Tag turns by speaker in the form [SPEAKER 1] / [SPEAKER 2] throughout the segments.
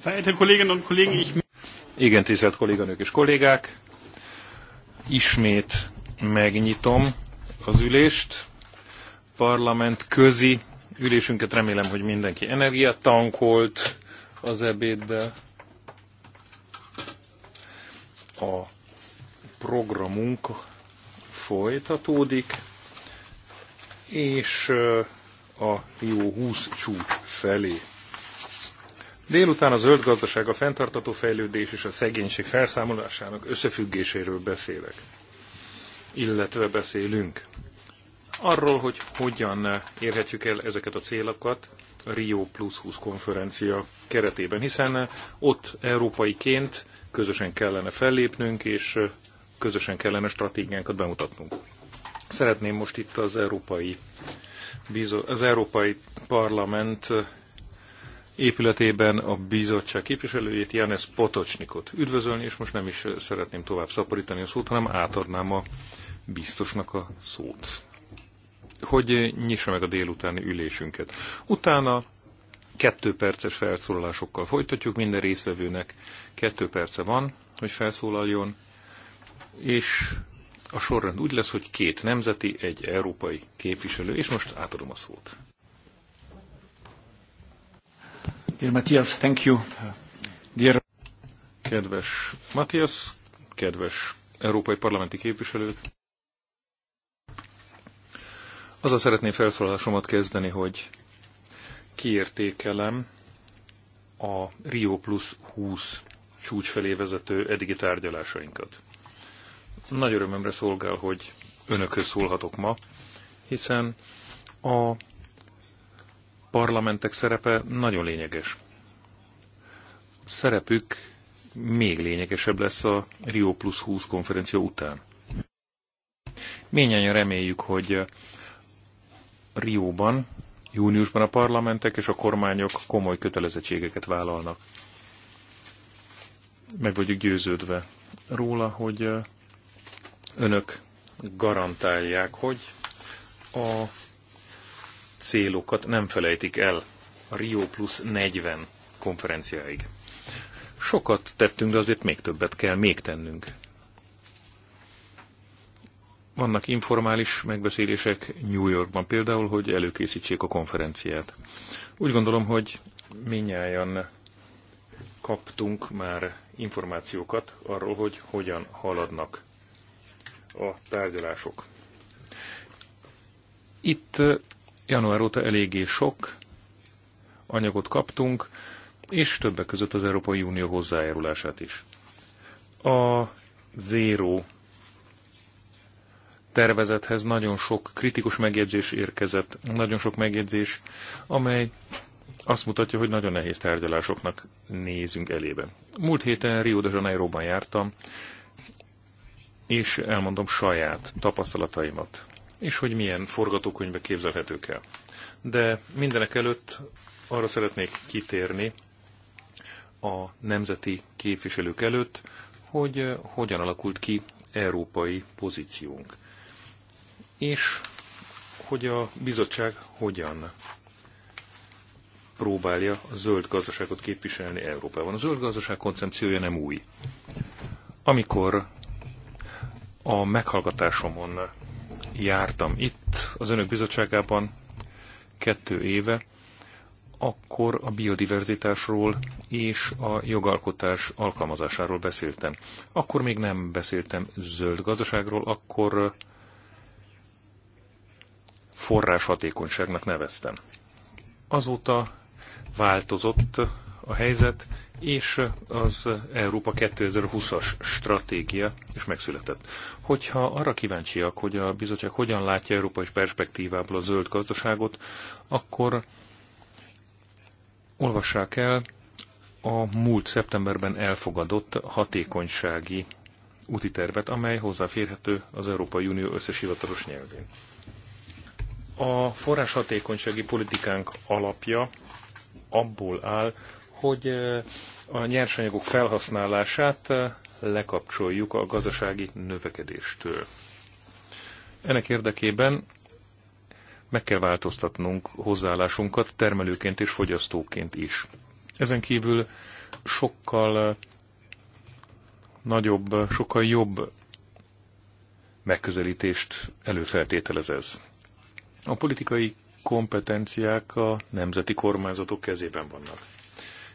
[SPEAKER 1] Verehrte Kolleginnen und Kollegen, ich... Igen, tisztelt kolléganők és kollégák, ismét megnyitom az ülést, parlament közi ülésünket, remélem, hogy mindenki energiát tankolt az ebéddel. A programunk folytatódik, és a jó 20 csúcs felé Délután a zöld gazdaság, a fenntartató fejlődés és a szegénység felszámolásának összefüggéséről beszélek, illetve beszélünk. Arról, hogy hogyan érhetjük el ezeket a célokat a Rio Plus 20 konferencia keretében, hiszen ott európaiként közösen kellene fellépnünk, és közösen kellene stratégiánkat bemutatnunk. Szeretném most itt az Európai, Bizo- az Európai Parlament épületében a bizottság képviselőjét, Janes Potocsnikot üdvözölni, és most nem is szeretném tovább szaporítani a szót, hanem átadnám a biztosnak a szót. Hogy nyissa meg a délutáni ülésünket. Utána kettő perces felszólalásokkal folytatjuk, minden részvevőnek kettő perce van, hogy felszólaljon, és a sorrend úgy lesz, hogy két nemzeti, egy európai képviselő, és most átadom a szót. Dear Matthias, thank you. Dear... Kedves Matthias, kedves európai parlamenti képviselők, azzal szeretném felszólalásomat kezdeni, hogy kiértékelem a Rio Plus 20 csúcs felé vezető eddigi tárgyalásainkat. Nagy örömömre szolgál, hogy önökhöz szólhatok ma, hiszen a parlamentek szerepe nagyon lényeges. Szerepük még lényegesebb lesz a Rio Plus 20 konferencia után. Ményen reméljük, hogy Rióban, júniusban a parlamentek és a kormányok komoly kötelezettségeket vállalnak. Meg vagyok győződve róla, hogy önök garantálják, hogy a célokat nem felejtik el a Rio Plus 40 konferenciáig. Sokat tettünk, de azért még többet kell még tennünk. Vannak informális megbeszélések New Yorkban például, hogy előkészítsék a konferenciát. Úgy gondolom, hogy minnyáján kaptunk már információkat arról, hogy hogyan haladnak a tárgyalások. Itt Január óta eléggé sok anyagot kaptunk, és többek között az Európai Unió hozzájárulását is. A zéró tervezethez nagyon sok kritikus megjegyzés érkezett, nagyon sok megjegyzés, amely azt mutatja, hogy nagyon nehéz tárgyalásoknak nézünk elébe. Múlt héten Rio de Janeiro-ban jártam, és elmondom saját tapasztalataimat és hogy milyen forgatókönyvek képzelhetők el. De mindenek előtt arra szeretnék kitérni a nemzeti képviselők előtt, hogy eh, hogyan alakult ki európai pozíciónk, és hogy a bizottság hogyan próbálja a zöld gazdaságot képviselni Európában. A zöld gazdaság koncepciója nem új. Amikor a meghallgatásomon jártam itt az önök bizottságában kettő éve, akkor a biodiverzitásról és a jogalkotás alkalmazásáról beszéltem. Akkor még nem beszéltem zöld gazdaságról, akkor forráshatékonyságnak neveztem. Azóta változott a helyzet, és az Európa 2020-as stratégia is megszületett. Hogyha arra kíváncsiak, hogy a bizottság hogyan látja európai perspektívából a zöld gazdaságot, akkor olvassák el a múlt szeptemberben elfogadott hatékonysági úti tervet, amely hozzáférhető az Európai Unió összes hivatalos nyelvén. A forráshatékonysági politikánk alapja abból áll, hogy eh, a nyersanyagok felhasználását eh, lekapcsoljuk a gazdasági növekedéstől. Ennek érdekében meg kell változtatnunk hozzáállásunkat termelőként és fogyasztóként is. Ezen kívül sokkal eh, nagyobb, sokkal jobb megközelítést előfeltételez ez. A politikai kompetenciák a nemzeti kormányzatok kezében vannak.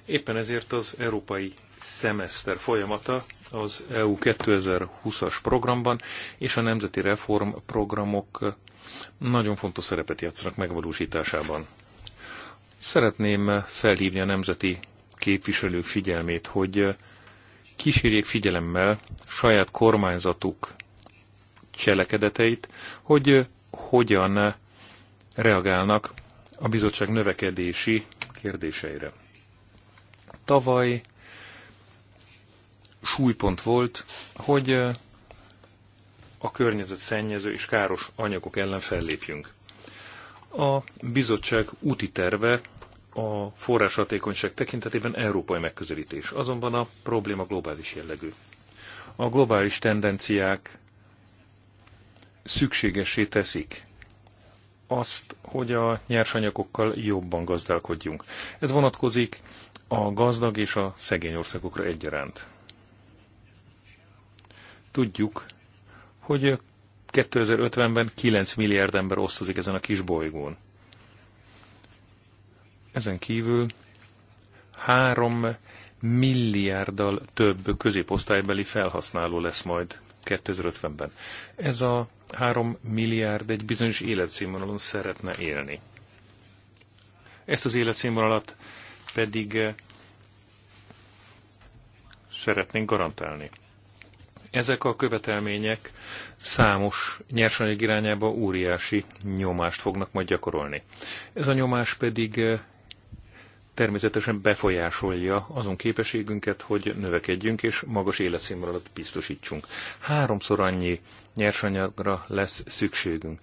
[SPEAKER 1] Éppen ezért az európai szemeszter folyamata az EU 2020-as programban és a nemzeti reformprogramok nagyon fontos szerepet játszanak megvalósításában. Szeretném felhívni a nemzeti képviselők figyelmét, hogy kísérjék figyelemmel saját kormányzatuk cselekedeteit, hogy hogyan reagálnak a bizottság növekedési kérdéseire tavaly súlypont volt, hogy a környezet szennyező és káros anyagok ellen fellépjünk. A bizottság úti terve a forráshatékonyság tekintetében európai megközelítés, azonban a probléma globális jellegű. A globális tendenciák szükségessé teszik azt, hogy a nyersanyagokkal jobban gazdálkodjunk. Ez vonatkozik a gazdag és a szegény országokra egyaránt. Tudjuk, hogy 2050-ben 9 milliárd ember osztozik ezen a kis bolygón. Ezen kívül 3 milliárddal több középosztálybeli felhasználó lesz majd 2050-ben. Ez a 3 milliárd egy bizonyos életszínvonalon szeretne élni. Ezt az életszínvonalat pedig eh, szeretnénk garantálni. Ezek a követelmények számos nyersanyag irányába óriási nyomást fognak majd gyakorolni. Ez a nyomás pedig eh, természetesen befolyásolja azon képességünket, hogy növekedjünk és magas életszínvonalat biztosítsunk. Háromszor annyi nyersanyagra lesz szükségünk.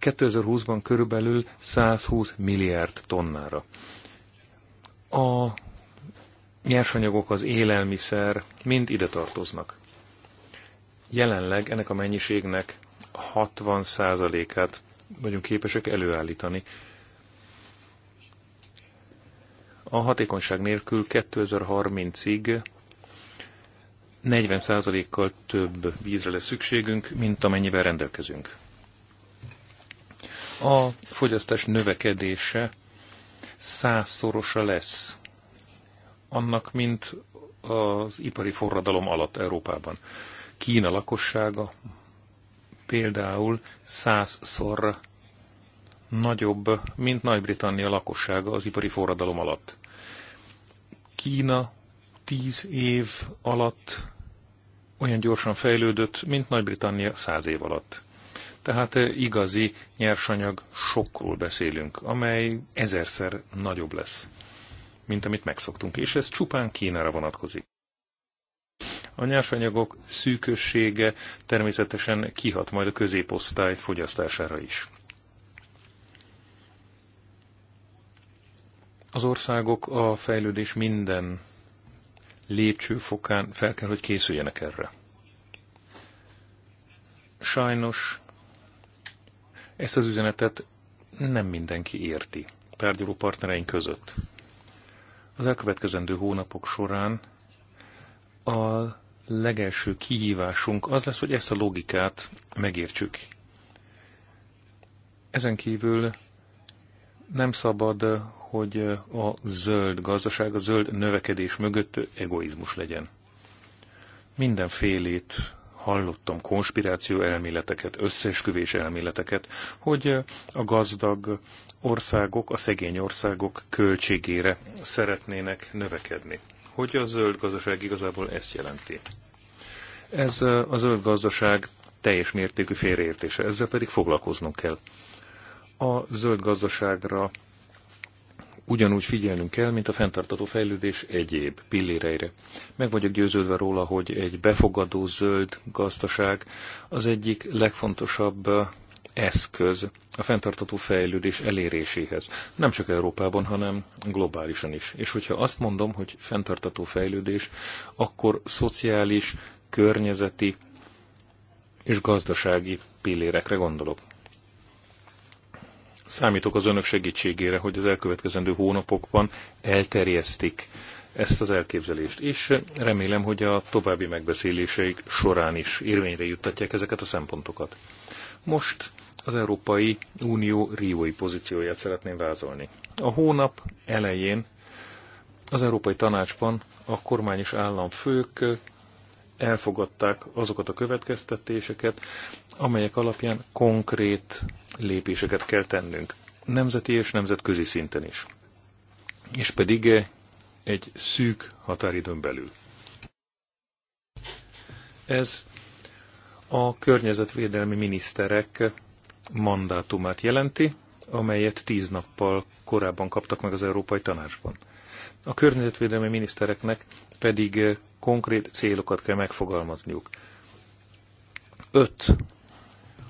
[SPEAKER 1] 2020-ban körülbelül 120 milliárd tonnára. A nyersanyagok, az élelmiszer mind ide tartoznak. Jelenleg ennek a mennyiségnek 60%-át vagyunk képesek előállítani. A hatékonyság nélkül 2030-ig 40%-kal több vízre lesz szükségünk, mint amennyivel rendelkezünk. A fogyasztás növekedése százszorosa lesz annak, mint az ipari forradalom alatt Európában. Kína lakossága például százszor nagyobb, mint Nagy-Britannia lakossága az ipari forradalom alatt. Kína tíz év alatt olyan gyorsan fejlődött, mint Nagy-Britannia száz év alatt. Tehát eh, igazi nyersanyag sokról beszélünk, amely ezerszer nagyobb lesz, mint amit megszoktunk, és ez csupán Kínára vonatkozik. A nyersanyagok szűkössége természetesen kihat majd a középosztály fogyasztására is. Az országok a fejlődés minden lépcsőfokán fel kell, hogy készüljenek erre. Sajnos ezt az üzenetet nem mindenki érti tárgyaló partnereink között. Az elkövetkezendő hónapok során a legelső kihívásunk az lesz, hogy ezt a logikát megértsük. Ezen kívül nem szabad, hogy a zöld gazdaság, a zöld növekedés mögött egoizmus legyen. Mindenfélét hallottam konspiráció elméleteket, összesküvés elméleteket, hogy eh, a gazdag országok, a szegény országok költségére szeretnének növekedni. Hogy a zöld gazdaság igazából ezt jelenti? Ez eh, a zöld gazdaság teljes mértékű félreértése, ezzel pedig foglalkoznunk kell. A zöld gazdaságra ugyanúgy figyelnünk kell, mint a fenntartató fejlődés egyéb pilléreire. Meg vagyok győződve róla, hogy egy befogadó zöld gazdaság az egyik legfontosabb uh, eszköz a fenntartató fejlődés eléréséhez. Nem csak Európában, hanem globálisan is. És hogyha azt mondom, hogy fenntartató fejlődés, akkor szociális, környezeti és gazdasági pillérekre gondolok. Számítok az önök segítségére, hogy az elkövetkezendő hónapokban elterjesztik ezt az elképzelést, és remélem, hogy a további megbeszéléseik során is érvényre juttatják ezeket a szempontokat. Most az Európai Unió riói pozícióját szeretném vázolni. A hónap elején az Európai Tanácsban a kormány és államfők elfogadták azokat a következtetéseket, amelyek alapján konkrét lépéseket kell tennünk, nemzeti és nemzetközi szinten is. És pedig egy szűk határidőn belül. Ez a környezetvédelmi miniszterek mandátumát jelenti, amelyet tíz nappal korábban kaptak meg az Európai Tanácsban a környezetvédelmi minisztereknek pedig eh, konkrét célokat kell megfogalmazniuk. Öt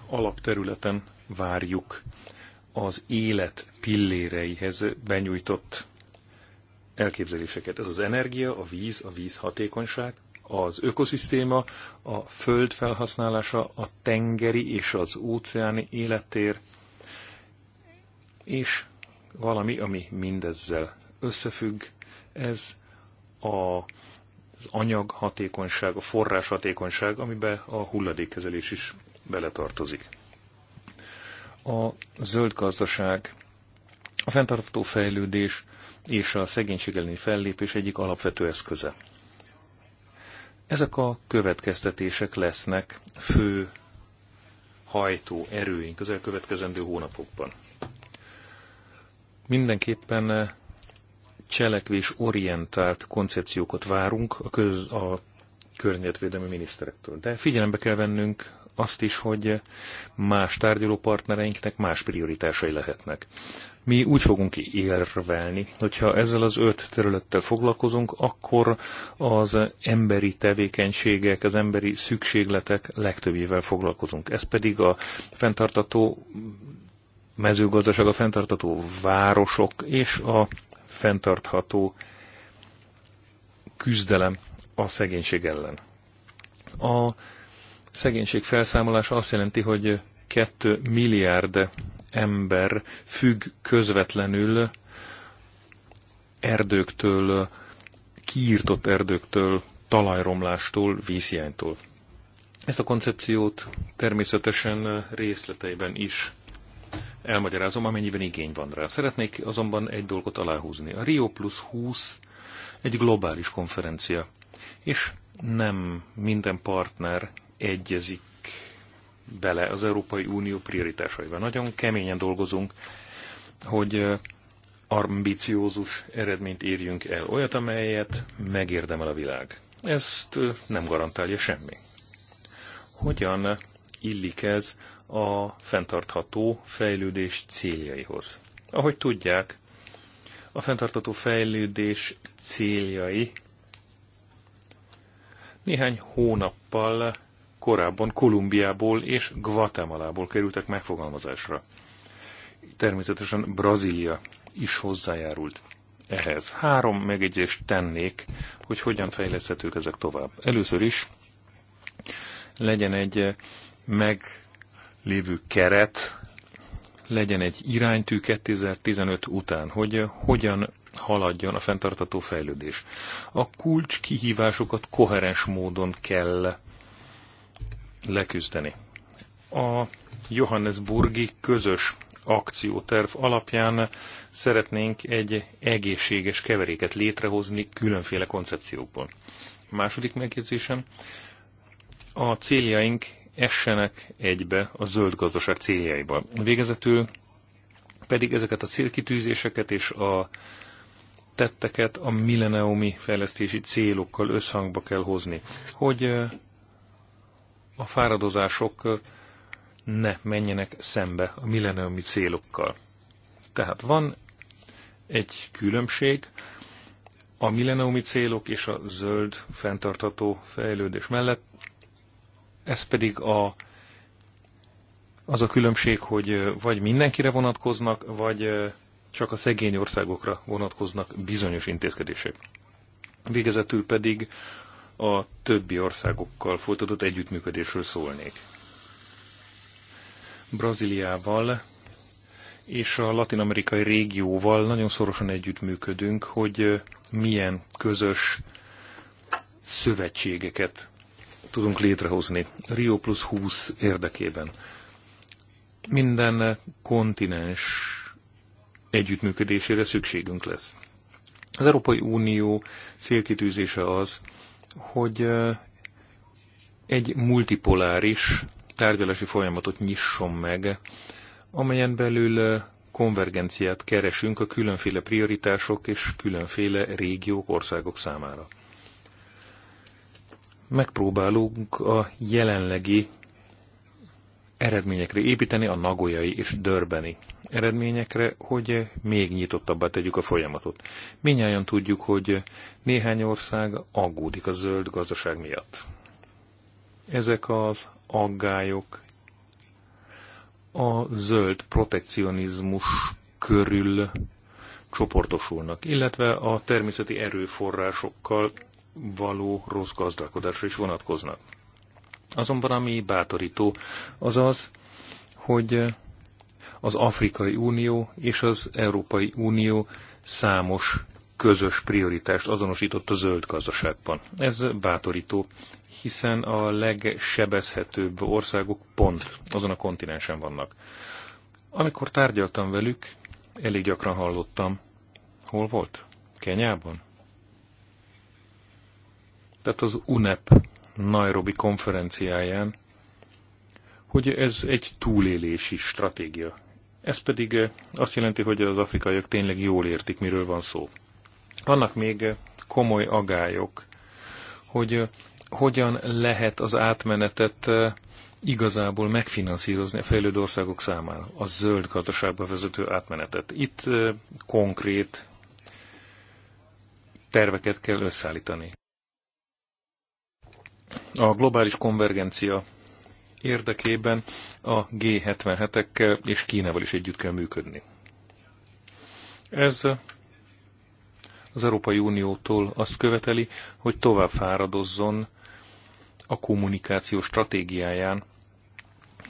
[SPEAKER 1] alapterületen várjuk az élet pilléreihez benyújtott elképzeléseket. Ez az energia, a víz, a víz hatékonyság, az ökoszisztéma, a föld felhasználása, a tengeri és az óceáni élettér, és valami, ami mindezzel összefügg ez a az anyag hatékonyság, a forrás hatékonyság, amiben a hulladékkezelés is beletartozik. A zöld gazdaság, a fenntartható fejlődés és a szegénység elleni fellépés egyik alapvető eszköze. Ezek a következtetések lesznek fő hajtó erőink az elkövetkezendő hónapokban. Mindenképpen cselekvés orientált koncepciókat várunk a, köz, a környezetvédelmi miniszterektől. De figyelembe kell vennünk azt is, hogy más tárgyalópartnereinknek más prioritásai lehetnek. Mi úgy fogunk érvelni, hogyha ezzel az öt területtel foglalkozunk, akkor az emberi tevékenységek, az emberi szükségletek legtöbbjével foglalkozunk. Ez pedig a fenntartató mezőgazdaság, a fenntartató városok és a fenntartható küzdelem a szegénység ellen. A szegénység felszámolása azt jelenti, hogy 2 milliárd ember függ közvetlenül erdőktől, kiírtott erdőktől, talajromlástól, vízhiánytól. Ezt a koncepciót természetesen részleteiben is elmagyarázom, amennyiben igény van rá. Szeretnék azonban egy dolgot aláhúzni. A Rio Plus 20 egy globális konferencia, és nem minden partner egyezik bele az Európai Unió prioritásaival. Nagyon keményen dolgozunk, hogy ambiciózus eredményt érjünk el, olyat, amelyet megérdemel a világ. Ezt nem garantálja semmi. Hogyan illik ez a fenntartható fejlődés céljaihoz. Ahogy tudják, a fenntartható fejlődés céljai néhány hónappal korábban Kolumbiából és Guatemalából kerültek megfogalmazásra. Természetesen Brazília is hozzájárult ehhez. Három megjegyzést tennék, hogy hogyan fejleszthetők ezek tovább. Először is legyen egy meg lévő keret legyen egy iránytű 2015 után, hogy eh, hogyan haladjon a fenntartató fejlődés. A kulcs kihívásokat koherens módon kell leküzdeni. A Johannesburgi közös akcióterv alapján szeretnénk egy egészséges keveréket létrehozni különféle koncepciókból. A második megjegyzésem, a céljaink essenek egybe a zöld gazdaság céljaiba. Végezetül pedig ezeket a célkitűzéseket és a tetteket a milleniumi fejlesztési célokkal összhangba kell hozni, hogy eh, a fáradozások eh, ne menjenek szembe a milleniumi célokkal. Tehát van egy különbség a milleniumi célok és a zöld fenntartható fejlődés mellett, ez pedig a, az a különbség, hogy vagy mindenkire vonatkoznak, vagy csak a szegény országokra vonatkoznak bizonyos intézkedések. Végezetül pedig a többi országokkal folytatott együttműködésről szólnék. Brazíliával és a latin-amerikai régióval nagyon szorosan együttműködünk, hogy milyen közös szövetségeket tudunk létrehozni Rio Plus 20 érdekében. Minden kontinens együttműködésére szükségünk lesz. Az Európai Unió célkitűzése az, hogy egy multipoláris tárgyalási folyamatot nyisson meg, amelyen belül konvergenciát keresünk a különféle prioritások és különféle régiók, országok számára megpróbálunk a jelenlegi eredményekre építeni, a nagoyai és dörbeni eredményekre, hogy még nyitottabbá tegyük a folyamatot. Minnyáján tudjuk, hogy néhány ország aggódik a zöld gazdaság miatt. Ezek az aggályok a zöld protekcionizmus körül csoportosulnak, illetve a természeti erőforrásokkal való rossz gazdálkodásra is vonatkoznak. Azonban ami bátorító, az az, hogy az Afrikai Unió és az Európai Unió számos közös prioritást azonosított a zöld gazdaságban. Ez bátorító, hiszen a legsebezhetőbb országok pont azon a kontinensen vannak. Amikor tárgyaltam velük, elég gyakran hallottam. Hol volt? Kenyában? tehát az UNEP Nairobi konferenciáján, hogy ez egy túlélési stratégia. Ez pedig eh, azt jelenti, hogy az afrikaiak tényleg jól értik, miről van szó. Vannak még eh, komoly agályok, hogy eh, hogyan lehet az átmenetet igazából megfinanszírozni a fejlődő országok számára, a zöld gazdaságba vezető átmenetet. Itt konkrét terveket kell összeállítani a globális konvergencia érdekében a G77-ekkel és Kínával is együtt kell működni. Ez az Európai Uniótól azt követeli, hogy tovább fáradozzon a kommunikáció stratégiáján,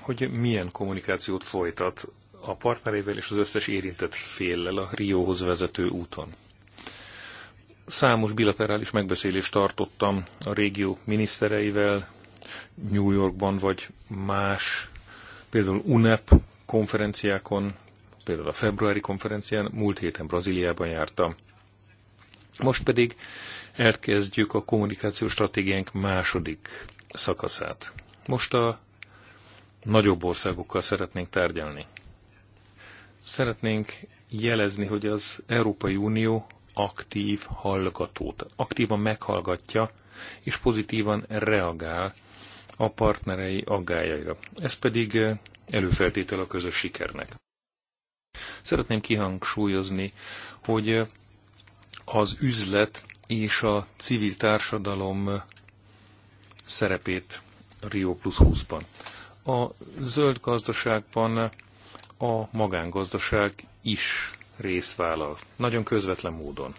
[SPEAKER 1] hogy milyen kommunikációt folytat a partnerével és az összes érintett féllel a Rióhoz vezető úton. Számos bilaterális megbeszélést tartottam a régió minisztereivel, New Yorkban vagy más, például UNEP konferenciákon, például a februári konferencián, múlt héten Brazíliában jártam. Most pedig elkezdjük a kommunikációs stratégiánk második szakaszát. Most a nagyobb országokkal szeretnénk tárgyalni. Szeretnénk jelezni, hogy az Európai Unió aktív hallgatót, aktívan meghallgatja és pozitívan reagál a partnerei aggájaira. Ez pedig eh, előfeltétel a közös sikernek. Szeretném kihangsúlyozni, hogy eh, az üzlet és a civil társadalom eh, szerepét Rio Plus 20-ban. A zöld gazdaságban a magángazdaság is részt vállal, nagyon közvetlen módon.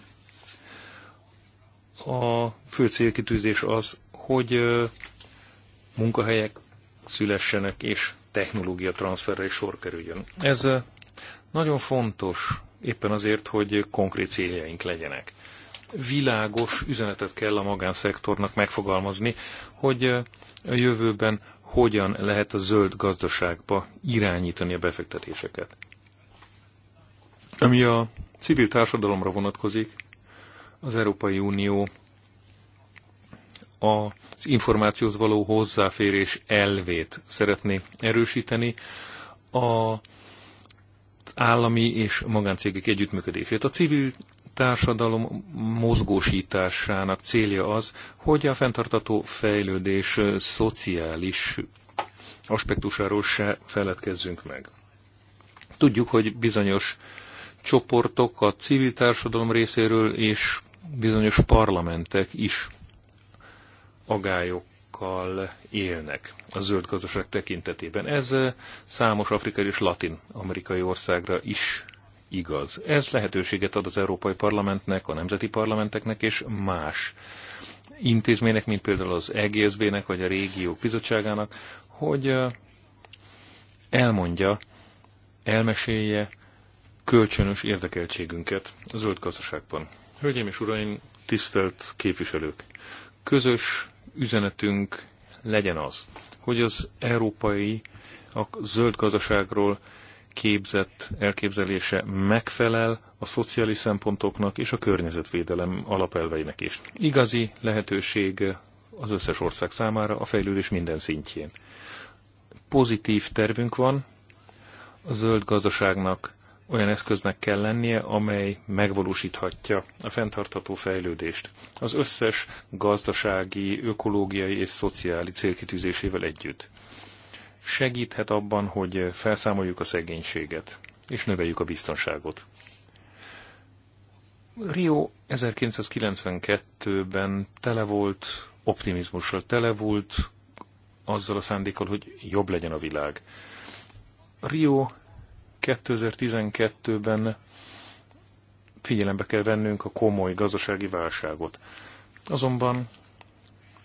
[SPEAKER 1] A fő célkitűzés az, hogy munkahelyek szülessenek, és technológia transferre is sor kerüljön. Ez nagyon fontos, éppen azért, hogy konkrét céljaink legyenek. Világos üzenetet kell a magánszektornak megfogalmazni, hogy a jövőben hogyan lehet a zöld gazdaságba irányítani a befektetéseket. Ami a civil társadalomra vonatkozik, az Európai Unió az információhoz való hozzáférés elvét szeretné erősíteni, a állami és magáncégek együttműködését. A civil társadalom mozgósításának célja az, hogy a fenntartató fejlődés szociális aspektusáról se feledkezzünk meg. Tudjuk, hogy bizonyos csoportok, a civil társadalom részéről és bizonyos parlamentek is agályokkal élnek a zöld gazdaság tekintetében. Ez eh, számos afrikai és latin-amerikai országra is igaz. Ez lehetőséget ad az Európai Parlamentnek, a nemzeti parlamenteknek és más intézménynek, mint például az egszb nek vagy a régiók bizottságának, hogy eh, elmondja, elmesélje, kölcsönös érdekeltségünket a zöld gazdaságban. Hölgyeim és uraim, tisztelt képviselők! Közös üzenetünk legyen az, hogy az európai a zöld gazdaságról képzett elképzelése megfelel a szociális szempontoknak és a környezetvédelem alapelveinek is. Igazi lehetőség az összes ország számára a fejlődés minden szintjén. Pozitív tervünk van, a zöld gazdaságnak olyan eszköznek kell lennie, amely megvalósíthatja a fenntartható fejlődést az összes gazdasági, ökológiai és szociális célkitűzésével együtt. Segíthet abban, hogy felszámoljuk a szegénységet és növeljük a biztonságot. Rio 1992-ben tele volt optimizmussal, tele volt azzal a szándékkal, hogy jobb legyen a világ. Rio 2012-ben figyelembe kell vennünk a komoly gazdasági válságot. Azonban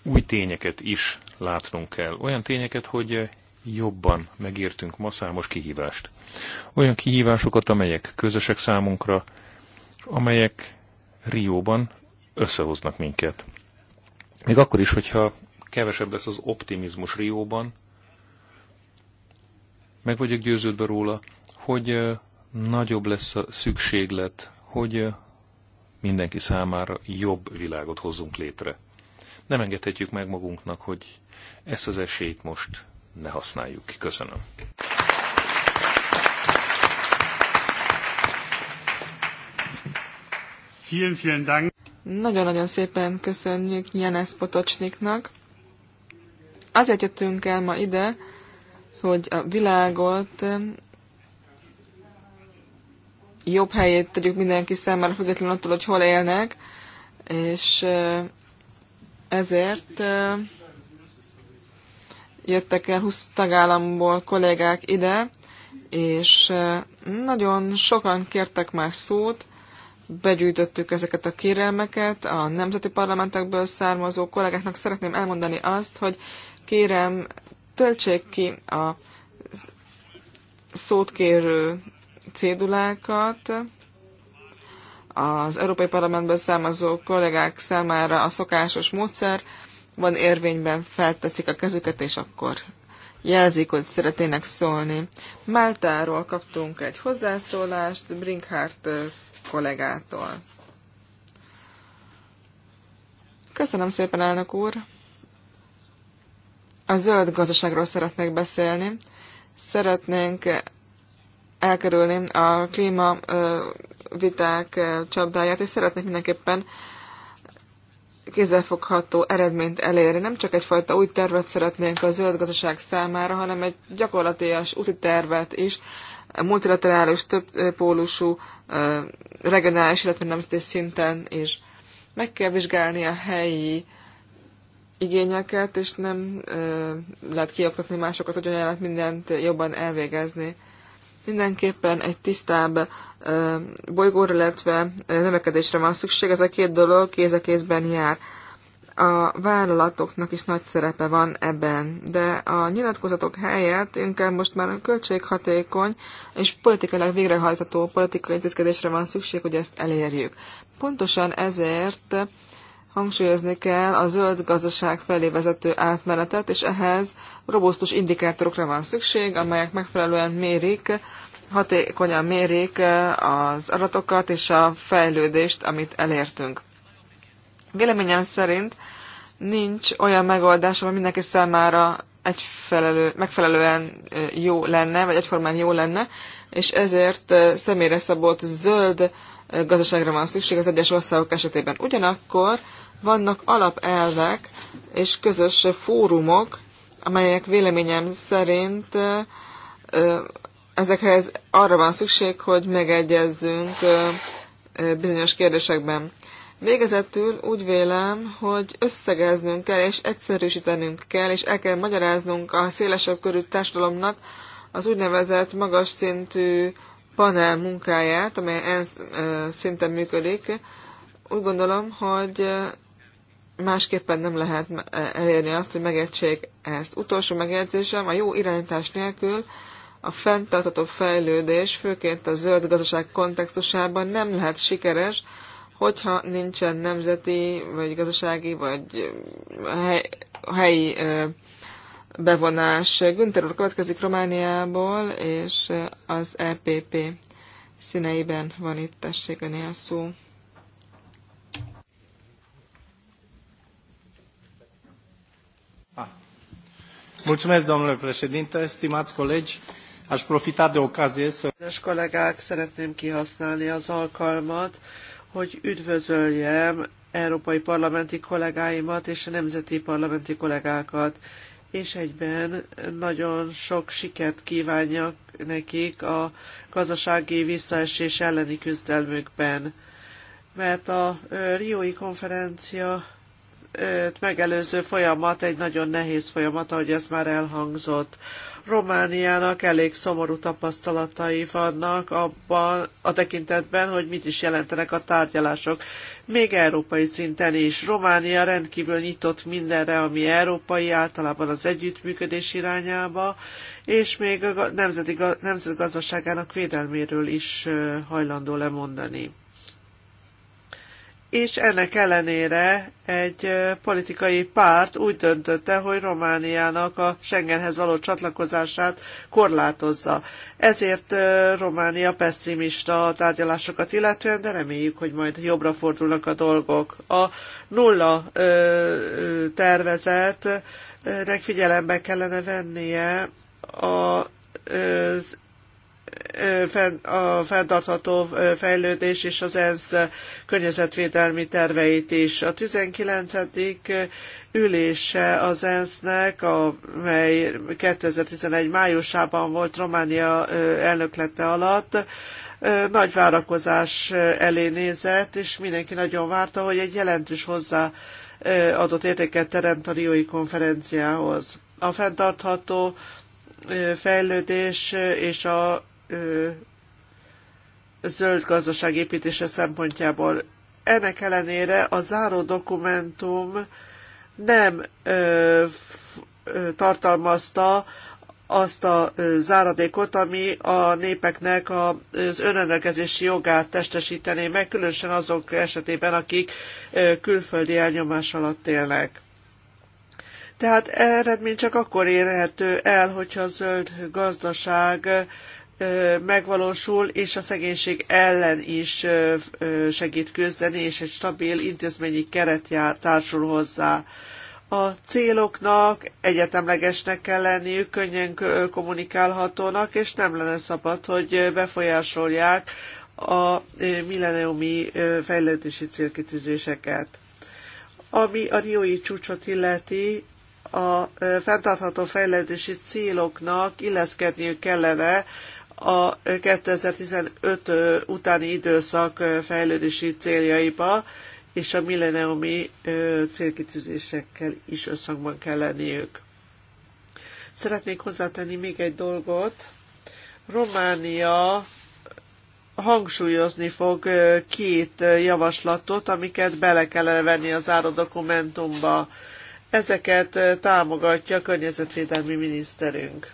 [SPEAKER 1] új tényeket is látnunk kell. Olyan tényeket, hogy jobban megértünk ma számos kihívást. Olyan kihívásokat, amelyek közösek számunkra, amelyek Rióban összehoznak minket. Még akkor is, hogyha kevesebb lesz az optimizmus Rióban, meg vagyok győződve róla, hogy nagyobb lesz a szükséglet, hogy mindenki számára jobb világot hozzunk létre. Nem engedhetjük meg magunknak, hogy ezt az esélyt most ne használjuk ki. Köszönöm.
[SPEAKER 2] Nagyon-nagyon szépen köszönjük Jenes Potocsniknak. Azért jöttünk el ma ide, hogy a világot jobb helyét tegyük mindenki számára, függetlenül attól, hogy hol élnek, és ezért jöttek el 20 tagállamból kollégák ide, és nagyon sokan kértek már szót, begyűjtöttük ezeket a kérelmeket, a nemzeti parlamentekből származó kollégáknak szeretném elmondani azt, hogy kérem, töltsék ki a szót kérő cédulákat. Az Európai Parlamentből származó kollégák számára a szokásos módszer van érvényben, felteszik a kezüket, és akkor jelzik, hogy szeretnének szólni. Máltáról kaptunk egy hozzászólást Brinkhart kollégától. Köszönöm szépen, elnök úr! A zöld gazdaságról szeretnék beszélni. Szeretnénk elkerülni a klíma viták csapdáját, és szeretnék mindenképpen kézzelfogható eredményt elérni. Nem csak egyfajta új tervet szeretnénk a zöld gazdaság számára, hanem egy gyakorlatias úti tervet is, multilaterális, többpólusú, regionális, illetve nemzeti szinten is. Meg kell vizsgálni a helyi igényeket, és nem lehet kioktatni másokat, hogy olyan lehet mindent jobban elvégezni. Mindenképpen egy tisztább bolygóra, illetve növekedésre van szükség. Ez a két dolog kéz a kézben jár. A vállalatoknak is nagy szerepe van ebben, de a nyilatkozatok helyett inkább most már a költséghatékony és politikailag végrehajtható politikai intézkedésre van szükség, hogy ezt elérjük. Pontosan ezért hangsúlyozni kell a zöld gazdaság felé vezető átmenetet, és ehhez robusztus indikátorokra van szükség, amelyek megfelelően mérik, hatékonyan mérik eh, az adatokat és a fejlődést, amit elértünk. Véleményem szerint nincs olyan megoldás, ami mindenki számára egyfelelő, megfelelően eh, jó lenne, vagy egyformán jó lenne, és ezért eh, személyre szabott zöld gazdaságra van szükség az egyes országok esetében. Ugyanakkor vannak alapelvek és közös fórumok, amelyek véleményem szerint ezekhez arra van szükség, hogy megegyezzünk bizonyos kérdésekben. Végezetül úgy vélem, hogy összegeznünk kell, és egyszerűsítenünk kell, és el kell magyaráznunk a szélesebb körű társadalomnak az úgynevezett magas szintű panel munkáját, amely ENSZ szinten működik. Úgy gondolom, hogy másképpen nem lehet e, elérni azt, hogy megértsék ezt. Utolsó megjegyzésem, a jó irányítás nélkül a fenntartató fejlődés, főként a zöld gazdaság kontextusában nem lehet sikeres, hogyha nincsen nemzeti, vagy gazdasági, vagy e, hely, helyi e, bevonás. Günther úr következik Romániából, és az EPP színeiben van itt, tessék a szó.
[SPEAKER 1] Mulțumesc, domnule președinte, stimați colegi, aș profita
[SPEAKER 3] de ocazie să... Kedves kollégák, szeretném kihasználni az alkalmat, hogy üdvözöljem európai parlamenti kollégáimat és a nemzeti parlamenti kollégákat, és egyben nagyon sok sikert kívánjak nekik a gazdasági visszaesés elleni küzdelmükben. Mert a Riói konferencia megelőző folyamat egy nagyon nehéz folyamat, ahogy ez már elhangzott. Romániának elég szomorú tapasztalatai vannak abban a tekintetben, hogy mit is jelentenek a tárgyalások. Még európai szinten is. Románia rendkívül nyitott mindenre, ami európai, általában az együttműködés irányába, és még a nemzeti, nemzetgazdaságának védelméről is hajlandó lemondani és ennek ellenére egy politikai párt úgy döntötte, hogy Romániának a Schengenhez való csatlakozását korlátozza. Ezért Románia pessimista a tárgyalásokat illetően, de reméljük, hogy majd jobbra fordulnak a dolgok. A nulla tervezetnek figyelembe kellene vennie az a fenntartható fejlődés és az ENSZ környezetvédelmi terveit is. A 19. ülése az ENSZ-nek, amely 2011 májusában volt Románia elnöklete alatt, nagy várakozás elé nézett, és mindenki nagyon várta, hogy egy jelentős hozzá adott értéket teremt a Riói konferenciához. A fenntartható fejlődés és a zöld gazdaság építése szempontjából. Ennek ellenére a záró dokumentum nem ö, ö, tartalmazta azt a záradékot, ami a népeknek az önrendelkezési jogát testesítené meg, különösen azok esetében, akik külföldi elnyomás alatt élnek. Tehát eredmény csak akkor érhető el, hogyha a zöld gazdaság megvalósul, és a szegénység ellen is segít küzdeni, és egy stabil intézményi keret jár, társul hozzá. A céloknak egyetemlegesnek kell lenniük, könnyen kommunikálhatónak, és nem lenne szabad, hogy befolyásolják a milleniumi fejlődési célkitűzéseket. Ami a riói csúcsot illeti, a fenntartható fejlődési céloknak illeszkedniük kellene a 2015 utáni időszak fejlődési céljaiba és a milleniumi célkitűzésekkel is összhangban kell lenniük. Szeretnék hozzátenni még egy dolgot. Románia hangsúlyozni fog két javaslatot, amiket bele kell venni az ára dokumentumba. Ezeket támogatja a környezetvédelmi miniszterünk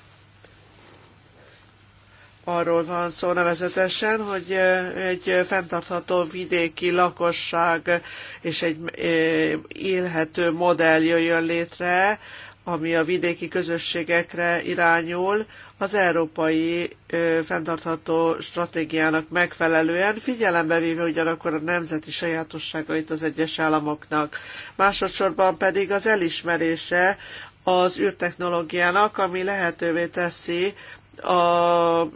[SPEAKER 3] arról van szó nevezetesen, hogy eh, egy fenntartható vidéki lakosság és egy eh, élhető modell jöjjön létre, ami a vidéki közösségekre irányul, az európai ö, eh, fenntartható stratégiának megfelelően, figyelembe véve ugyanakkor a nemzeti sajátosságait az egyes államoknak. Másodszorban pedig az elismerése az űrtechnológiának, ami lehetővé teszi a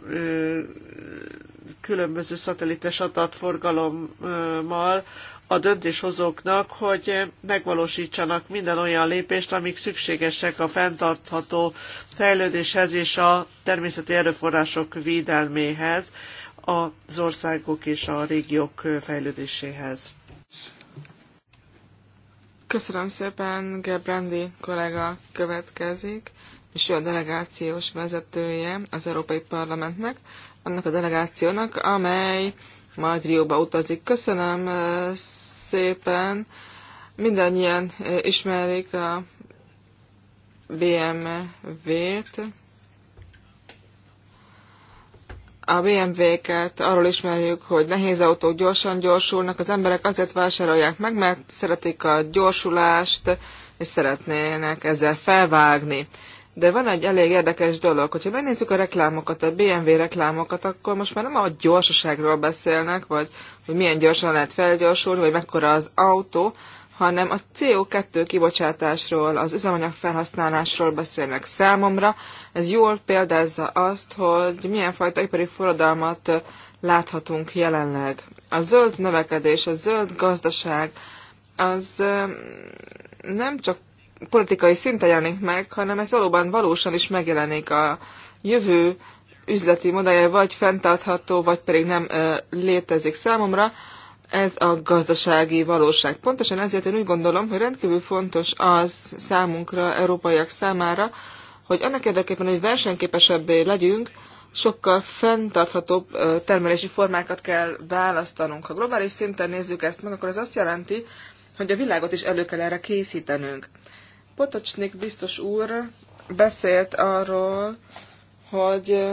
[SPEAKER 3] különböző szatelites adatforgalommal a döntéshozóknak, hogy megvalósítsanak minden olyan lépést, amik szükségesek a fenntartható fejlődéshez és a természeti erőforrások védelméhez, az országok és a régiók fejlődéséhez.
[SPEAKER 2] Köszönöm szépen, Gebrandi kollega következik és ő a delegációs vezetője az Európai Parlamentnek, annak a delegációnak, amely Rióba utazik. Köszönöm eh, szépen! Mindannyian eh, ismerik a BMW-t. A BMW-ket arról ismerjük, hogy nehéz autók gyorsan gyorsulnak, az emberek azért vásárolják meg, mert szeretik a gyorsulást, és szeretnének ezzel felvágni. De van egy elég érdekes dolog, hogyha megnézzük a reklámokat, a BMW reklámokat, akkor most már nem a gyorsaságról beszélnek, vagy hogy milyen gyorsan lehet felgyorsulni, vagy mekkora az autó, hanem a CO2 kibocsátásról, az üzemanyag felhasználásról beszélnek számomra. Ez jól példázza azt, hogy milyen fajta ipari forradalmat láthatunk jelenleg. A zöld növekedés, a zöld gazdaság, az nem csak politikai szinten jelenik meg, hanem ez valóban valósan is megjelenik a jövő üzleti modellje, vagy fenntartható, vagy pedig nem ö, létezik számomra. Ez a gazdasági valóság. Pontosan ezért én úgy gondolom, hogy rendkívül fontos az számunkra, európaiak számára, hogy annak érdekében, hogy versenyképesebbé legyünk, sokkal fenntarthatóbb termelési formákat kell választanunk. Ha globális szinten nézzük ezt meg, akkor ez azt jelenti, hogy a világot is elő kell erre készítenünk. Potocsnik biztos úr beszélt arról, hogy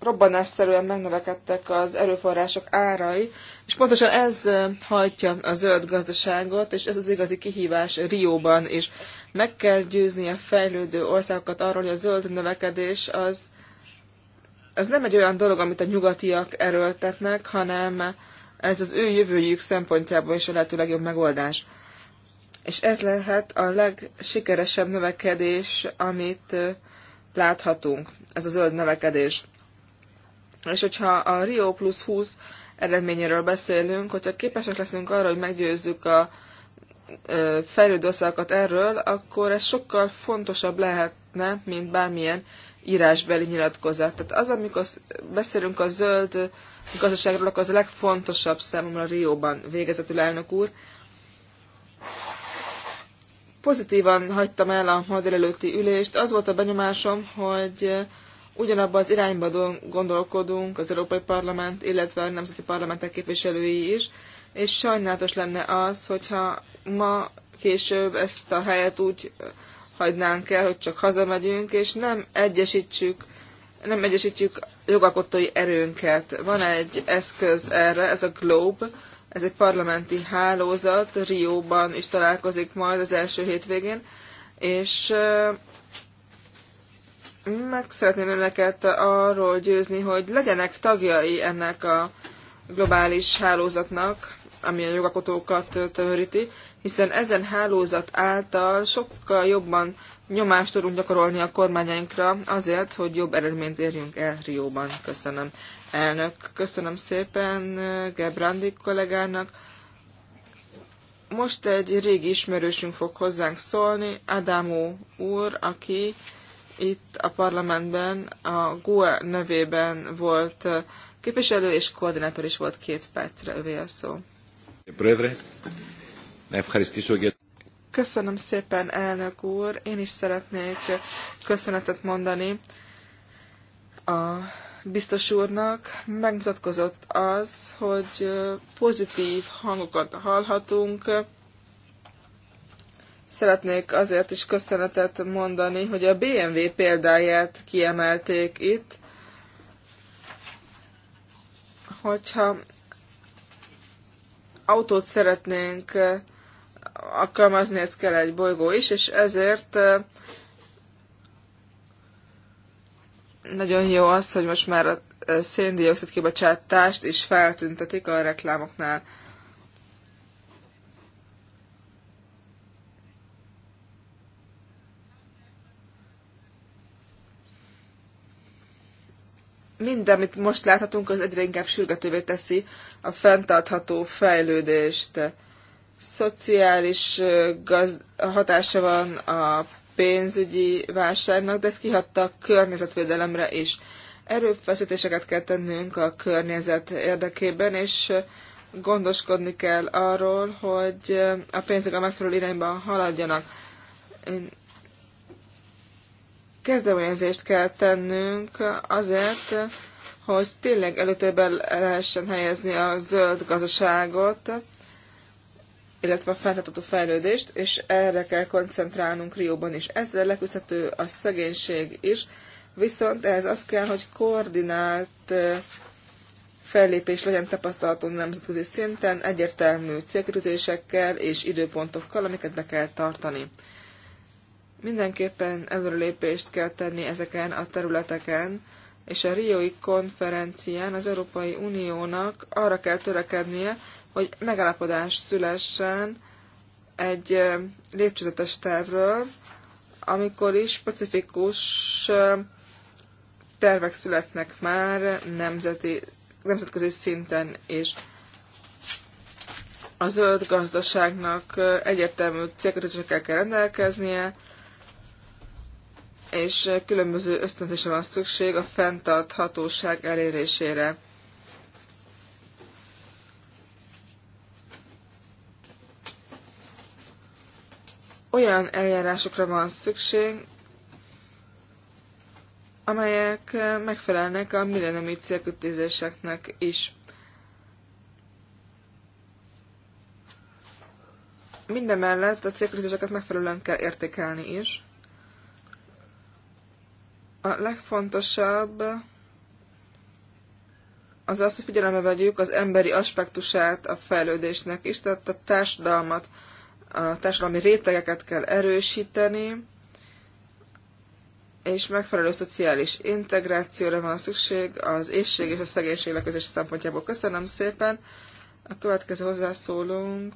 [SPEAKER 2] robbanásszerűen megnövekedtek az erőforrások árai, és pontosan ez hajtja a zöld gazdaságot, és ez az igazi kihívás Rióban is. Meg kell győzni a fejlődő országokat arról, hogy a zöld növekedés az, az nem egy olyan dolog, amit a nyugatiak erőltetnek, hanem ez az ő jövőjük szempontjából is a lehető legjobb megoldás és ez lehet a legsikeresebb növekedés, amit láthatunk, ez a zöld növekedés. És hogyha a Rio Plus 20 eredményéről beszélünk, hogyha képesek leszünk arra, hogy meggyőzzük a fejlődő országokat erről, akkor ez sokkal fontosabb lehetne, mint bármilyen írásbeli nyilatkozat. Tehát az, amikor beszélünk a zöld gazdaságról, akkor az a legfontosabb számomra Rióban végezetül elnök úr, Pozitívan hagytam el a ma előtti ülést. Az volt a benyomásom, hogy ugyanabban az irányba gondolkodunk az Európai Parlament, illetve a Nemzeti Parlamentek képviselői is, és sajnálatos lenne az, hogyha ma később ezt a helyet úgy hagynánk el, hogy csak hazamegyünk, és nem egyesítsük, nem egyesítjük jogalkotói erőnket. Van egy eszköz erre, ez a Globe, ez egy parlamenti hálózat, Rióban is találkozik majd az első hétvégén, és meg szeretném önöket arról győzni, hogy legyenek tagjai ennek a globális hálózatnak, ami a jogakotókat töríti, hiszen ezen hálózat által sokkal jobban nyomást tudunk gyakorolni a kormányainkra azért, hogy jobb eredményt érjünk el Rióban. Köszönöm. Elnök, köszönöm szépen Gebrandi kollégának. Most egy régi ismerősünk fog hozzánk szólni, Adámó úr, aki itt a parlamentben a GUE nevében volt képviselő és koordinátor is volt két percre, övé a szó. Köszönöm szépen, elnök úr. Én is szeretnék köszönetet mondani a biztos úrnak megmutatkozott az, hogy pozitív hangokat hallhatunk. Szeretnék azért is köszönetet mondani, hogy a BMW példáját kiemelték itt, hogyha autót szeretnénk alkalmazni, ez kell egy bolygó is, és ezért nagyon jó az, hogy most már a széndiokszid kibocsátást is feltüntetik a reklámoknál. Minden, amit most láthatunk, az egyre inkább sürgetővé teszi a fenntartható fejlődést. Szociális gazd- hatása van a pénzügyi válságnak, de ez kihatta a környezetvédelemre is. Erőfeszítéseket kell tennünk a környezet érdekében, és gondoskodni kell arról, hogy a pénzek a megfelelő irányba haladjanak. Kezdeményezést kell tennünk azért, hogy tényleg előtérben lehessen helyezni a zöld gazdaságot, illetve a fenntartható fejlődést, és erre kell koncentrálnunk Rióban is. Ezzel leküzdhető a szegénység is, viszont ehhez az kell, hogy koordinált fellépés legyen tapasztalható nemzetközi szinten, egyértelmű célkörözésekkel és időpontokkal, amiket be kell tartani. Mindenképpen előrelépést kell tenni ezeken a területeken, és a Riói konferencián az Európai Uniónak arra kell törekednie, hogy megállapodás szülessen egy lépcsőzetes tervről, amikor is specifikus tervek születnek már nemzeti, nemzetközi szinten és A zöld gazdaságnak egyértelmű célkötésekkel kell rendelkeznie, és különböző ösztönzésre van szükség a fenntarthatóság elérésére. olyan eljárásokra van szükség, amelyek megfelelnek a millenniumi célkütézéseknek is. Mindemellett a célkütézéseket megfelelően kell értékelni is. A legfontosabb az az, hogy figyelembe vegyük az emberi aspektusát a fejlődésnek is, tehát a társadalmat, a társadalmi rétegeket kell erősíteni, és megfelelő szociális integrációra van szükség az ésség és a szegénység leközés szempontjából. Köszönöm szépen! A következő hozzászólunk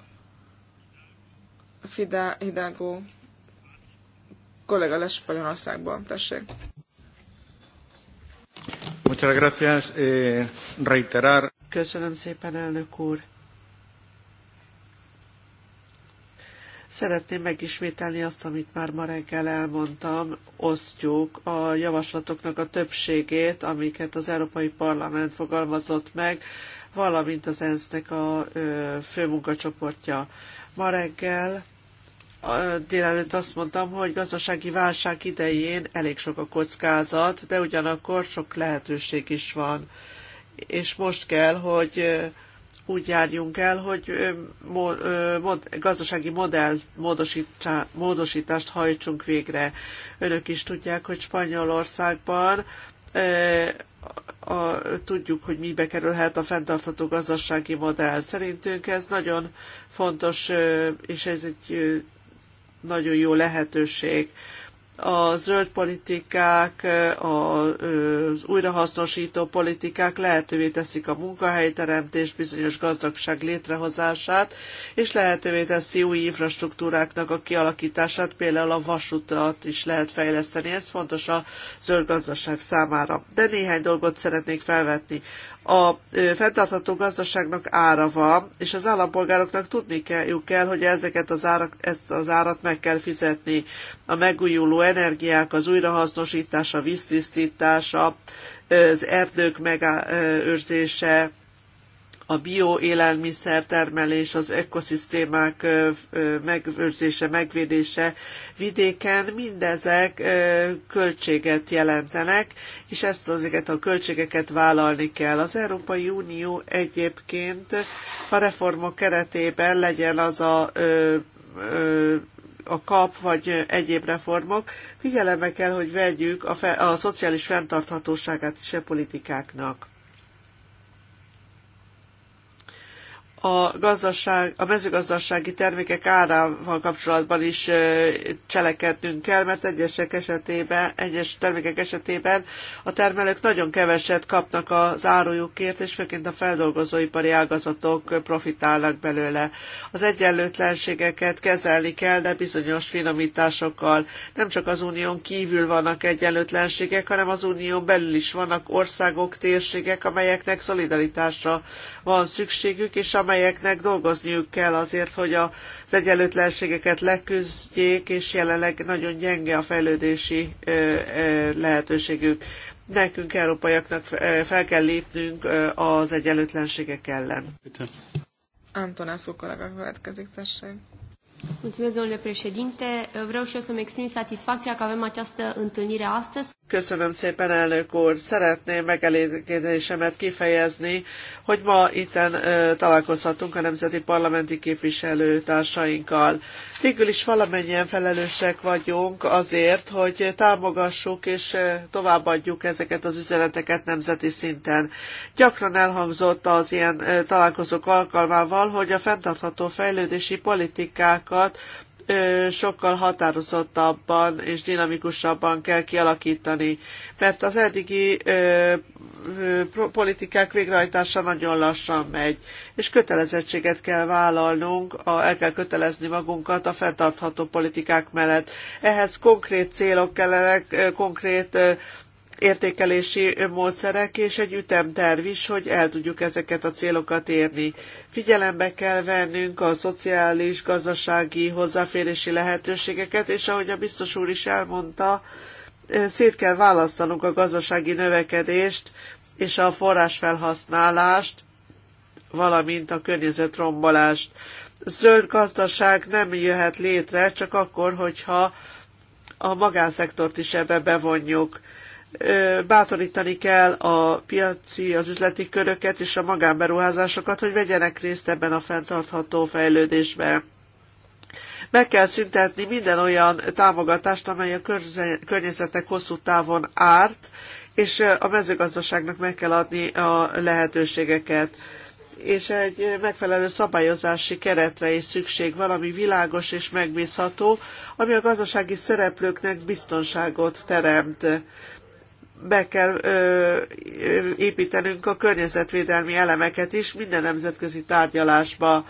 [SPEAKER 2] Fidá Hidágó kollega lesz Spanyolországban. Tessék!
[SPEAKER 3] Muchas gracias. Eh, reiterar. Köszönöm szépen, elnök úr! Szeretném megismételni azt, amit már ma reggel elmondtam, osztjuk a javaslatoknak a többségét, amiket az Európai Parlament fogalmazott meg, valamint az ENSZ-nek a főmunkacsoportja. Ma reggel délelőtt azt mondtam, hogy gazdasági válság idején elég sok a kockázat, de ugyanakkor sok lehetőség is van. És most kell, hogy úgy járjunk el, hogy gazdasági modell módosítást hajtsunk végre. Önök is tudják, hogy Spanyolországban a, tudjuk, hogy mibe kerülhet a fenntartható gazdasági modell. Szerintünk ez nagyon fontos, és ez egy nagyon jó lehetőség a zöld politikák, az újrahasznosító politikák lehetővé teszik a munkahelyteremtés, bizonyos gazdagság létrehozását, és lehetővé teszi új infrastruktúráknak a kialakítását, például a vasutat is lehet fejleszteni. Ez fontos a zöld gazdaság számára. De néhány dolgot szeretnék felvetni a fenntartható gazdaságnak ára van, és az állampolgároknak tudni kell, kell hogy ezeket az árak, ezt az árat meg kell fizetni. A megújuló energiák, az újrahasznosítás, a víztisztítás, az erdők megőrzése, a bioélelmiszer termelés, az ökoszisztémák megőrzése, megvédése vidéken, mindezek költséget jelentenek, és ezt azokat a költségeket vállalni kell. Az Európai Unió egyébként a reformok keretében legyen az a a kap vagy egyéb reformok, figyelembe kell, hogy vegyük a, fe, a szociális fenntarthatóságát is a politikáknak. a, gazdaság, a mezőgazdasági termékek árával kapcsolatban is cselekednünk kell, mert egyesek esetében, egyes termékek esetében a termelők nagyon keveset kapnak az árujukért, és főként a feldolgozóipari ágazatok profitálnak belőle. Az egyenlőtlenségeket kezelni kell, de bizonyos finomításokkal. Nem csak az unión kívül vannak egyenlőtlenségek, hanem az unión belül is vannak országok, térségek, amelyeknek szolidaritásra van szükségük, és amely amelyeknek dolgozniuk kell azért, hogy az egyenlőtlenségeket leküzdjék, és jelenleg nagyon gyenge a fejlődési lehetőségük. Nekünk, európaiaknak fel kell lépnünk az egyenlőtlenségek ellen.
[SPEAKER 2] Antonászó kollega következik,
[SPEAKER 3] tessék. Mulțumesc, domnule președinte. Vreau și eu să-mi exprim satisfacția că avem această întâlnire astăzi. Köszönöm szépen, elnök úr! Szeretném megelégedésemet kifejezni, hogy ma itten ö, találkozhatunk a nemzeti parlamenti képviselőtársainkkal végül is valamennyien felelősek vagyunk azért, hogy támogassuk és eh, továbbadjuk ezeket az üzeneteket nemzeti szinten. Gyakran elhangzott az ilyen eh, találkozók alkalmával, hogy a fenntartható fejlődési politikákat sokkal határozottabban és dinamikusabban kell kialakítani, mert az eddigi politikák végrehajtása nagyon lassan megy, és kötelezettséget kell vállalnunk, el kell kötelezni magunkat a fenntartható politikák mellett. Ehhez konkrét célok kellenek, konkrét értékelési módszerek és egy ütemterv is, hogy el tudjuk ezeket a célokat érni. Figyelembe kell vennünk a szociális, gazdasági hozzáférési lehetőségeket, és ahogy a biztos úr is elmondta, eh, szét kell választanunk a gazdasági növekedést és a forrásfelhasználást, valamint a környezetrombolást. Zöld gazdaság nem jöhet létre csak akkor, hogyha a magánszektort is ebbe bevonjuk bátorítani kell a piaci, az üzleti köröket és a magánberuházásokat, hogy vegyenek részt ebben a fenntartható fejlődésben. Meg kell szüntetni minden olyan támogatást, amely a környezetnek hosszú távon árt, és a mezőgazdaságnak meg kell adni a lehetőségeket és egy megfelelő szabályozási keretre is szükség valami világos és megbízható, ami a gazdasági szereplőknek biztonságot teremt be kell ö, építenünk a környezetvédelmi elemeket is minden nemzetközi tárgyalásba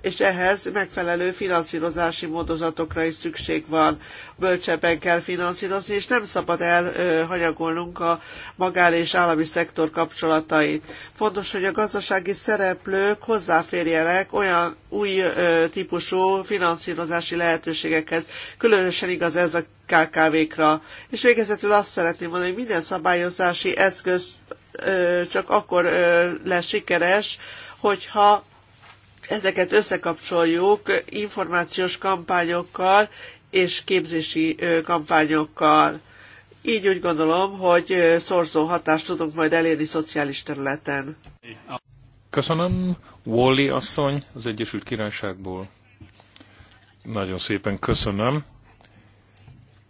[SPEAKER 3] és ehhez megfelelő finanszírozási módozatokra is szükség van. Bölcsebben kell finanszírozni, és nem szabad elhanyagolnunk a magán és állami szektor kapcsolatait. Fontos, hogy a gazdasági szereplők hozzáférjenek olyan új típusú finanszírozási lehetőségekhez. Különösen igaz ez a KKV-kra. És végezetül azt szeretném mondani, hogy minden szabályozási eszköz csak akkor lesz sikeres, hogyha ezeket összekapcsoljuk információs kampányokkal és képzési kampányokkal. Így úgy gondolom, hogy szorzó hatást tudunk majd elérni szociális területen.
[SPEAKER 1] Köszönöm, Wally asszony az Egyesült Királyságból. Nagyon szépen köszönöm.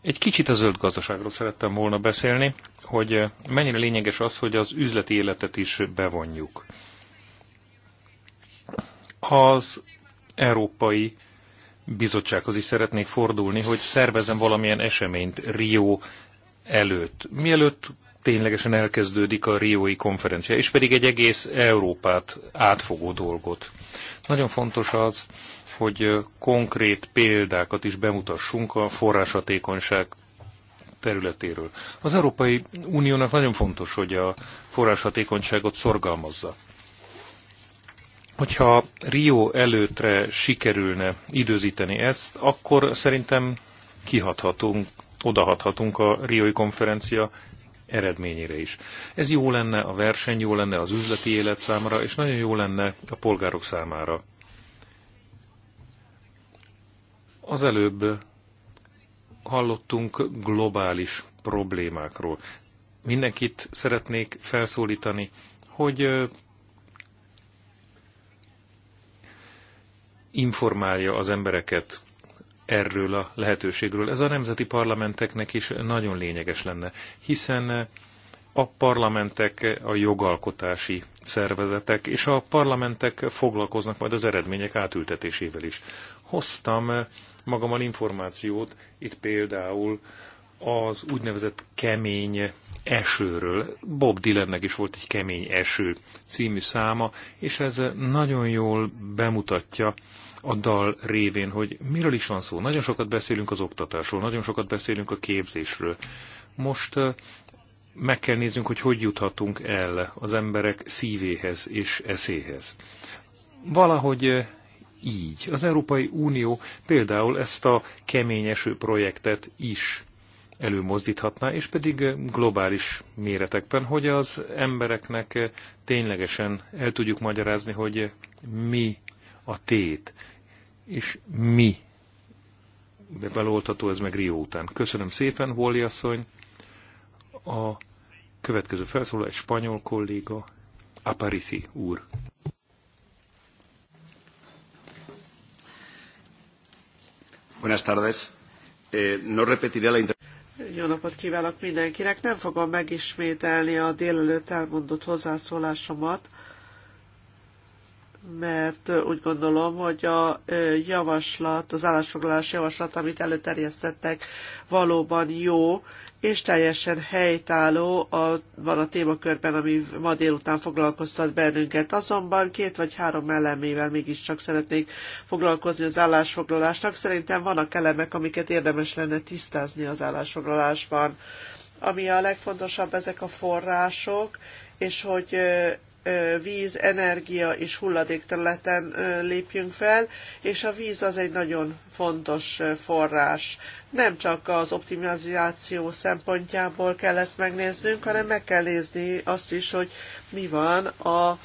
[SPEAKER 1] Egy kicsit a zöld gazdaságról szerettem volna beszélni, hogy mennyire lényeges az, hogy az üzleti életet is bevonjuk. Az Európai Bizottsághoz is szeretnék fordulni, hogy szervezem valamilyen eseményt Rio előtt. Mielőtt ténylegesen elkezdődik a Riói konferencia, és pedig egy egész Európát átfogó dolgot. Nagyon fontos az, hogy konkrét példákat is bemutassunk a forráshatékonyság területéről. Az Európai Uniónak nagyon fontos, hogy a forráshatékonyságot szorgalmazza. Hogyha Rio előtre sikerülne időzíteni ezt, akkor szerintem kihathatunk, odahathatunk a Rioi konferencia eredményére is. Ez jó lenne a verseny, jó lenne az üzleti élet számára, és nagyon jó lenne a polgárok számára. Az előbb hallottunk globális problémákról. Mindenkit szeretnék felszólítani, hogy informálja az embereket erről a lehetőségről. Ez a nemzeti parlamenteknek is nagyon lényeges lenne, hiszen a parlamentek a jogalkotási szervezetek, és a parlamentek foglalkoznak majd az eredmények átültetésével is. Hoztam magammal információt, itt például az úgynevezett kemény esőről. Bob Dylannek is volt egy kemény eső című száma, és ez nagyon jól bemutatja a dal révén, hogy miről is van szó. Nagyon sokat beszélünk az oktatásról, nagyon sokat beszélünk a képzésről. Most meg kell néznünk, hogy hogy juthatunk el az emberek szívéhez és eszéhez. Valahogy így. Az Európai Unió például ezt a kemény eső projektet is előmozdíthatná, és pedig eh, globális méretekben, hogy az embereknek eh, ténylegesen el tudjuk magyarázni, hogy eh, mi a tét, és mi beloltató ez meg Rio után. Köszönöm szépen, Holly asszony. A következő felszóló egy spanyol kolléga, Aparici úr.
[SPEAKER 3] Buenas tardes. Eh, no repetiré la jó napot kívánok mindenkinek! Nem fogom megismételni a délelőtt elmondott hozzászólásomat, mert úgy gondolom, hogy a javaslat, az állásfoglalás javaslat, amit előterjesztettek, valóban jó, és teljesen helytálló a van a témakörben, ami ma délután foglalkoztat bennünket. Azonban két vagy három elemével mégiscsak szeretnék foglalkozni az állásfoglalásnak. Szerintem vannak elemek, amiket érdemes lenne tisztázni az állásfoglalásban. Ami a legfontosabb, ezek a források, és hogy víz, energia és hulladék területen lépjünk fel, és a víz az egy nagyon fontos forrás. Nem csak az optimizáció szempontjából kell ezt megnéznünk, hanem meg kell nézni azt is, hogy mi van a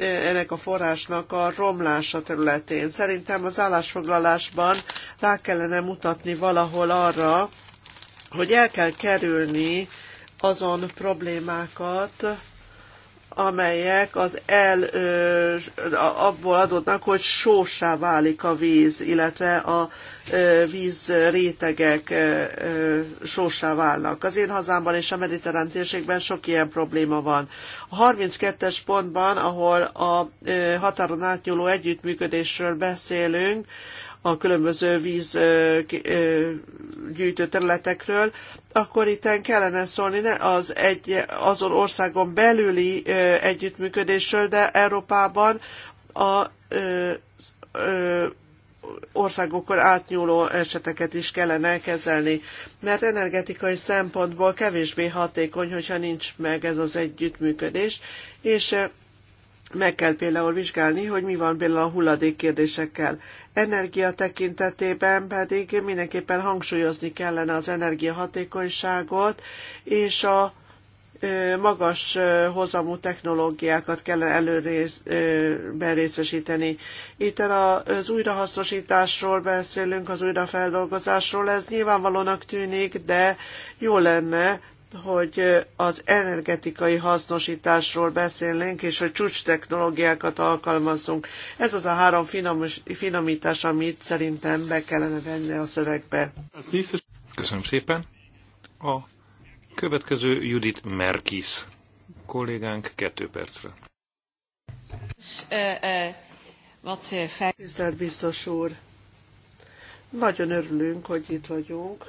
[SPEAKER 3] ennek a forrásnak a romlása területén. Szerintem az állásfoglalásban rá kellene mutatni valahol arra, hogy el kell kerülni azon problémákat, amelyek az el, ö, abból adódnak, hogy sósá válik a víz, illetve a ö, víz rétegek ö, ö, sósá válnak. Az én hazámban és a mediterrán térségben sok ilyen probléma van. A 32-es pontban, ahol a ö, határon átnyúló együttműködésről beszélünk, a különböző vízgyűjtő területekről, akkor itt kellene szólni ne az egy, azon országon belüli együttműködésről, de Európában a országokon átnyúló eseteket is kellene kezelni, mert energetikai szempontból kevésbé hatékony, hogyha nincs meg ez az együttműködés, és meg kell például vizsgálni, hogy mi van például a hulladék kérdésekkel. Energia tekintetében pedig mindenképpen hangsúlyozni kellene az energiahatékonyságot, és a magas hozamú technológiákat kellene előre részesíteni. Itt az újrahasznosításról beszélünk, az újrafeldolgozásról, ez nyilvánvalónak tűnik, de jó lenne hogy az energetikai hasznosításról beszélnénk, és hogy csúcs technológiákat alkalmazzunk. Ez az a három finomítás, amit szerintem be kellene venni a szövegbe.
[SPEAKER 1] Köszönöm szépen. A következő Judit Merkis kollégánk kettő percre.
[SPEAKER 3] Tisztelt biztos úr! Nagyon örülünk, hogy itt vagyunk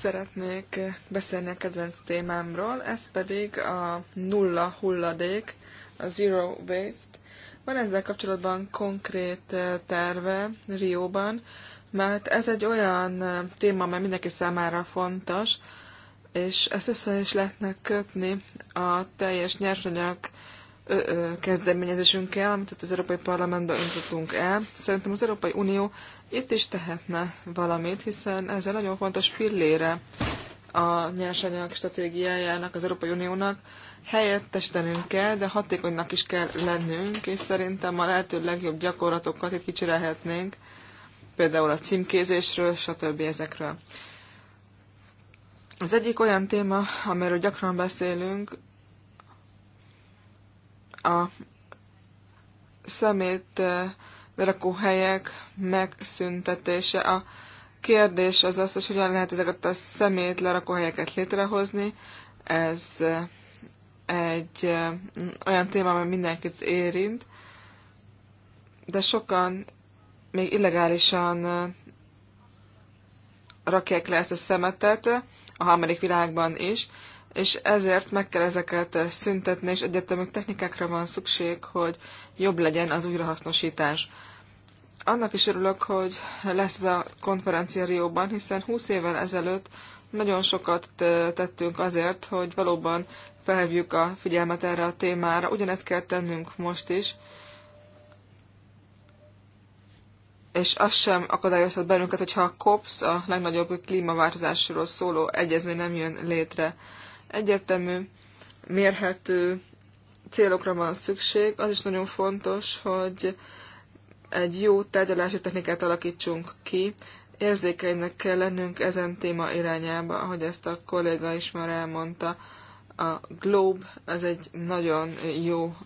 [SPEAKER 2] szeretnék beszélni a kedvenc témámról, ez pedig a nulla hulladék, a zero waste. Van ezzel kapcsolatban konkrét eh, terve Rióban, mert ez egy olyan eh, téma, amely mindenki számára fontos, és ezt össze is lehetne kötni a teljes nyersanyag kezdeményezésünkkel, amit az Európai Parlamentben öntöttünk el. Szerintem az Európai Unió itt is tehetne valamit, hiszen ez egy nagyon fontos pillére a nyersanyag stratégiájának az Európai Uniónak. Helyettesítenünk kell, de hatékonynak is kell lennünk, és szerintem a lehető legjobb gyakorlatokat itt kicsirelhetnénk, például a címkézésről, stb. ezekről. Az egyik olyan téma, amiről gyakran beszélünk, a szemét helyek megszüntetése. A kérdés az az, hogy hogyan lehet ezeket a szemét helyeket létrehozni. Ez egy olyan téma, amely mindenkit érint, de sokan még illegálisan rakják le ezt a szemetet, a harmadik világban is, és ezért meg kell ezeket szüntetni, és egyetemi technikákra van szükség, hogy jobb legyen az újrahasznosítás. Annak is örülök, hogy lesz ez a konferencia Rióban, hiszen 20 évvel ezelőtt nagyon sokat tettünk azért, hogy valóban felhívjuk a figyelmet erre a témára. Ugyanezt kell tennünk most is. És az sem akadályozhat bennünket, hogyha a COPS, a legnagyobb klímaváltozásról szóló egyezmény nem jön létre. Egyértelmű, mérhető célokra van szükség. Az is nagyon fontos, hogy egy jó tárgyalási technikát alakítsunk ki. Érzékenynek kell lennünk ezen téma irányába, ahogy ezt a kolléga is már elmondta. A Globe, ez egy nagyon jó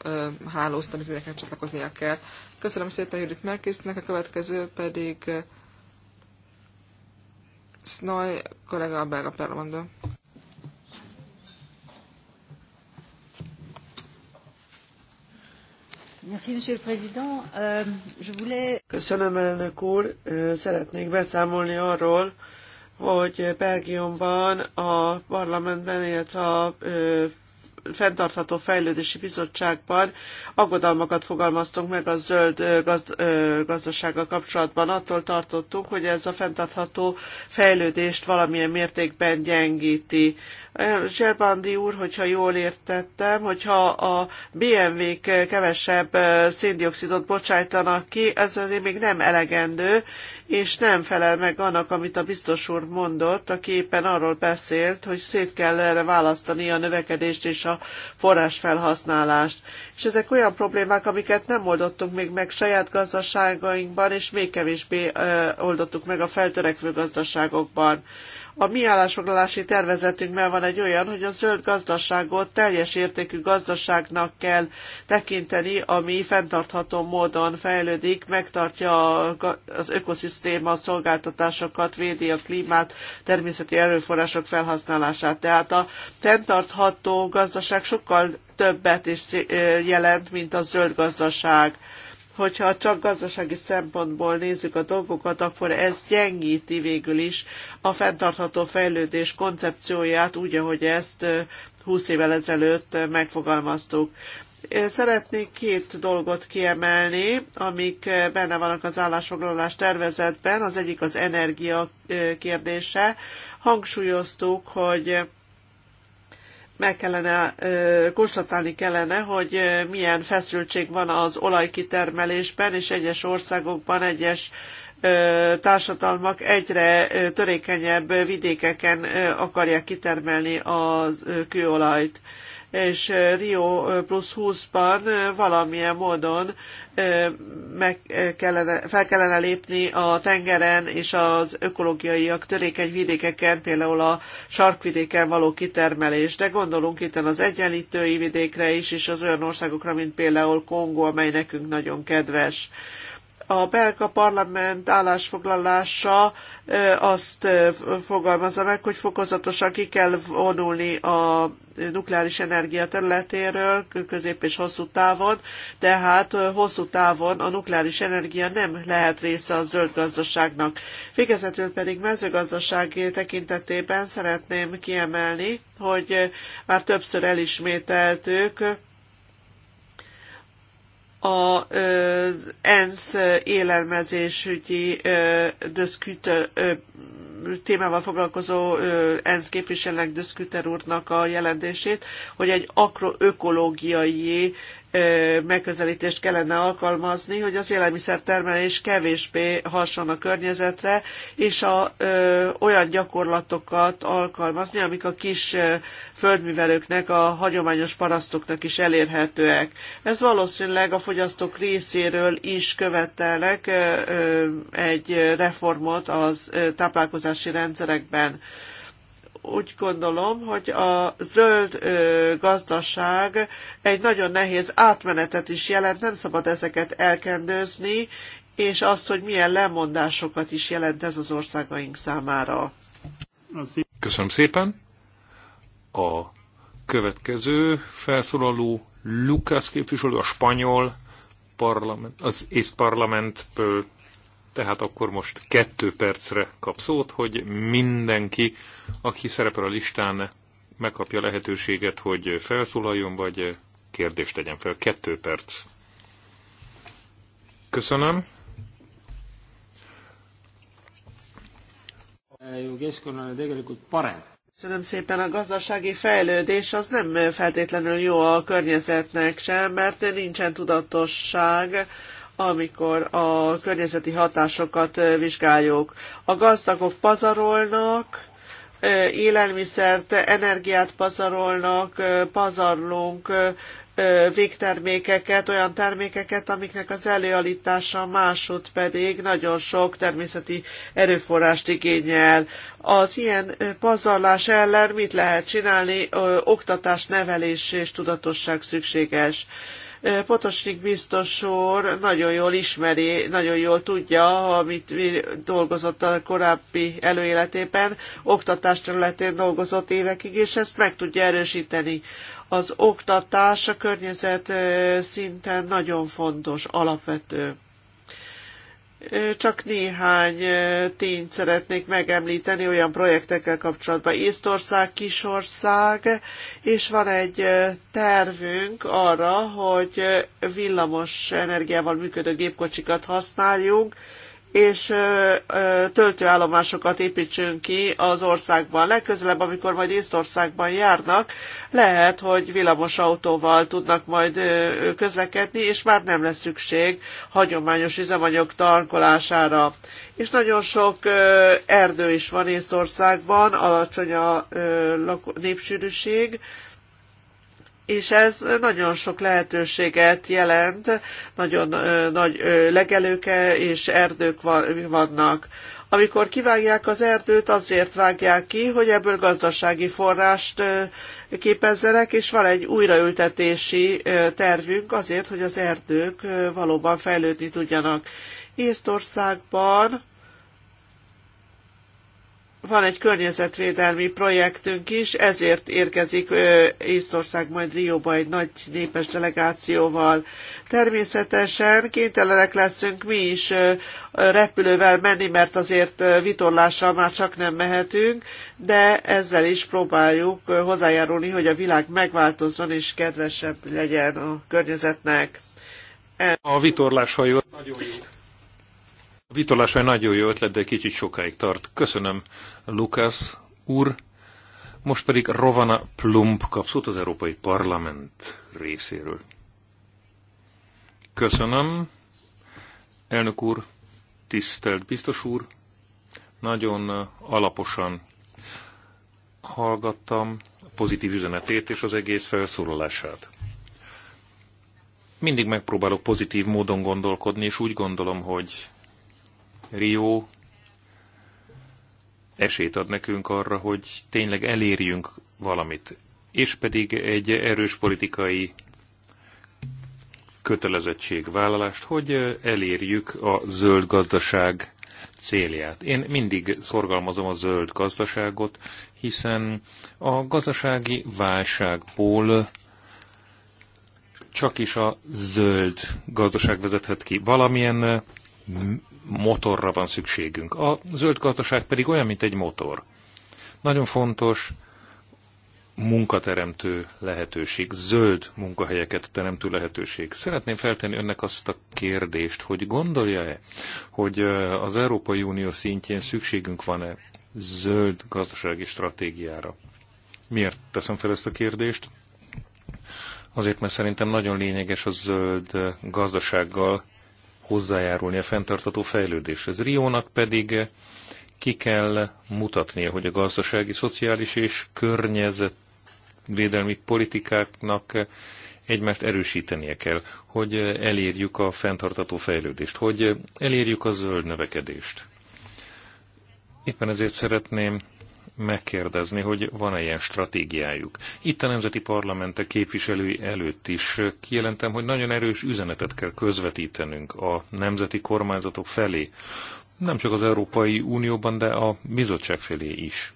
[SPEAKER 2] hálózat, amit mindenkinek csatlakoznia kell. Köszönöm szépen Judit Merkisnek, a következő pedig Snoy kollega a belga parlamentből.
[SPEAKER 3] Euh, Köszönöm, elnök úr. Szeretnék beszámolni arról, hogy Belgiumban a parlamentben, illetve a fenntartható fejlődési bizottságban aggodalmakat fogalmaztunk meg a zöld gazd, gazdasággal kapcsolatban. Attól tartottunk, hogy ez a fenntartható fejlődést valamilyen mértékben gyengíti. Zserbandi úr, hogyha jól értettem, hogyha a BMW-k kevesebb széndiokszidot bocsájtanak ki, ez még nem elegendő, és nem felel meg annak, amit a biztos úr mondott, aki éppen arról beszélt, hogy szét kell erre választani a növekedést és a forrásfelhasználást. És ezek olyan problémák, amiket nem oldottunk még meg saját gazdaságainkban, és még kevésbé ö, oldottuk meg a feltörekvő gazdaságokban. A mi állásfoglalási tervezetünkben van egy olyan, hogy a zöld gazdaságot teljes értékű gazdaságnak kell tekinteni, ami fenntartható módon fejlődik, megtartja az ökoszisztéma szolgáltatásokat, védi a klímát, természeti erőforrások felhasználását. Tehát a fenntartható gazdaság sokkal többet is jelent, mint a zöld gazdaság hogyha csak gazdasági szempontból nézzük a dolgokat, akkor ez gyengíti végül is a fenntartható fejlődés koncepcióját, úgy, ahogy ezt 20 évvel ezelőtt megfogalmaztuk. Szeretnék két dolgot kiemelni, amik benne vannak az állásfoglalás tervezetben. Az egyik az energia kérdése. Hangsúlyoztuk, hogy meg kellene, konstatálni kellene, hogy milyen feszültség van az olajkitermelésben, és egyes országokban egyes társadalmak egyre törékenyebb vidékeken akarják kitermelni a kőolajt és Rio plusz 20-ban valamilyen módon meg kellene, fel kellene lépni a tengeren és az ökológiaiak törékeny vidékeken, például a sarkvidéken való kitermelés, de gondolunk itt az egyenlítői vidékre is, és az olyan országokra, mint például Kongó, amely nekünk nagyon kedves a belga parlament állásfoglalása azt fogalmazza meg, hogy fokozatosan ki kell vonulni a nukleáris energia területéről közép és hosszú távon, tehát hosszú távon a nukleáris energia nem lehet része a zöld gazdaságnak. Végezetül pedig mezőgazdaság tekintetében szeretném kiemelni, hogy már többször elismételtük, az ENSZ élelmezésügyi döszkütő témával foglalkozó ENSZ képviselőnek Döszküter úrnak a jelentését, hogy egy akroökológiai megközelítést kellene alkalmazni, hogy az élelmiszertermelés kevésbé hasson a környezetre, és a, ö, olyan gyakorlatokat alkalmazni, amik a kis ö, földművelőknek, a hagyományos parasztoknak is elérhetőek. Ez valószínűleg a fogyasztók részéről is követelnek ö, ö, egy reformot az ö, táplálkozási rendszerekben úgy gondolom, hogy a zöld gazdaság egy nagyon nehéz átmenetet is jelent, nem szabad ezeket elkendőzni, és azt, hogy milyen lemondásokat is jelent ez az országaink számára.
[SPEAKER 1] Köszönöm szépen. A következő felszólaló Lukasz képviselő, a spanyol parlament, az észparlamentből tehát akkor most kettő percre kap szót, hogy mindenki, aki szerepel a listán, megkapja lehetőséget, hogy felszólaljon, vagy kérdést tegyen fel. Kettő perc. Köszönöm.
[SPEAKER 3] Köszönöm szépen, a gazdasági fejlődés az nem feltétlenül jó a környezetnek sem, mert nincsen tudatosság amikor a környezeti hatásokat vizsgáljuk. A gazdagok pazarolnak, élelmiszert, energiát pazarolnak, pazarlunk, végtermékeket, olyan termékeket, amiknek az előállítása másod pedig nagyon sok természeti erőforrást igényel. Az ilyen pazarlás ellen mit lehet csinálni? Oktatás, nevelés és tudatosság szükséges. Potosnik biztos úr nagyon jól ismeri, nagyon jól tudja, amit mi dolgozott a korábbi előéletében, oktatás területén dolgozott évekig, és ezt meg tudja erősíteni. Az oktatás a környezet szinten nagyon fontos, alapvető. Csak néhány tényt szeretnék megemlíteni olyan projektekkel kapcsolatban. Észtország, Kisország, és van egy tervünk arra, hogy villamos energiával működő gépkocsikat használjunk, és töltőállomásokat építsünk ki az országban. Legközelebb, amikor majd Észtországban járnak, lehet, hogy autóval tudnak majd közlekedni, és már nem lesz szükség hagyományos üzemanyag tankolására. És nagyon sok erdő is van Észtországban, alacsony a népsűrűség, és ez nagyon sok lehetőséget jelent, nagyon nagy legelőke és erdők vannak. Amikor kivágják az erdőt, azért vágják ki, hogy ebből gazdasági forrást képezzenek, és van egy újraültetési tervünk azért, hogy az erdők valóban fejlődni tudjanak. Észtországban van egy környezetvédelmi projektünk is, ezért érkezik Észtország majd Rióba egy nagy népes delegációval. Természetesen kénytelenek leszünk mi is repülővel menni, mert azért vitorlással már csak nem mehetünk, de ezzel is próbáljuk hozzájárulni, hogy a világ megváltozzon és kedvesebb legyen a környezetnek.
[SPEAKER 1] A vitorláshajó Nagyon jó. A vitolás egy nagyon jó ötlet, de kicsit sokáig tart. Köszönöm, Lukasz úr. Most pedig Rovana Plump kapszót az Európai Parlament részéről. Köszönöm, elnök úr, tisztelt biztos úr. Nagyon alaposan hallgattam a pozitív üzenetét és az egész felszólalását. Mindig megpróbálok pozitív módon gondolkodni, és úgy gondolom, hogy Rio esélyt ad nekünk arra, hogy tényleg elérjünk valamit. És pedig egy erős politikai kötelezettségvállalást, hogy elérjük a zöld gazdaság célját. Én mindig szorgalmazom a zöld gazdaságot, hiszen a gazdasági válságból csak is a zöld gazdaság vezethet ki. Valamilyen motorra van szükségünk. A zöld gazdaság pedig olyan, mint egy motor. Nagyon fontos munkateremtő lehetőség, zöld munkahelyeket teremtő lehetőség. Szeretném feltenni önnek azt a kérdést, hogy gondolja-e, hogy az Európai Unió szintjén szükségünk van-e zöld gazdasági stratégiára? Miért teszem fel ezt a kérdést? Azért, mert szerintem nagyon lényeges a zöld gazdasággal hozzájárulni a fenntartató fejlődéshez. Riónak pedig ki kell mutatnia, hogy a gazdasági, szociális és környezetvédelmi politikáknak egymást erősítenie kell, hogy elérjük a fenntartató fejlődést, hogy elérjük a zöld növekedést. Éppen ezért szeretném megkérdezni, hogy van-e ilyen stratégiájuk. Itt a nemzeti parlamentek képviselői előtt is kijelentem, hogy nagyon erős üzenetet kell közvetítenünk a nemzeti kormányzatok felé, nem csak az Európai Unióban, de a bizottság felé is.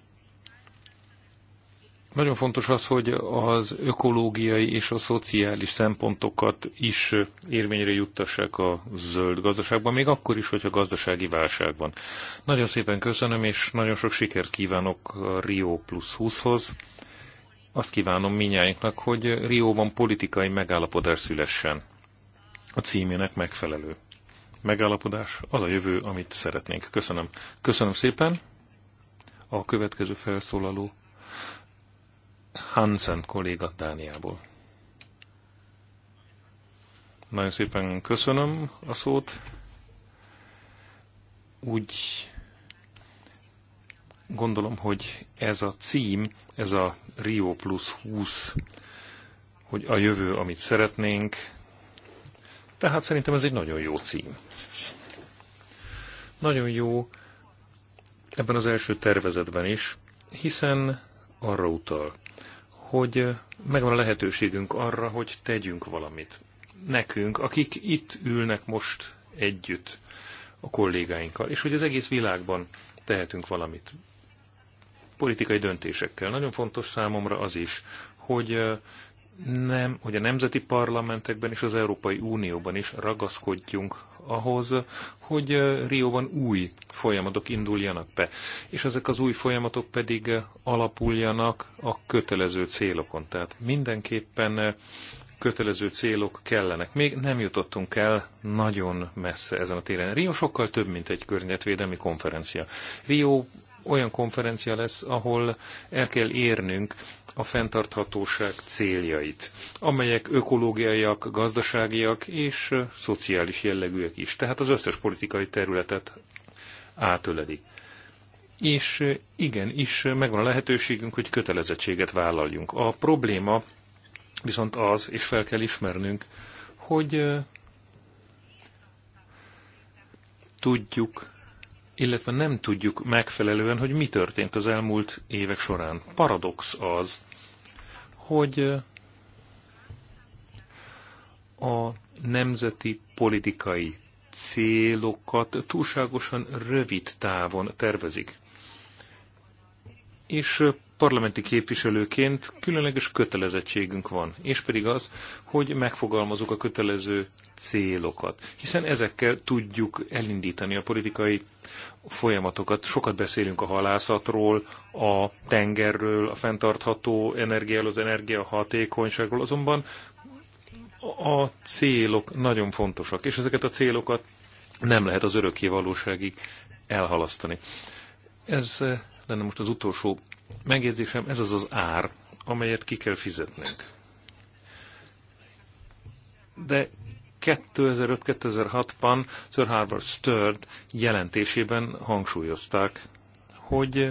[SPEAKER 1] Nagyon fontos az, hogy az ökológiai és a szociális szempontokat is érvényre juttassák a zöld gazdaságban, még akkor is, hogyha gazdasági válság van. Nagyon szépen köszönöm, és nagyon sok sikert kívánok a Rio Plus 20-hoz. Azt kívánom minnyáinknak, hogy Rióban politikai megállapodás szülessen. A címének megfelelő. Megállapodás az a jövő, amit szeretnénk. Köszönöm. Köszönöm szépen. A következő felszólaló Hansen kolléga Dániából. Nagyon szépen köszönöm a szót. Úgy gondolom, hogy ez a cím, ez a Rio Plus 20, hogy a jövő, amit szeretnénk. Tehát szerintem ez egy nagyon jó cím. Nagyon jó ebben az első tervezetben is, hiszen arra utal, hogy megvan a lehetőségünk arra, hogy tegyünk valamit. Nekünk, akik itt ülnek most együtt a kollégáinkkal, és hogy az egész világban tehetünk valamit. Politikai döntésekkel. Nagyon fontos számomra az is, hogy nem, hogy a nemzeti parlamentekben és az Európai Unióban is ragaszkodjunk ahhoz, hogy Rióban új folyamatok induljanak be, és ezek az új folyamatok pedig alapuljanak a kötelező célokon. Tehát mindenképpen kötelező célok kellenek. Még nem jutottunk el nagyon messze ezen a téren. Rio sokkal több, mint egy környezetvédelmi konferencia. Rio olyan konferencia lesz, ahol el kell érnünk a fenntarthatóság céljait, amelyek ökológiaiak, gazdaságiak és szociális jellegűek is, tehát az összes politikai területet átölelik. És igen, is megvan a lehetőségünk, hogy kötelezettséget vállaljunk. A probléma viszont az, és fel kell ismernünk, hogy tudjuk illetve nem tudjuk megfelelően, hogy mi történt az elmúlt évek során. Paradox az, hogy eh, a nemzeti politikai célokat túlságosan rövid távon tervezik. És eh, parlamenti képviselőként különleges kötelezettségünk van, és pedig az, hogy megfogalmazunk a kötelező célokat, hiszen ezekkel tudjuk elindítani a politikai folyamatokat. Sokat beszélünk a halászatról, a tengerről, a fenntartható energiáról, az energiahatékonyságról, azonban a célok nagyon fontosak, és ezeket a célokat nem lehet az örökké valóságig elhalasztani. Ez lenne most az utolsó megjegyzésem, ez az az ár, amelyet ki kell fizetnünk. De 2005-2006-ban Sir Harvard Sturt jelentésében hangsúlyozták, hogy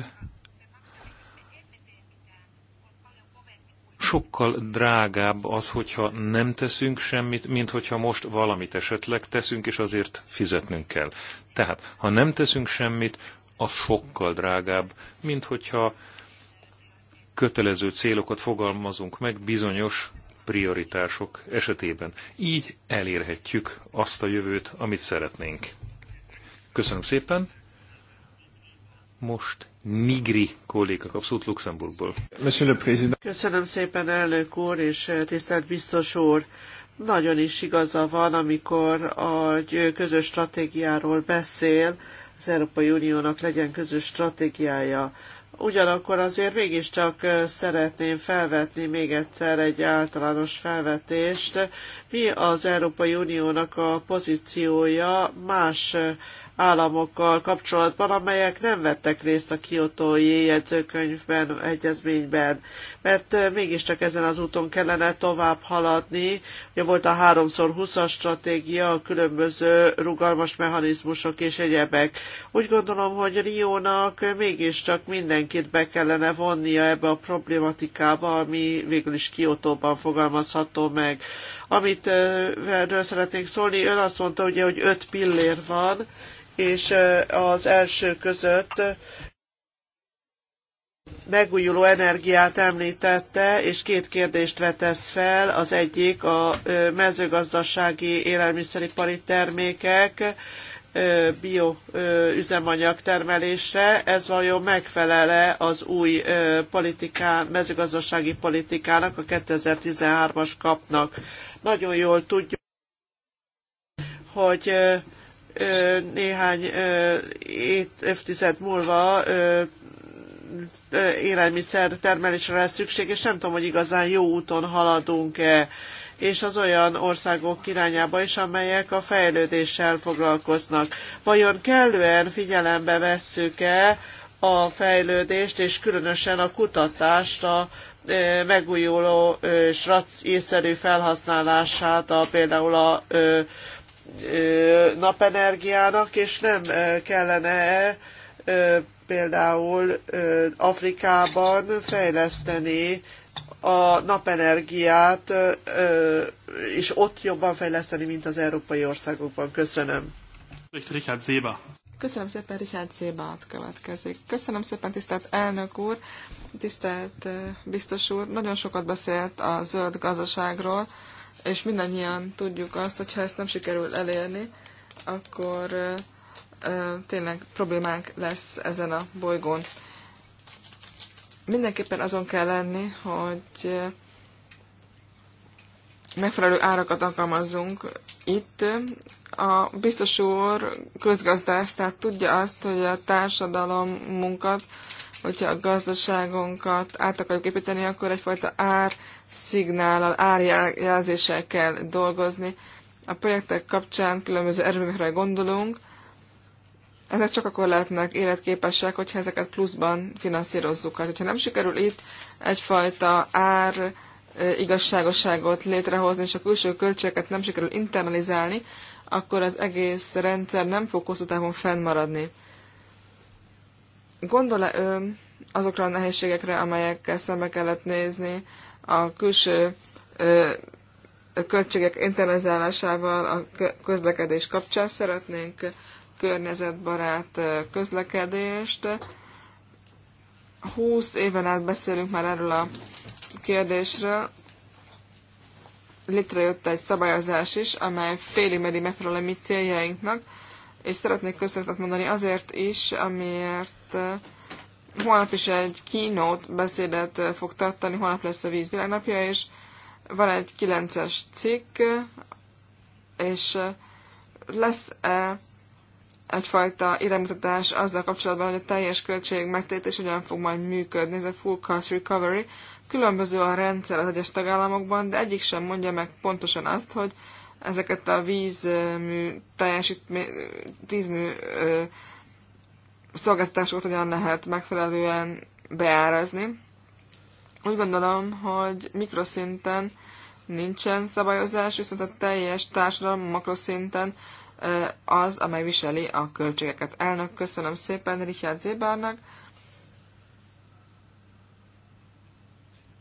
[SPEAKER 1] sokkal drágább az, hogyha nem teszünk semmit, mint hogyha most valamit esetleg teszünk, és azért fizetnünk kell. Tehát, ha nem teszünk semmit, az sokkal drágább, mint hogyha kötelező célokat fogalmazunk meg bizonyos prioritások esetében. Így elérhetjük azt a jövőt, amit szeretnénk. Köszönöm szépen. Most Nigri kolléga kapszót Luxemburgból.
[SPEAKER 3] Köszönöm szépen, elnök úr, és tisztelt biztos úr. Nagyon is igaza van, amikor a közös stratégiáról beszél, az Európai Uniónak legyen közös stratégiája. Ugyanakkor azért mégiscsak szeretném felvetni még egyszer egy általános felvetést. Mi az Európai Uniónak a pozíciója más államokkal kapcsolatban, amelyek nem vettek részt a kiotói jegyzőkönyvben, egyezményben, mert mégiscsak ezen az úton kellene tovább haladni. Ugye volt a 3x20-as stratégia, a különböző rugalmas mechanizmusok és egyebek. Úgy gondolom, hogy Riónak mégiscsak mindenkit be kellene vonnia ebbe a problématikába, ami végül is kiotóban fogalmazható meg. Amit erről szeretnék szólni, ön azt mondta ugye, hogy öt pillér van, és az első között megújuló energiát említette, és két kérdést vetesz fel. Az egyik a mezőgazdasági élelmiszeripari termékek, bioüzemanyag termelésre, ez vajon megfelele az új politikán, mezőgazdasági politikának, a 2013-as kapnak. Nagyon jól tudjuk, hogy néhány évtized múlva élelmiszer termelésre lesz szükség, és nem tudom, hogy igazán jó úton haladunk-e, és az olyan országok irányába is, amelyek a fejlődéssel foglalkoznak. Vajon kellően figyelembe vesszük-e a fejlődést, és különösen a kutatást a megújuló és észszerű felhasználását a, például a napenergiának, és nem kellene például Afrikában fejleszteni a napenergiát, és ott jobban fejleszteni, mint az európai országokban. Köszönöm. Richard Zéba.
[SPEAKER 2] Köszönöm szépen, Richard Zéba. következik. Köszönöm szépen, tisztelt elnök úr. Tisztelt biztos úr, nagyon sokat beszélt a zöld gazdaságról, és mindannyian tudjuk azt, hogy ha ezt nem sikerül elérni, akkor tényleg problémánk lesz ezen a bolygón. Mindenképpen azon kell lenni, hogy megfelelő árakat alkalmazzunk itt. A biztos úr közgazdász, tehát tudja azt, hogy a társadalom munkat hogyha a gazdaságunkat át akarjuk építeni, akkor egyfajta szignállal, árjelzéssel kell dolgozni. A projektek kapcsán különböző erőművekre gondolunk, ezek csak akkor lehetnek életképesek, hogyha ezeket pluszban finanszírozzuk. Hát, hogyha nem sikerül itt egyfajta ár igazságosságot létrehozni, és a külső költségeket nem sikerül internalizálni, akkor az egész rendszer nem fog hosszú távon fennmaradni. Gondol-e ön azokra a nehézségekre, amelyekkel szembe kellett nézni a külső ö, költségek internalizálásával a közlekedés kapcsán? Szeretnénk környezetbarát közlekedést. 20 éven át beszélünk már erről a kérdésről. Létrejött egy szabályozás is, amely félig meri megfelel a mi céljainknak és szeretnék köszönetet mondani azért is, amiért eh, holnap is egy keynote beszédet eh, fog tartani, holnap lesz a világnapja, és van egy kilences cikk, eh, és lesz -e egyfajta iránymutatás azzal kapcsolatban, hogy a teljes költség megtétés hogyan fog majd működni, ez a full cost recovery. Különböző a rendszer az egyes tagállamokban, de egyik sem mondja meg pontosan azt, hogy ezeket a vízmű teljesítmény, vízmű ö, szolgáltatásokat hogyan lehet megfelelően beárazni. Úgy gondolom, hogy mikroszinten nincsen szabályozás, viszont a teljes társadalom makroszinten az, amely viseli a költségeket. Elnök, köszönöm szépen Richard Zébárnak.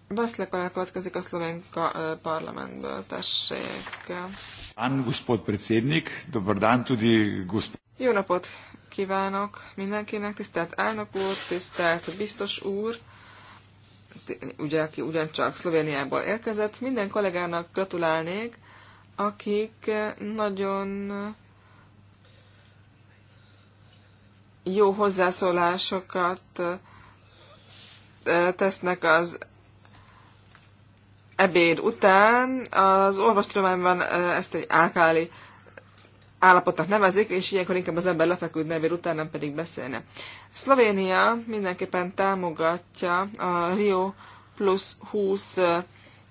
[SPEAKER 2] Vaszlekolá következik a szlovén parlamentből, tessék.Án,
[SPEAKER 1] gospod predsednik, dobar dan tudi gospod.
[SPEAKER 2] Jó napot kívánok mindenkinek, tisztelt elnök úr, tisztelt biztos úr, ugye, aki ugyancsak Szlovéniából érkezett. Minden kollégának gratulálnék, akik nagyon jó hozzászólásokat tesznek az ebéd után az orvostudományban ezt egy álkáli állapotnak nevezik, és ilyenkor inkább az ember lefeküdne nevér után, nem pedig beszélne. Szlovénia mindenképpen támogatja a Rio Plus 20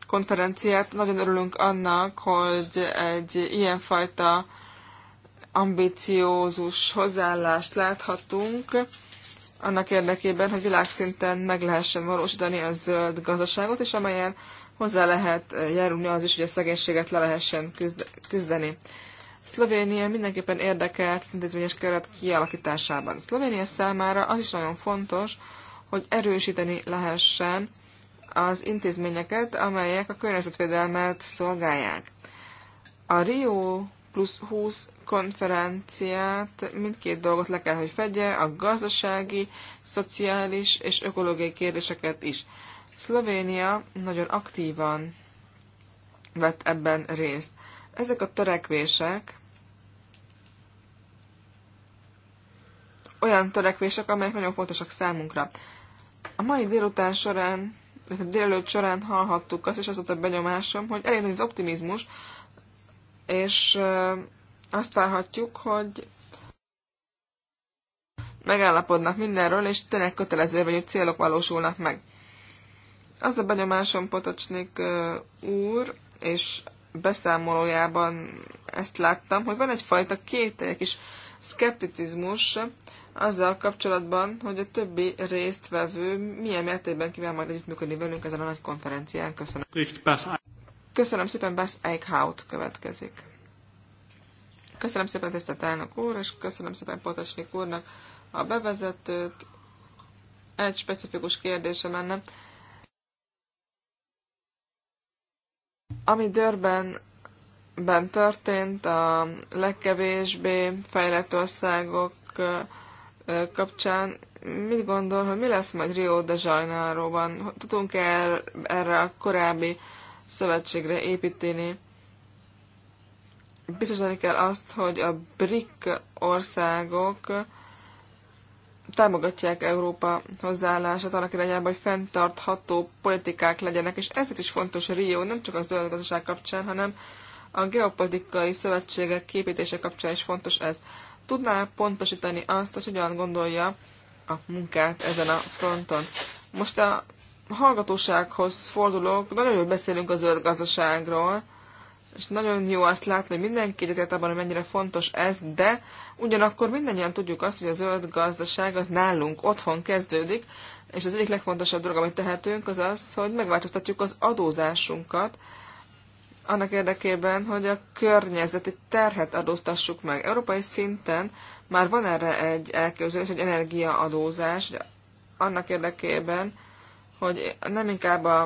[SPEAKER 2] konferenciát. Nagyon örülünk annak, hogy egy ilyenfajta ambiciózus hozzáállást láthatunk annak érdekében, hogy világszinten meg lehessen valósítani a zöld gazdaságot, és amelyen hozzá lehet eh, járulni az is, hogy a szegénységet le lehessen küzdeni. Szlovénia mindenképpen érdekelt szintézményes keret kialakításában. Szlovénia számára az is nagyon fontos, hogy erősíteni lehessen az intézményeket, amelyek a környezetvédelmet szolgálják. A Rio plusz 20 konferenciát mindkét dolgot le kell, hogy fedje, a gazdasági, szociális és ökológiai kérdéseket is. Szlovénia nagyon aktívan vett ebben részt. Ezek a törekvések olyan törekvések, amelyek nagyon fontosak számunkra. A mai délután során, a délelőtt során hallhattuk azt, és az volt a benyomásom, hogy elég nagy az optimizmus, és azt várhatjuk, hogy megállapodnak mindenről, és tényleg kötelező vagy, hogy célok valósulnak meg. Az a benyomásom Potocsnik úr, és beszámolójában ezt láttam, hogy van egyfajta kételyek is, szkepticizmus azzal kapcsolatban, hogy a többi résztvevő milyen mértékben kíván majd együttműködni velünk ezen a nagy konferencián. Köszönöm. Köszönöm szépen, Bas Eichhout következik. Köszönöm szépen tisztelt elnök úr, és köszönöm szépen Potasnik úrnak a bevezetőt. Egy specifikus kérdése lenne. Ami Dörbenben történt, a legkevésbé fejlett országok kapcsán mit gondol, hogy mi lesz majd Rio de Janeiro-ban? Tudunk-e er, erre a korábbi szövetségre építeni? Biztosítani kell azt, hogy a BRIC országok támogatják Európa hozzáállását annak irányába, hogy fenntartható politikák legyenek, és ezért is fontos Rio, nem csak a zöld gazdaság kapcsán, hanem a geopolitikai szövetségek képítése kapcsán is fontos ez. Tudná pontosítani azt, hogy hogyan gondolja a munkát ezen a fronton? Most a hallgatósághoz fordulok, nagyon jól beszélünk a zöld gazdaságról, és nagyon jó azt látni, hogy mindenki egyetért abban, hogy mennyire fontos ez, de ugyanakkor mindannyian tudjuk azt, hogy a zöld gazdaság az nálunk otthon kezdődik, és az egyik legfontosabb dolog, amit tehetünk, az az, hogy megváltoztatjuk az adózásunkat, annak érdekében, hogy a környezeti terhet adóztassuk meg. Európai szinten már van erre egy elképzelés, hogy energiaadózás, annak érdekében, hogy nem inkább a,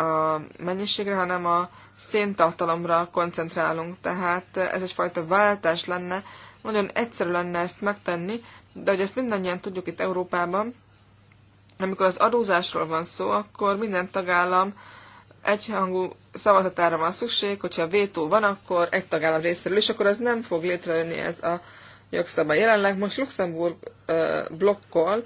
[SPEAKER 2] a mennyiségre, hanem a széntartalomra koncentrálunk, tehát ez egyfajta váltás lenne, nagyon egyszerű lenne ezt megtenni, de hogy ezt mindannyian tudjuk itt Európában, amikor az adózásról van szó, akkor minden tagállam egyhangú szavazatára van szükség, hogyha vétó van, akkor egy tagállam részéről is, akkor az nem fog létrejönni ez a jogszabály. Jelenleg most Luxemburg ö, blokkol,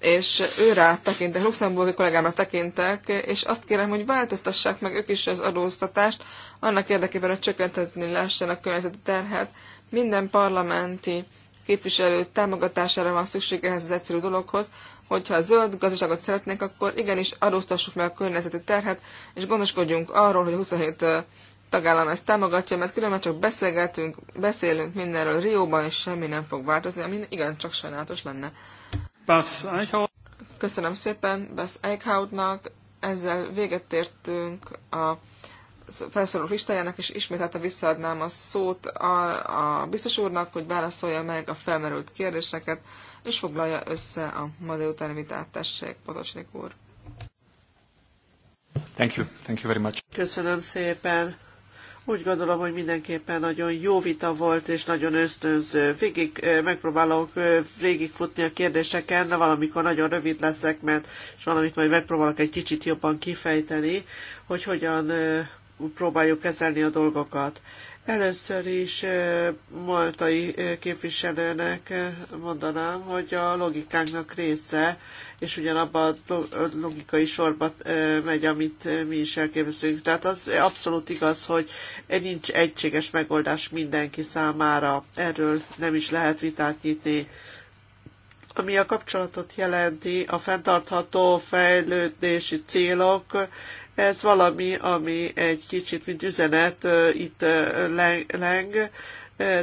[SPEAKER 2] és őrá tekintek, luxemburgi kollégámra tekintek, és azt kérem, hogy változtassák meg ők is az adóztatást, annak érdekében, hogy csökkentetni lássanak a környezeti terhet. Minden parlamenti képviselő támogatására van szükség ehhez az egyszerű dologhoz, hogyha a zöld gazdaságot szeretnénk, akkor igenis adóztassuk meg a környezeti terhet, és gondoskodjunk arról, hogy a 27 tagállam ezt támogatja, mert különben csak beszélgetünk, beszélünk mindenről Rióban, és semmi nem fog változni, ami igen csak sajnálatos lenne. Bas Köszönöm szépen Bas Eichhautnak. Ezzel véget értünk a felszólalók listájának, és ismételten visszaadnám a szót a, a biztos úrnak, hogy válaszolja meg a felmerült kérdéseket, és foglalja össze a ma
[SPEAKER 3] délutáni vitát. Tessék, Potocsnik úr.
[SPEAKER 2] Thank you. Thank you very much.
[SPEAKER 3] Köszönöm szépen. Úgy gondolom, hogy mindenképpen nagyon jó vita volt, és nagyon ösztönző. Végig megpróbálok végigfutni a kérdéseken, de valamikor nagyon rövid leszek, mert és valamit majd megpróbálok egy kicsit jobban kifejteni, hogy hogyan próbáljuk kezelni a dolgokat. Először is maltai képviselőnek mondanám, hogy a logikánknak része, és ugyanabban a logikai sorba megy, amit mi is elképzelünk. Tehát az abszolút igaz, hogy nincs egységes megoldás mindenki számára. Erről nem is lehet vitát nyitni ami a kapcsolatot jelenti a fenntartható fejlődési célok ez valami, ami egy kicsit, mint üzenet itt leng,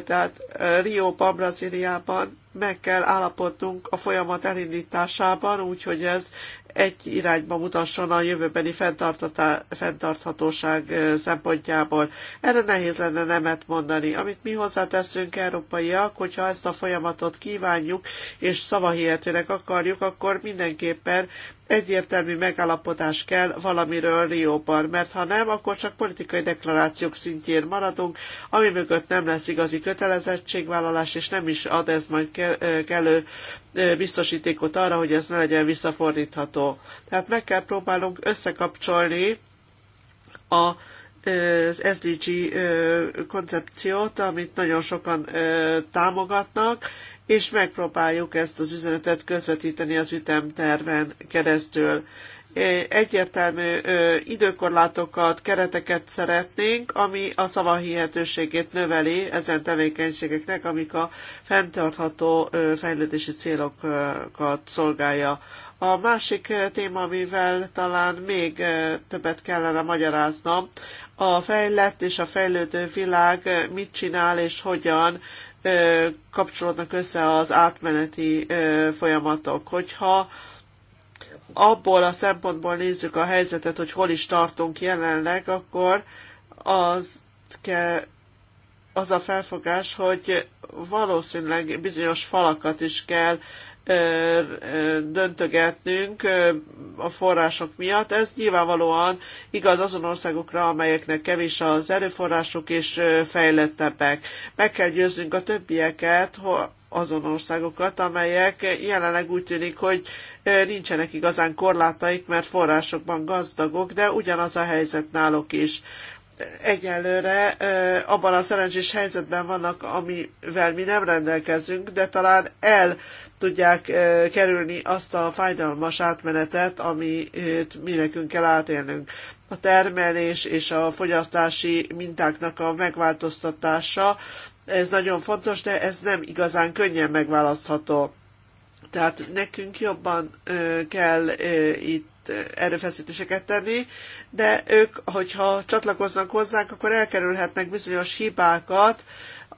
[SPEAKER 3] tehát Rióban, Brazíliában meg kell állapodnunk a folyamat elindításában, úgyhogy ez egy irányba mutasson a jövőbeni fenntarthatóság szempontjából. Erre nehéz lenne nemet mondani. Amit mi hozzáteszünk európaiak, hogyha ezt a folyamatot kívánjuk és szavahihetőnek akarjuk, akkor mindenképpen egyértelmű megállapodás kell valamiről Rióban, mert ha nem, akkor csak politikai deklarációk szintjén maradunk, ami mögött nem lesz igazi kötelezettségvállalás, és nem is ad ez majd kellő biztosítékot arra, hogy ez ne legyen visszafordítható. Tehát meg kell próbálnunk összekapcsolni a az SDG koncepciót, amit nagyon sokan támogatnak, és megpróbáljuk ezt az üzenetet közvetíteni az ütemterven keresztül. Egyértelmű időkorlátokat, kereteket szeretnénk, ami a szavahihetőségét növeli ezen tevékenységeknek, amik a fenntartható fejlődési célokat szolgálja. A másik téma, amivel talán még többet kellene magyaráznom, a fejlett és a fejlődő világ mit csinál és hogyan kapcsolódnak össze az átmeneti folyamatok. Hogyha abból a szempontból nézzük a helyzetet, hogy hol is tartunk jelenleg, akkor az kell az a felfogás, hogy valószínűleg bizonyos falakat is kell döntögetnünk a források miatt. Ez nyilvánvalóan igaz azon országokra, amelyeknek kevés az erőforrások és fejlettebbek. Meg kell győznünk a többieket, azon országokat, amelyek jelenleg úgy tűnik, hogy nincsenek igazán korlátaik, mert forrásokban gazdagok, de ugyanaz a helyzet náluk is egyelőre abban a szerencsés helyzetben vannak, amivel mi nem rendelkezünk, de talán el tudják kerülni azt a fájdalmas átmenetet, amit mi nekünk kell átélnünk. A termelés és a fogyasztási mintáknak a megváltoztatása, ez nagyon fontos, de ez nem igazán könnyen megválasztható. Tehát nekünk jobban kell itt erőfeszítéseket tenni, de ők, hogyha csatlakoznak hozzánk, akkor elkerülhetnek bizonyos hibákat,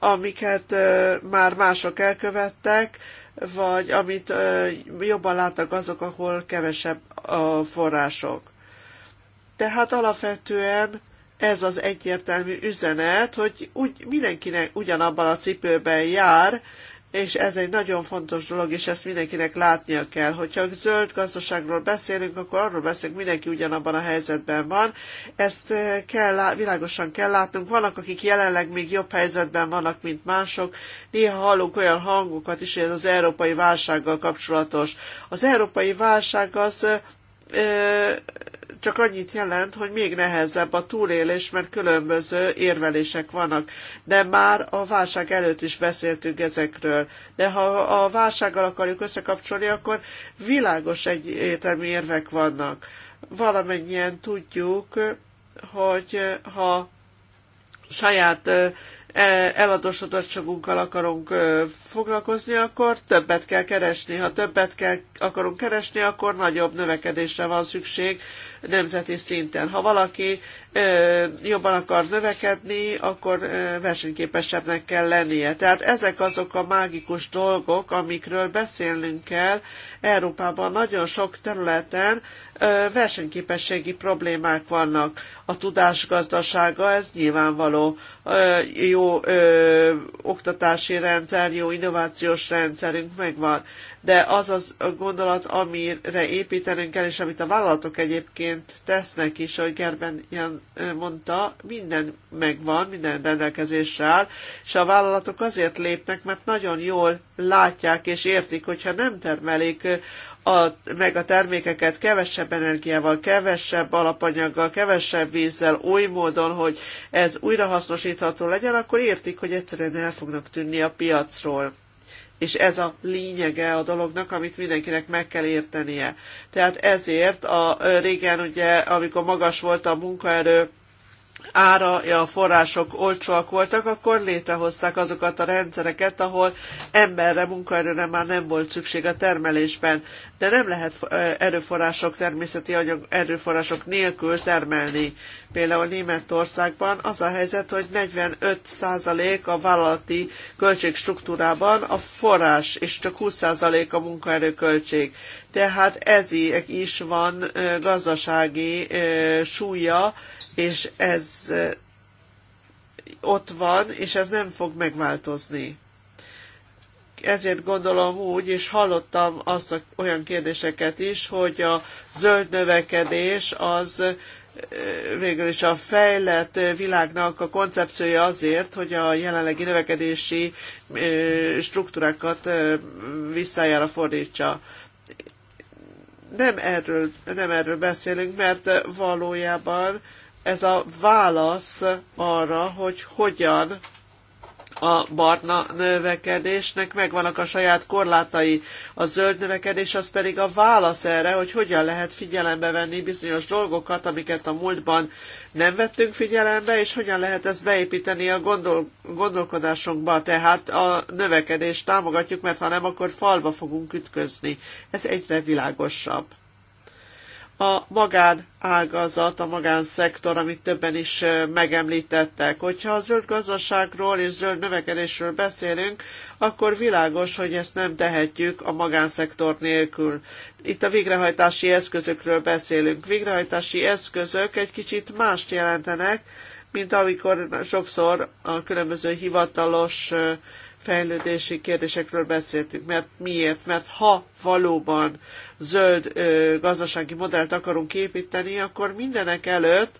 [SPEAKER 3] amiket már mások elkövettek, vagy amit jobban látnak azok, ahol kevesebb a források. Tehát alapvetően ez az egyértelmű üzenet, hogy úgy mindenkinek ugyanabban a cipőben jár, és ez egy nagyon fontos dolog, és ezt mindenkinek látnia kell. Hogyha zöld gazdaságról beszélünk, akkor arról beszélünk, mindenki ugyanabban a helyzetben van. Ezt kell, világosan kell látnunk. Vannak, akik jelenleg még jobb helyzetben vannak, mint mások. Néha hallunk olyan hangokat is, hogy ez az európai válsággal kapcsolatos. Az európai válság az ö, csak annyit jelent, hogy még nehezebb a túlélés, mert különböző érvelések vannak. De már a válság előtt is beszéltünk ezekről. De ha a válsággal akarjuk összekapcsolni, akkor világos egyértelmű érvek vannak. Valamennyien tudjuk, hogy ha saját e, eladósodottságunkkal akarunk foglalkozni, akkor többet kell keresni. Ha többet kell, akarunk keresni, akkor nagyobb növekedésre van szükség nemzeti szinten. Ha valaki jobban akar növekedni, akkor versenyképesebbnek kell lennie. Tehát ezek azok a mágikus dolgok, amikről beszélnünk kell. Európában nagyon sok területen versenyképességi problémák vannak. A tudás gazdasága, ez nyilvánvaló. Jó ö, oktatási rendszer, jó innovációs rendszerünk megvan de az az gondolat, amire építenünk kell, és amit a vállalatok egyébként tesznek is, ahogy Gerben Jan mondta, minden megvan, minden rendelkezésre áll, és a vállalatok azért lépnek, mert nagyon jól látják és értik, hogyha nem termelik a, meg a termékeket kevesebb energiával, kevesebb alapanyaggal, kevesebb vízzel, oly módon, hogy ez újrahasznosítható legyen, akkor értik, hogy egyszerűen el fognak tűnni a piacról. És ez a lényege a dolognak, amit mindenkinek meg kell értenie. Tehát ezért a régen ugye, amikor magas volt a munkaerő ára, a források olcsóak voltak, akkor létrehozták azokat a rendszereket, ahol emberre, munkaerőre már nem volt szükség a termelésben. De nem lehet eh, erőforrások, természeti anyag, erőforrások nélkül termelni. Például Németországban az a helyzet, hogy 45% a vállalati költségstruktúrában a forrás, és csak 20% a munkaerőköltség tehát ezért is van gazdasági súlya, és ez ott van, és ez nem fog megváltozni. Ezért gondolom úgy, és hallottam azt a, olyan kérdéseket is, hogy a zöld növekedés az végül is a fejlett világnak a koncepciója azért, hogy a jelenlegi növekedési struktúrákat visszájára fordítsa nem erről, nem erről beszélünk, mert valójában ez a válasz arra, hogy hogyan a barna növekedésnek megvannak a saját korlátai. A zöld növekedés az pedig a válasz erre, hogy hogyan lehet figyelembe venni bizonyos dolgokat, amiket a múltban nem vettünk figyelembe, és hogyan lehet ezt beépíteni a gondol- gondolkodásunkba. Tehát a növekedést támogatjuk, mert ha nem, akkor falba fogunk ütközni. Ez egyre világosabb a magán ágazat, a magánszektor, amit többen is megemlítettek. Hogyha a zöld gazdaságról és zöld növekedésről beszélünk, akkor világos, hogy ezt nem tehetjük a magánszektor nélkül. Itt a végrehajtási eszközökről beszélünk. Végrehajtási eszközök egy kicsit mást jelentenek, mint amikor sokszor a különböző hivatalos fejlődési kérdésekről beszéltünk. Mert miért? Mert ha valóban zöld ö, gazdasági modellt akarunk építeni, akkor mindenek előtt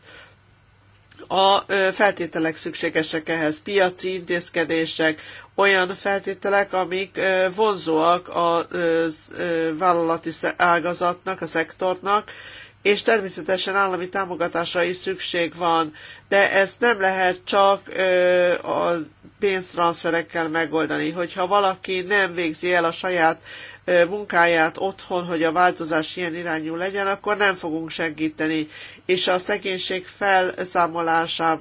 [SPEAKER 3] a feltételek szükségesek ehhez, piaci intézkedések, olyan feltételek, amik vonzóak a vállalati ágazatnak, a szektornak, és természetesen állami támogatásra is szükség van, de ezt nem lehet csak ö, a pénztranszferekkel megoldani. Hogyha valaki nem végzi el a saját ö, munkáját otthon, hogy a változás ilyen irányú legyen, akkor nem fogunk segíteni. És a szegénység felszámolását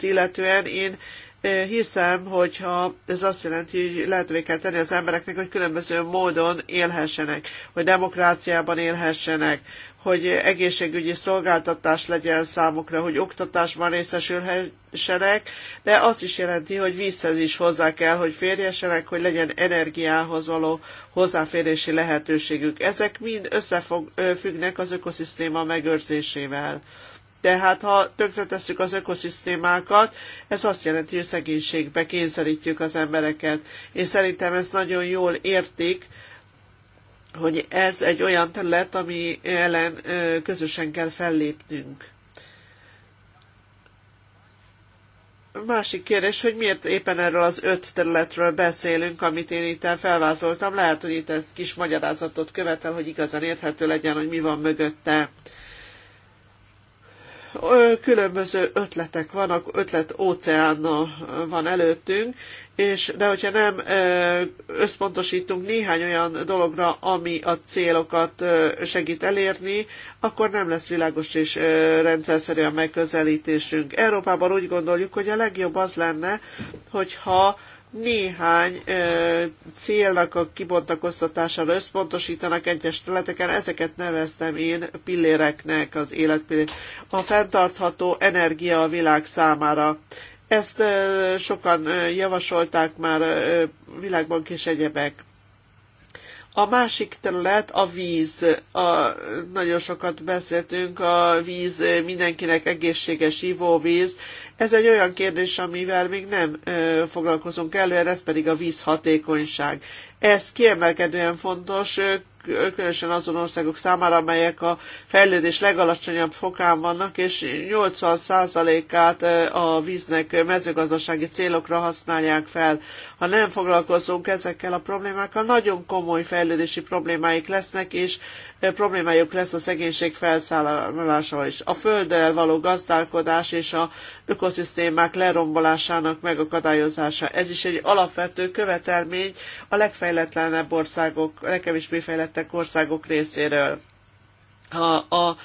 [SPEAKER 3] illetően én hiszem, hogyha ez azt jelenti, hogy lehetővé kell tenni az embereknek, hogy különböző módon élhessenek, hogy demokráciában élhessenek, hogy egészségügyi szolgáltatás legyen számukra, hogy oktatásban részesülhessenek, de azt is jelenti, hogy vízhez is hozzá kell, hogy férjesenek, hogy legyen energiához való hozzáférési lehetőségük. Ezek mind összefüggnek az ökoszisztéma megőrzésével. Tehát ha tönkretesszük az ökoszisztémákat, ez azt jelenti, hogy szegénységbe kényszerítjük az embereket. És szerintem ezt nagyon jól értik hogy ez egy olyan terület, ami ellen közösen kell fellépnünk. Másik kérdés, hogy miért éppen erről az öt területről beszélünk, amit én itt felvázoltam. Lehet, hogy itt egy kis magyarázatot követel, hogy igazán érthető legyen, hogy mi van mögötte különböző ötletek vannak, ötlet óceán van előttünk, és de hogyha nem összpontosítunk néhány olyan dologra, ami a célokat segít elérni, akkor nem lesz világos és rendszerszerű a megközelítésünk. Európában úgy gondoljuk, hogy a legjobb az lenne, hogyha néhány ö, célnak a kibontakoztatására összpontosítanak egyes területeken, ezeket neveztem én pilléreknek az életpillér. A fenntartható energia a világ számára. Ezt sokan javasolták már világbank és egyebek. A másik terület a víz. A, nagyon sokat beszéltünk, a víz mindenkinek egészséges ivóvíz. Ez egy olyan kérdés, amivel még nem ö, foglalkozunk előre, ez pedig a víz hatékonyság. Ez kiemelkedően fontos különösen azon országok számára, amelyek a fejlődés legalacsonyabb fokán vannak, és 80%-át a víznek mezőgazdasági célokra használják fel. Ha nem foglalkozunk ezekkel a problémákkal, nagyon komoly fejlődési problémáik lesznek, és problémájuk lesz a szegénység felszállásával is. A földdel való gazdálkodás és a ökoszisztémák lerombolásának megakadályozása. Ez is egy alapvető követelmény a legfejletlenebb országok, legkevésbé fejlettek országok részéről ha a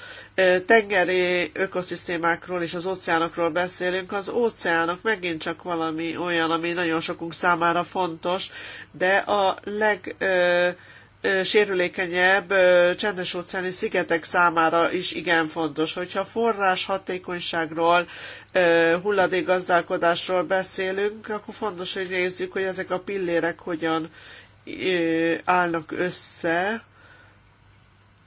[SPEAKER 3] tengeri ökoszisztémákról és az óceánokról beszélünk, az óceánok megint csak valami olyan, ami nagyon sokunk számára fontos, de a leg sérülékenyebb csendes óceáni szigetek számára is igen fontos. Hogyha forrás hatékonyságról, hulladékgazdálkodásról beszélünk, akkor fontos, hogy nézzük, hogy ezek a pillérek hogyan állnak össze,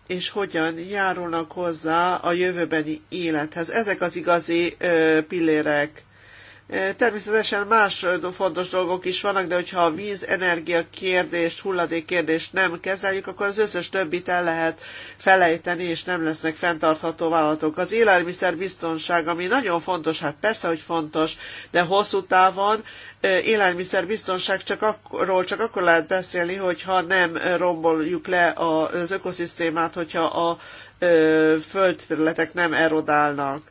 [SPEAKER 3] és hogyan járulnak hozzá a jövőbeni élethez. Ezek az igazi ö, pillérek. Természetesen más fontos dolgok is vannak, de hogyha a víz, energia kérdést, hulladék kérdést nem kezeljük, akkor az összes többit el lehet felejteni, és nem lesznek fenntartható vállalatok. Az élelmiszerbiztonság, ami nagyon fontos, hát persze, hogy fontos, de hosszú távon élelmiszerbiztonság csak akkor, csak akkor lehet beszélni, hogyha nem romboljuk le az ökoszisztémát, hogyha a földterületek nem erodálnak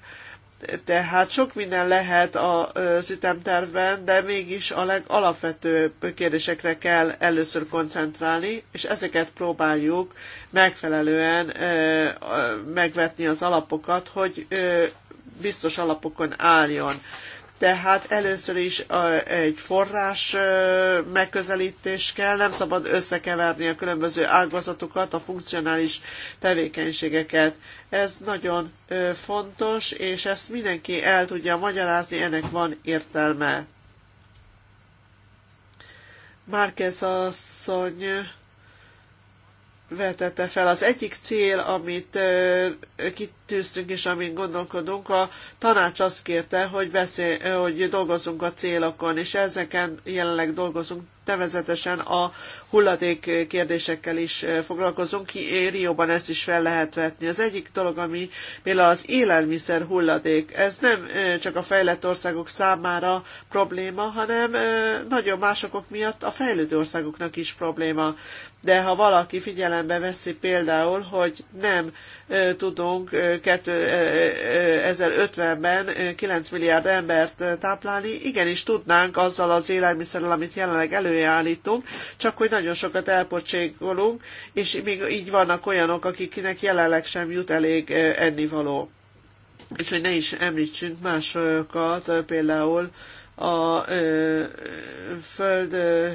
[SPEAKER 3] tehát sok minden lehet az ütemtervben, de mégis a legalapvetőbb kérdésekre kell először koncentrálni, és ezeket próbáljuk megfelelően megvetni az alapokat, hogy biztos alapokon álljon tehát először is egy forrás megközelítés kell, nem szabad összekeverni a különböző ágazatokat, a funkcionális tevékenységeket. Ez nagyon fontos, és ezt mindenki el tudja magyarázni, ennek van értelme. Márkez asszony vetette fel. Az egyik cél, amit kitűztünk és amin gondolkodunk, a tanács azt kérte, hogy, beszél, hogy dolgozzunk a célokon, és ezeken jelenleg dolgozunk, nevezetesen a hulladék kérdésekkel is foglalkozunk, Rióban ezt is fel lehet vetni. Az egyik dolog, ami például az élelmiszer hulladék, ez nem csak a fejlett országok számára probléma, hanem nagyon másokok miatt a fejlődő országoknak is probléma de ha valaki figyelembe veszi például, hogy nem tudunk 2050-ben 9 milliárd embert táplálni, igenis tudnánk azzal az élelmiszerrel, amit jelenleg előállítunk, csak hogy nagyon sokat elpocsékolunk, és még így vannak olyanok, akiknek jelenleg sem jut elég ennivaló. És hogy ne is említsünk másokat, például a ö, föld ö,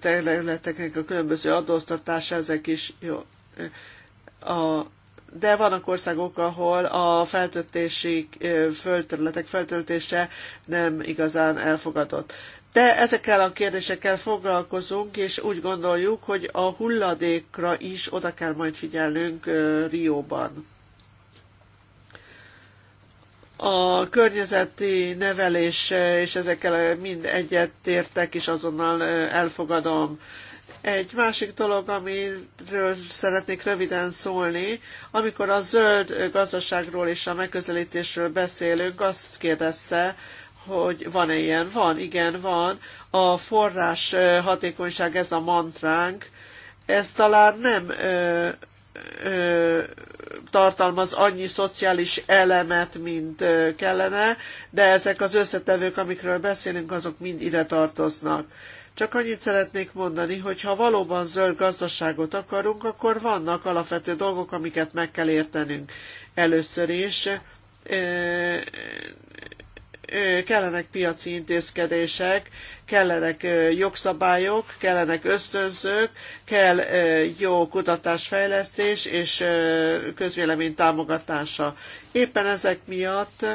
[SPEAKER 3] területeknek a különböző adóztatása, ezek is jó. A, de vannak országok, ahol a feltöltési földterületek feltöltése nem igazán elfogadott. De ezekkel a kérdésekkel foglalkozunk, és úgy gondoljuk, hogy a hulladékra is oda kell majd figyelnünk Rióban a környezeti nevelés, és ezekkel mind egyet és azonnal elfogadom. Egy másik dolog, amiről szeretnék röviden szólni, amikor a zöld gazdaságról és a megközelítésről beszélünk, azt kérdezte, hogy van-e ilyen? Van, igen, van. A forrás hatékonyság ez a mantránk. Ez talán nem tartalmaz annyi szociális elemet, mint kellene, de ezek az összetevők, amikről beszélünk, azok mind ide tartoznak. Csak annyit szeretnék mondani, hogy ha valóban zöld gazdaságot akarunk, akkor vannak alapvető dolgok, amiket meg kell értenünk. Először is kellenek piaci intézkedések, kellenek jogszabályok, kellenek ösztönzők, kell jó kutatásfejlesztés és közvélemény támogatása. Éppen ezek miatt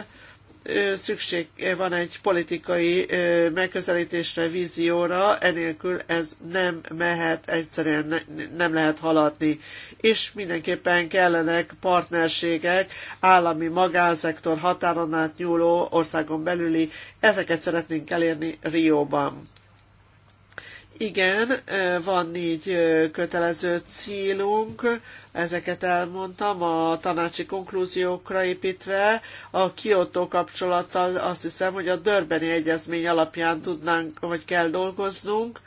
[SPEAKER 3] szükség van egy politikai megközelítésre, vízióra, enélkül ez nem mehet, egyszerűen nem lehet haladni. És mindenképpen kellenek partnerségek, állami magánszektor, határon átnyúló, országon belüli, ezeket szeretnénk elérni Rióban. Igen, van négy kötelező célunk, ezeket elmondtam a tanácsi konklúziókra építve. A Kyoto kapcsolattal azt hiszem, hogy a Dörbeni Egyezmény alapján tudnánk, hogy kell dolgoznunk,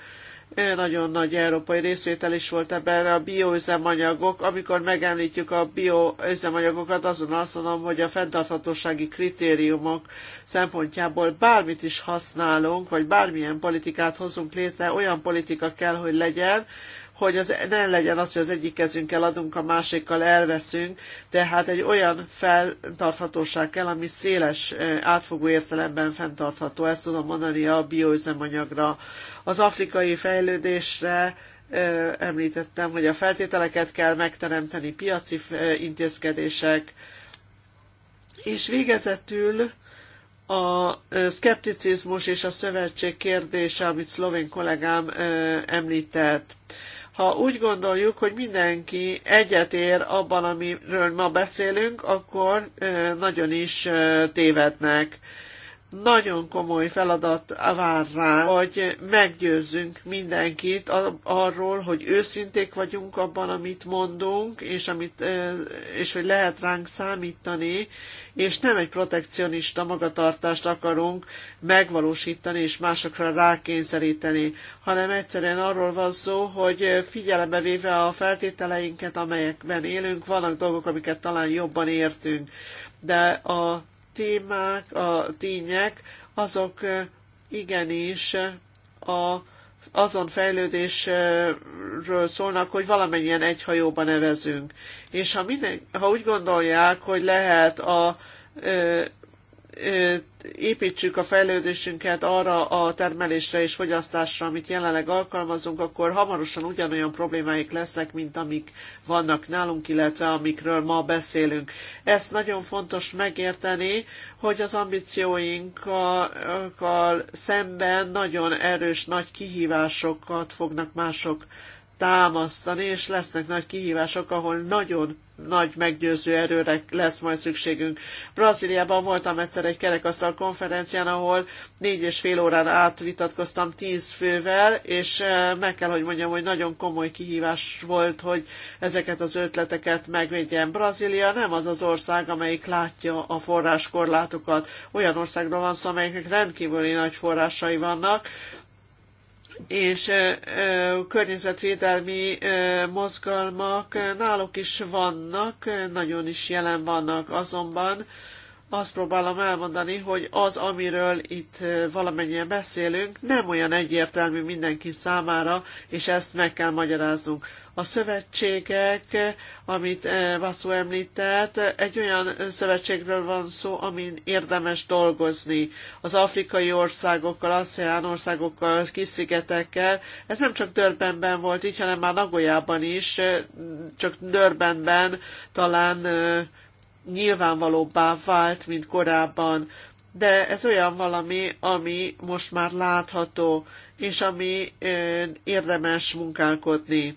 [SPEAKER 3] nagyon nagy európai részvétel is volt ebben a bioüzemanyagok. Amikor megemlítjük a bioüzemanyagokat, azon azt mondom, hogy a fenntarthatósági kritériumok szempontjából bármit is használunk, vagy bármilyen politikát hozunk létre, olyan politika kell, hogy legyen, hogy az, ne legyen az, hogy az egyik kezünkkel adunk, a másikkal elveszünk, tehát egy olyan fenntarthatóság kell, ami széles, átfogó értelemben fenntartható. Ezt tudom mondani a bioüzemanyagra az afrikai fejlődésre említettem, hogy a feltételeket kell megteremteni, piaci intézkedések, és végezetül a szkepticizmus és a szövetség kérdése, amit szlovén kollégám említett. Ha úgy gondoljuk, hogy mindenki egyetér abban, amiről ma beszélünk, akkor nagyon is tévednek nagyon komoly feladat vár rá, hogy meggyőzzünk mindenkit arról, hogy őszinték vagyunk abban, amit mondunk, és, amit, és hogy lehet ránk számítani, és nem egy protekcionista magatartást akarunk megvalósítani és másokra rákényszeríteni, hanem egyszerűen arról van szó, hogy figyelembe véve a feltételeinket, amelyekben élünk, vannak dolgok, amiket talán jobban értünk, de a témák, a tények, azok igenis a, azon fejlődésről szólnak, hogy valamennyien egy hajóba nevezünk. És ha, minden, ha úgy gondolják, hogy lehet a építsük a fejlődésünket arra a termelésre és fogyasztásra, amit jelenleg alkalmazunk, akkor hamarosan ugyanolyan problémáik lesznek, mint amik vannak nálunk, illetve amikről ma beszélünk. Ezt nagyon fontos megérteni, hogy az ambícióinkkal szemben nagyon erős nagy kihívásokat fognak mások támasztani, és lesznek nagy kihívások, ahol nagyon nagy meggyőző erőre lesz majd szükségünk. Brazíliában voltam egyszer egy kerekasztal konferencián, ahol négy és fél órán át vitatkoztam tíz fővel, és eh, meg kell, hogy mondjam, hogy nagyon komoly kihívás volt, hogy ezeket az ötleteket megvédjen. Brazília nem az az ország, amelyik látja a forráskorlátokat. Olyan országról van szó, amelyeknek rendkívüli nagy forrásai vannak, és környezetvédelmi mozgalmak náluk is vannak, nagyon is jelen vannak azonban, azt próbálom elmondani, hogy az, amiről itt valamennyien beszélünk, nem olyan egyértelmű mindenki számára, és ezt meg kell magyaráznunk. A szövetségek, amit Vasszú említett, egy olyan szövetségről van szó, amin érdemes dolgozni. Az afrikai országokkal, ASEAN országokkal, kis szigetekkel. Ez nem csak Dörbenben volt így, hanem már Nagoyában is, csak Dörbenben talán nyilvánvalóbbá vált, mint korábban, de ez olyan valami, ami most már látható, és ami érdemes munkálkodni.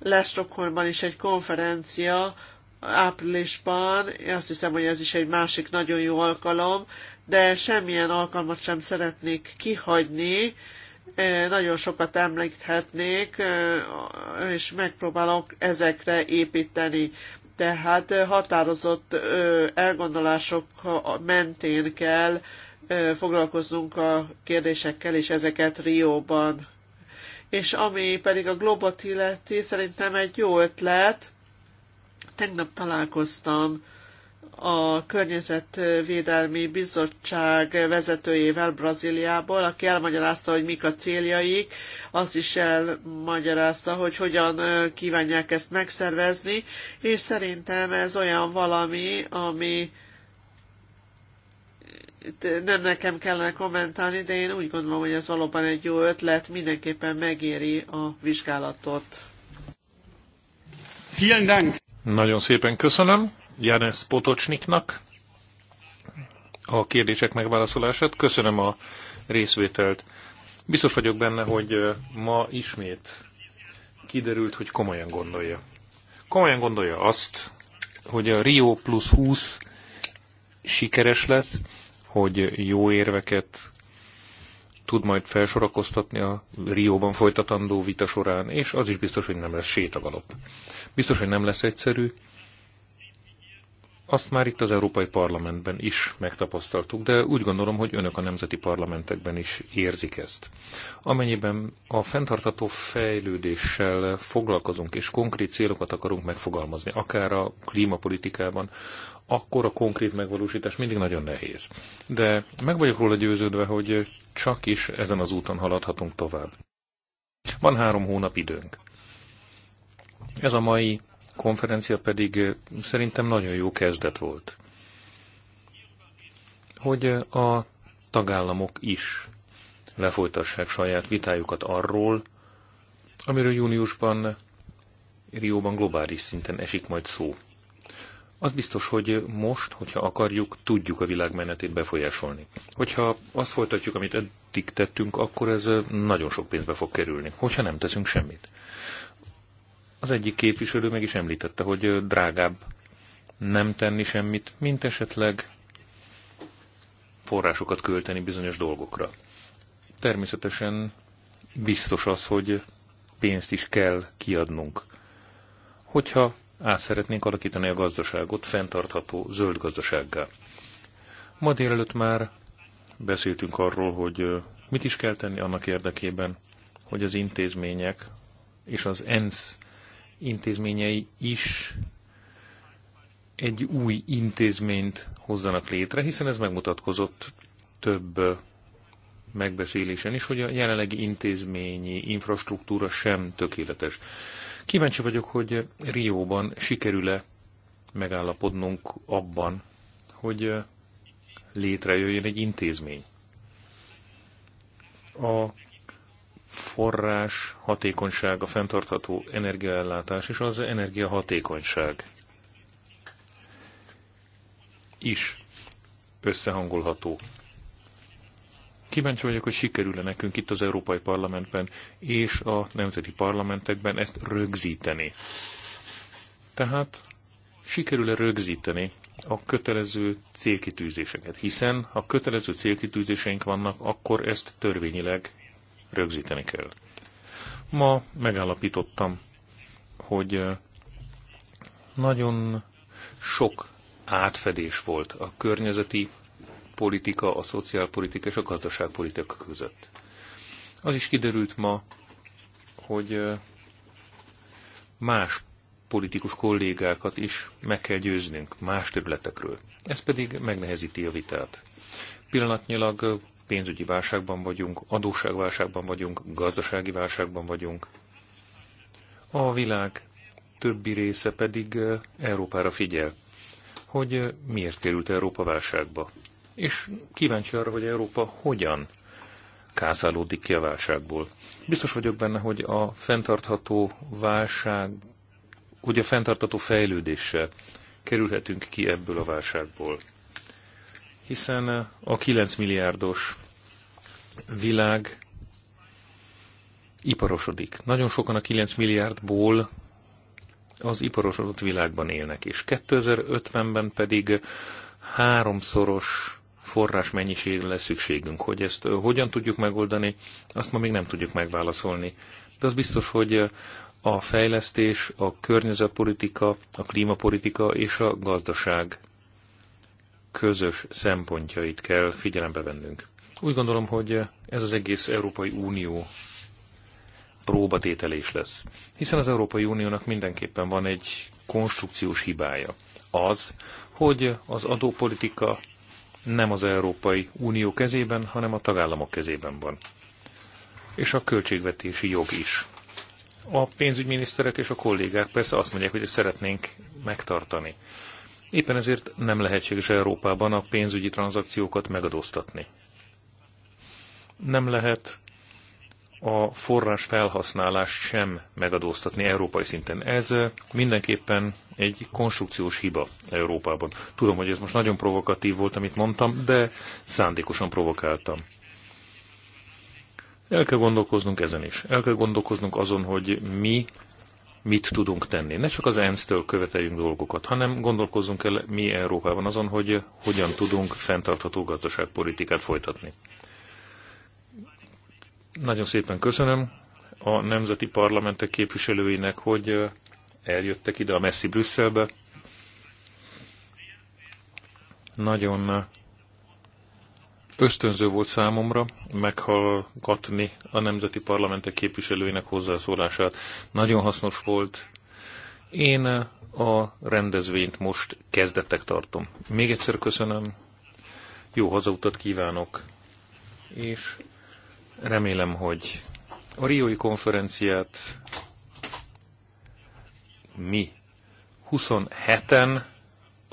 [SPEAKER 3] Lesz Stockholmban is egy konferencia áprilisban, azt hiszem, hogy ez is egy másik nagyon jó alkalom, de semmilyen alkalmat sem szeretnék kihagyni, nagyon sokat említhetnék, és megpróbálok ezekre építeni. Tehát határozott elgondolások mentén kell foglalkoznunk a kérdésekkel, és ezeket Rióban. És ami pedig a Globot illeti, szerintem egy jó ötlet. Tegnap találkoztam a Környezetvédelmi Bizottság vezetőjével Brazíliából, aki elmagyarázta, hogy mik a céljaik, azt is elmagyarázta, hogy hogyan kívánják ezt megszervezni, és szerintem ez olyan valami, ami nem nekem kellene kommentálni, de én úgy gondolom, hogy ez valóban egy jó ötlet, mindenképpen megéri a vizsgálatot.
[SPEAKER 1] Vielen Dank! Nagyon szépen köszönöm. János Potocsniknak a kérdések megválaszolását. Köszönöm a részvételt. Biztos vagyok benne, hogy ma ismét kiderült, hogy komolyan gondolja. Komolyan gondolja azt, hogy a Rio plusz 20 sikeres lesz, hogy jó érveket tud majd felsorakoztatni a Rióban folytatandó vita során, és az is biztos, hogy nem lesz sétagalop. Biztos, hogy nem lesz egyszerű, azt már itt az Európai Parlamentben is megtapasztaltuk, de úgy gondolom, hogy önök a nemzeti parlamentekben is érzik ezt. Amennyiben a fenntartató fejlődéssel foglalkozunk, és konkrét célokat akarunk megfogalmazni, akár a klímapolitikában, akkor a konkrét megvalósítás mindig nagyon nehéz. De meg vagyok róla győződve, hogy csak is ezen az úton haladhatunk tovább. Van három hónap időnk. Ez a mai konferencia pedig szerintem nagyon jó kezdet volt. Hogy a tagállamok is lefolytassák saját vitájukat arról, amiről júniusban Rióban globális szinten esik majd szó. Az biztos, hogy most, hogyha akarjuk, tudjuk a világ menetét befolyásolni. Hogyha azt folytatjuk, amit eddig tettünk, akkor ez nagyon sok pénzbe fog kerülni, hogyha nem teszünk semmit. Az egyik képviselő meg is említette, hogy drágább nem tenni semmit, mint esetleg forrásokat költeni bizonyos dolgokra. Természetesen biztos az, hogy pénzt is kell kiadnunk. Hogyha át szeretnénk alakítani a gazdaságot fenntartható zöld gazdasággá. Ma délelőtt már beszéltünk arról, hogy mit is kell tenni annak érdekében, hogy az intézmények és az ENSZ intézményei is egy új intézményt hozzanak létre, hiszen ez megmutatkozott több megbeszélésen is, hogy a jelenlegi intézményi infrastruktúra sem tökéletes. Kíváncsi vagyok, hogy Rióban sikerül-e megállapodnunk abban, hogy létrejöjjön egy intézmény. A forrás hatékonyság, a fenntartható energiaellátás és az energiahatékonyság is összehangolható. Kíváncsi vagyok, hogy sikerül-e nekünk itt az Európai Parlamentben és a nemzeti parlamentekben ezt rögzíteni. Tehát sikerül-e rögzíteni a kötelező célkitűzéseket, hiszen ha kötelező célkitűzéseink vannak, akkor ezt törvényileg rögzíteni kell. Ma megállapítottam, hogy nagyon sok átfedés volt a környezeti politika, a szociálpolitika és a gazdaságpolitika között. Az is kiderült ma, hogy más politikus kollégákat is meg kell győznünk más területekről. Ez pedig megnehezíti a vitát. Pillanatnyilag pénzügyi válságban vagyunk, adósságválságban vagyunk, gazdasági válságban vagyunk. A világ többi része pedig Európára figyel, hogy miért került Európa válságba. És kíváncsi arra, hogy Európa hogyan kászálódik ki a válságból. Biztos vagyok benne, hogy a fenntartható válság, hogy a fenntartható fejlődéssel kerülhetünk ki ebből a válságból hiszen eh, a 9 milliárdos világ iparosodik. Nagyon sokan a 9 milliárdból az iparosodott világban élnek, és 2050-ben pedig háromszoros mennyiségre lesz szükségünk. Hogy ezt eh, hogyan tudjuk megoldani, azt ma még nem tudjuk megválaszolni. De az biztos, hogy eh, a fejlesztés, a környezetpolitika, a klímapolitika és a gazdaság közös szempontjait kell figyelembe vennünk. Úgy gondolom, hogy ez az egész Európai Unió próbatételés lesz. Hiszen az Európai Uniónak mindenképpen van egy konstrukciós hibája. Az, hogy az adópolitika nem az Európai Unió kezében, hanem a tagállamok kezében van. És a költségvetési jog is. A pénzügyminiszterek és a kollégák persze azt mondják, hogy ezt szeretnénk megtartani. Éppen ezért nem lehetséges Európában a pénzügyi tranzakciókat megadóztatni. Nem lehet a forrás felhasználást sem megadóztatni európai szinten. Ez mindenképpen egy konstrukciós hiba Európában. Tudom, hogy ez most nagyon provokatív volt, amit mondtam, de szándékosan provokáltam. El kell gondolkoznunk ezen is. El kell gondolkoznunk azon, hogy mi mit tudunk tenni. Ne csak az ENSZ-től követeljünk dolgokat, hanem gondolkozzunk el mi Európában azon, hogy hogyan tudunk fenntartható gazdaságpolitikát folytatni. Nagyon szépen köszönöm a nemzeti parlamentek képviselőinek, hogy eljöttek ide a messzi Brüsszelbe. Nagyon ösztönző volt számomra meghallgatni a nemzeti parlamentek képviselőinek hozzászólását. Nagyon hasznos volt. Én a rendezvényt most kezdetek tartom. Még egyszer köszönöm, jó hazautat kívánok, és remélem, hogy a Riói konferenciát mi 27-en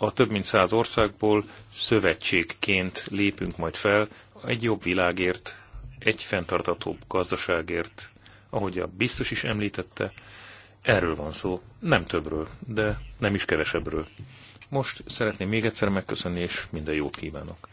[SPEAKER 1] a több mint száz országból szövetségként lépünk majd fel egy jobb világért, egy fenntartatóbb gazdaságért, ahogy a biztos is említette, erről van szó, nem többről, de nem is kevesebbről. Most szeretném még egyszer megköszönni, és minden jót kívánok!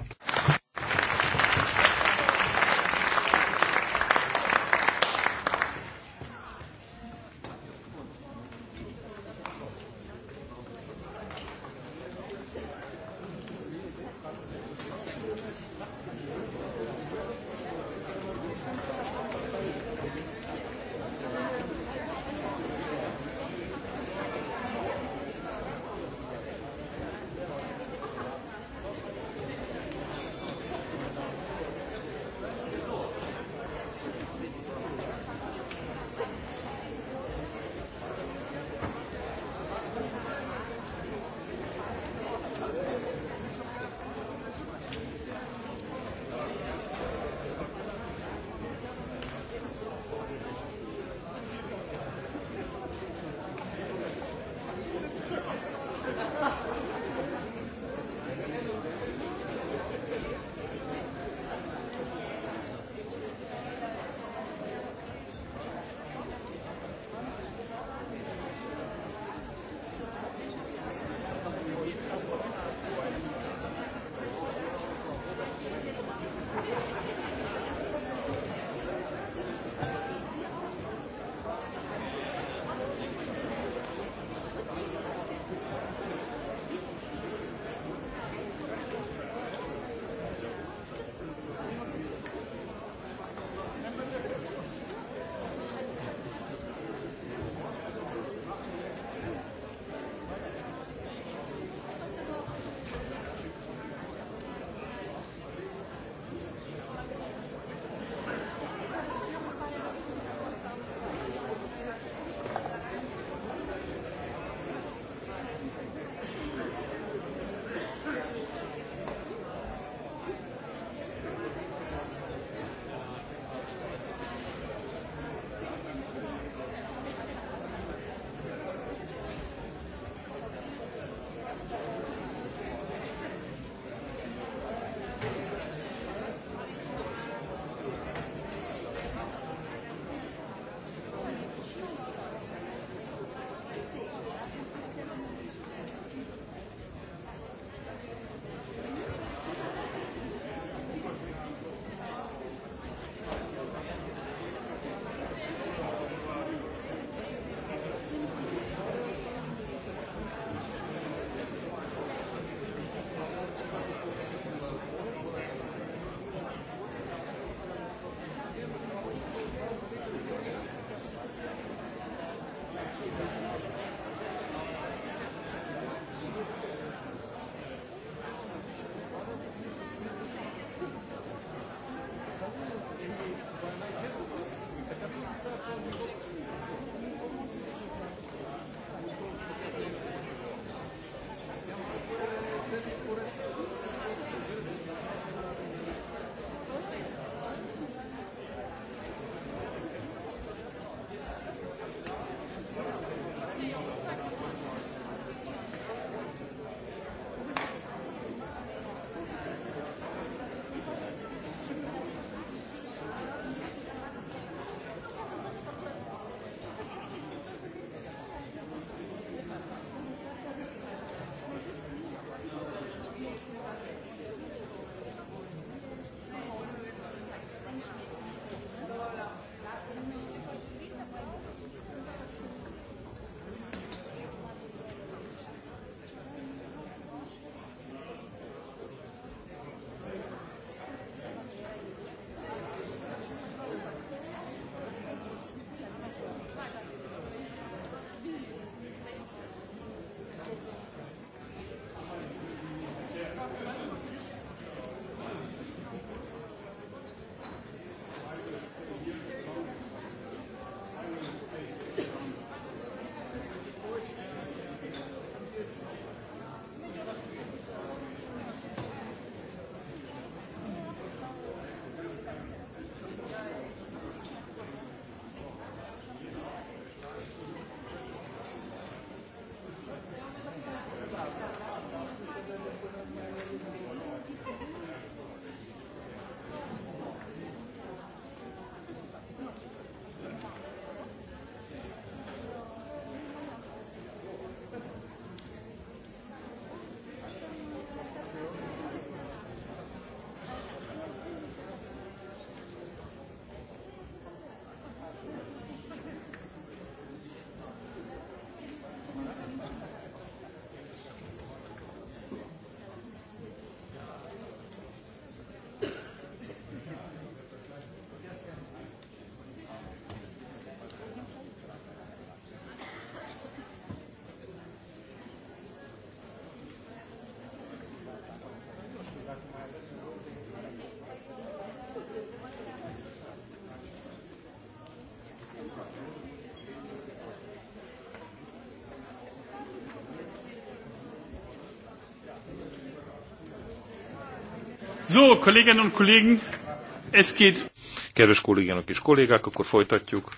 [SPEAKER 1] So, Kolleginnen und Kollegen, es geht. Kedves kollégánok és kollégák, akkor folytatjuk.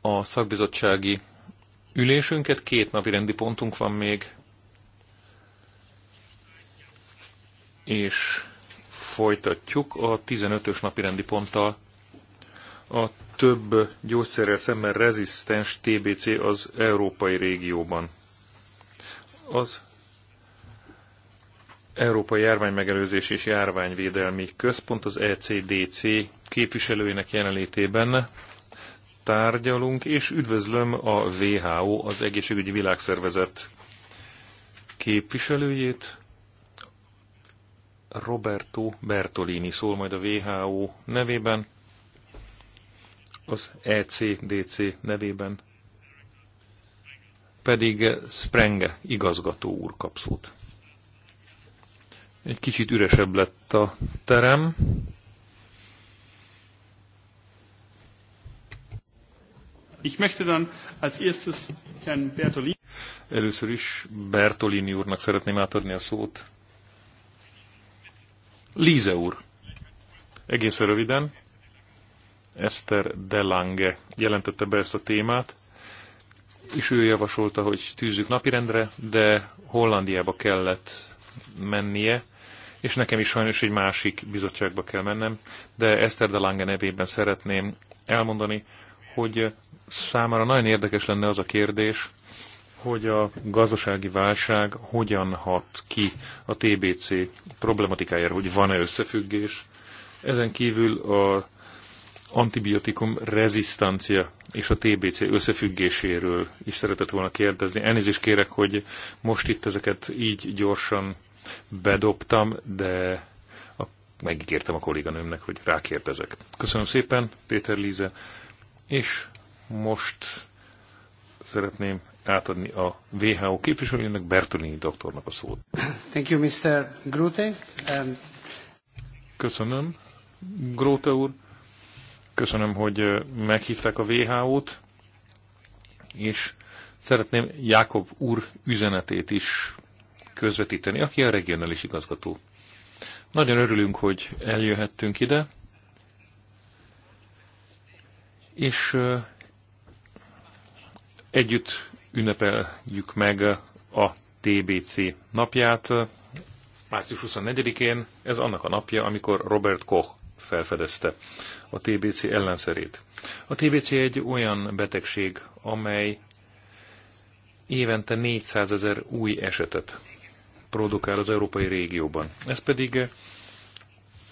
[SPEAKER 1] A szakbizottsági ülésünket két napi rendi pontunk van még, és folytatjuk a 15-ös napi rendi ponttal. A több gyógyszerrel szemben rezisztens TBC az európai régióban. Az Európai Járványmegelőzés és Járványvédelmi Központ, az ECDC képviselőinek jelenlétében tárgyalunk, és üdvözlöm a WHO, az Egészségügyi Világszervezet képviselőjét, Roberto Bertolini szól majd a WHO nevében, az ECDC nevében, pedig Sprenge igazgató úr kap szót. Egy kicsit üresebb lett a terem. Ich möchte dann als erstes Herrn Bertolini. Először is Bertolini úrnak szeretném átadni a szót. Líze úr. Egészen röviden. Eszter Delange jelentette be ezt a témát, és ő javasolta, hogy tűzzük napirendre, de Hollandiába kellett mennie, és nekem is sajnos egy másik bizottságba kell mennem, de Eszter de Lange nevében szeretném elmondani, hogy számára nagyon érdekes lenne az a kérdés, hogy a gazdasági válság hogyan hat ki a TBC problematikájára, hogy van-e összefüggés. Ezen kívül a antibiotikum rezisztancia és a TBC összefüggéséről is szeretett volna kérdezni. Elnézést kérek, hogy most itt ezeket így gyorsan bedobtam, de a, megígértem a kolléganőmnek, hogy rákérdezek. Köszönöm szépen, Péter Líze, és most szeretném átadni a WHO képviselőjének, Bertolini doktornak a szót. Thank you, Mr. Grote. Um... Köszönöm, Grote úr. Köszönöm, hogy meghívták a WHO-t, és szeretném Jákob úr üzenetét is közvetíteni, aki a regionális igazgató. Nagyon örülünk, hogy eljöhettünk ide, és együtt ünnepeljük meg a TBC napját. Március 24-én ez annak a napja, amikor Robert Koch felfedezte a TBC ellenszerét. A TBC egy olyan betegség, amely évente 400 ezer új esetet produkál az európai régióban. Ez pedig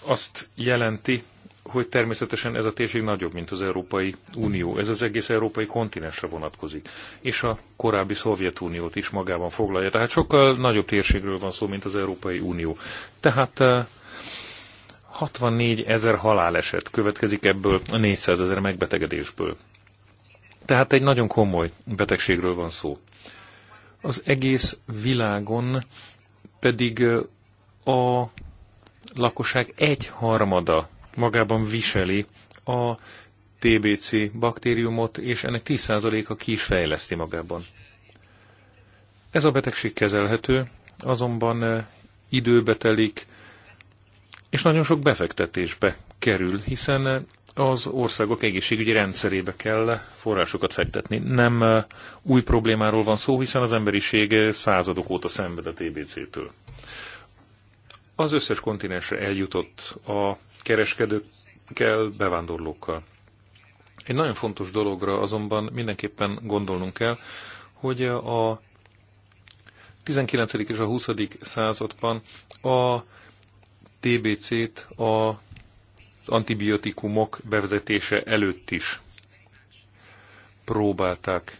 [SPEAKER 1] azt jelenti, hogy természetesen ez a térség nagyobb, mint az Európai Unió. Ez az egész európai kontinensre vonatkozik. És a korábbi Szovjetuniót is magában foglalja. Tehát sokkal nagyobb térségről van szó, mint az Európai Unió. Tehát 64 eh, ezer haláleset következik ebből a 400 ezer megbetegedésből. Tehát egy nagyon komoly betegségről van szó. Az egész világon pedig a lakosság egy harmada magában viseli a TBC baktériumot, és ennek 10%-a ki is fejleszti magában. Ez a betegség kezelhető, azonban időbe telik, és nagyon sok befektetésbe kerül, hiszen az országok egészségügyi rendszerébe kell forrásokat fektetni. Nem új problémáról van szó, hiszen az emberiség századok óta szenved a TBC-től. Az összes kontinensre eljutott a kereskedőkkel, bevándorlókkal. Egy nagyon fontos dologra azonban mindenképpen gondolnunk kell, hogy a 19. és a 20. században a TBC-t a antibiotikumok bevezetése előtt is próbálták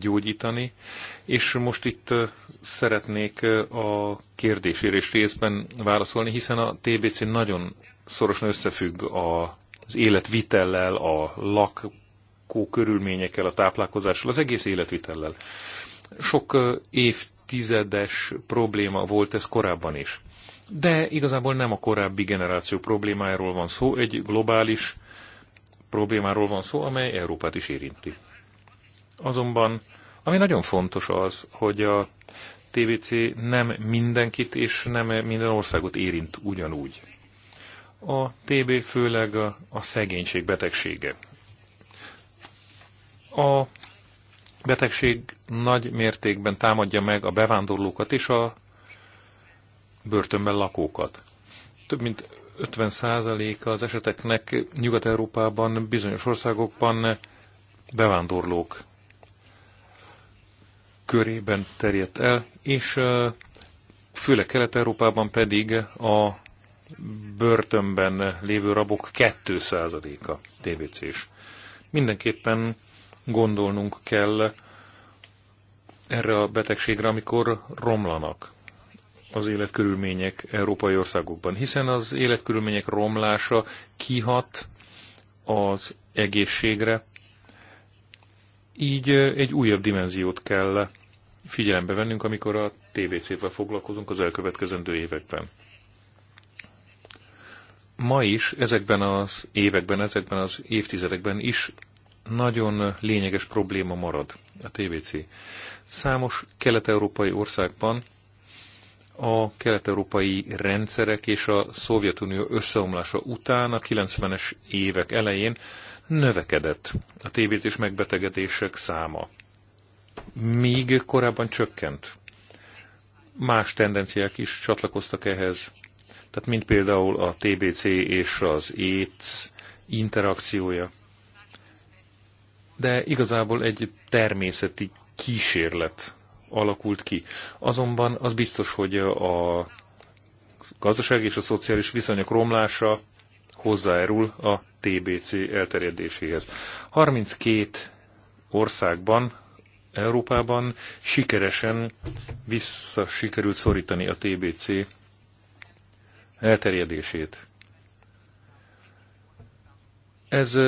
[SPEAKER 1] gyógyítani, és most itt szeretnék a kérdésére részben válaszolni, hiszen a TBC nagyon szorosan összefügg az életvitellel, a lakó körülményekkel, a táplálkozással, az egész életvitellel. Sok évtizedes probléma volt ez korábban is. De igazából nem a korábbi generáció problémájáról van szó, egy globális problémáról van szó, amely Európát is érinti. Azonban, ami nagyon fontos az, hogy a TVC nem mindenkit és nem minden országot érint ugyanúgy. A TB főleg a, a szegénység betegsége. A betegség nagy mértékben támadja meg a bevándorlókat és a börtönben lakókat. Több mint 50 százaléka az eseteknek Nyugat-Európában, bizonyos országokban bevándorlók körében terjedt el, és főleg Kelet-Európában pedig a börtönben lévő rabok 2 százaléka TBC-s. Mindenképpen gondolnunk kell erre a betegségre, amikor romlanak az életkörülmények európai országokban, hiszen az életkörülmények romlása kihat az egészségre, így egy újabb dimenziót kell figyelembe vennünk, amikor a TBC-vel foglalkozunk az elkövetkezendő években. Ma is, ezekben az években, ezekben az évtizedekben is nagyon lényeges probléma marad a TBC. Számos kelet-európai országban a kelet-európai rendszerek és a Szovjetunió összeomlása után a 90-es évek elején növekedett a tévézés megbetegedések száma, míg korábban csökkent. Más tendenciák is csatlakoztak ehhez, tehát mint például a TBC és az AIDS interakciója. De igazából egy természeti kísérlet alakult ki. Azonban az biztos, hogy a gazdaság és a szociális viszonyok romlása hozzájárul a TBC elterjedéséhez. 32 országban, Európában sikeresen vissza sikerült szorítani a TBC elterjedését. Ez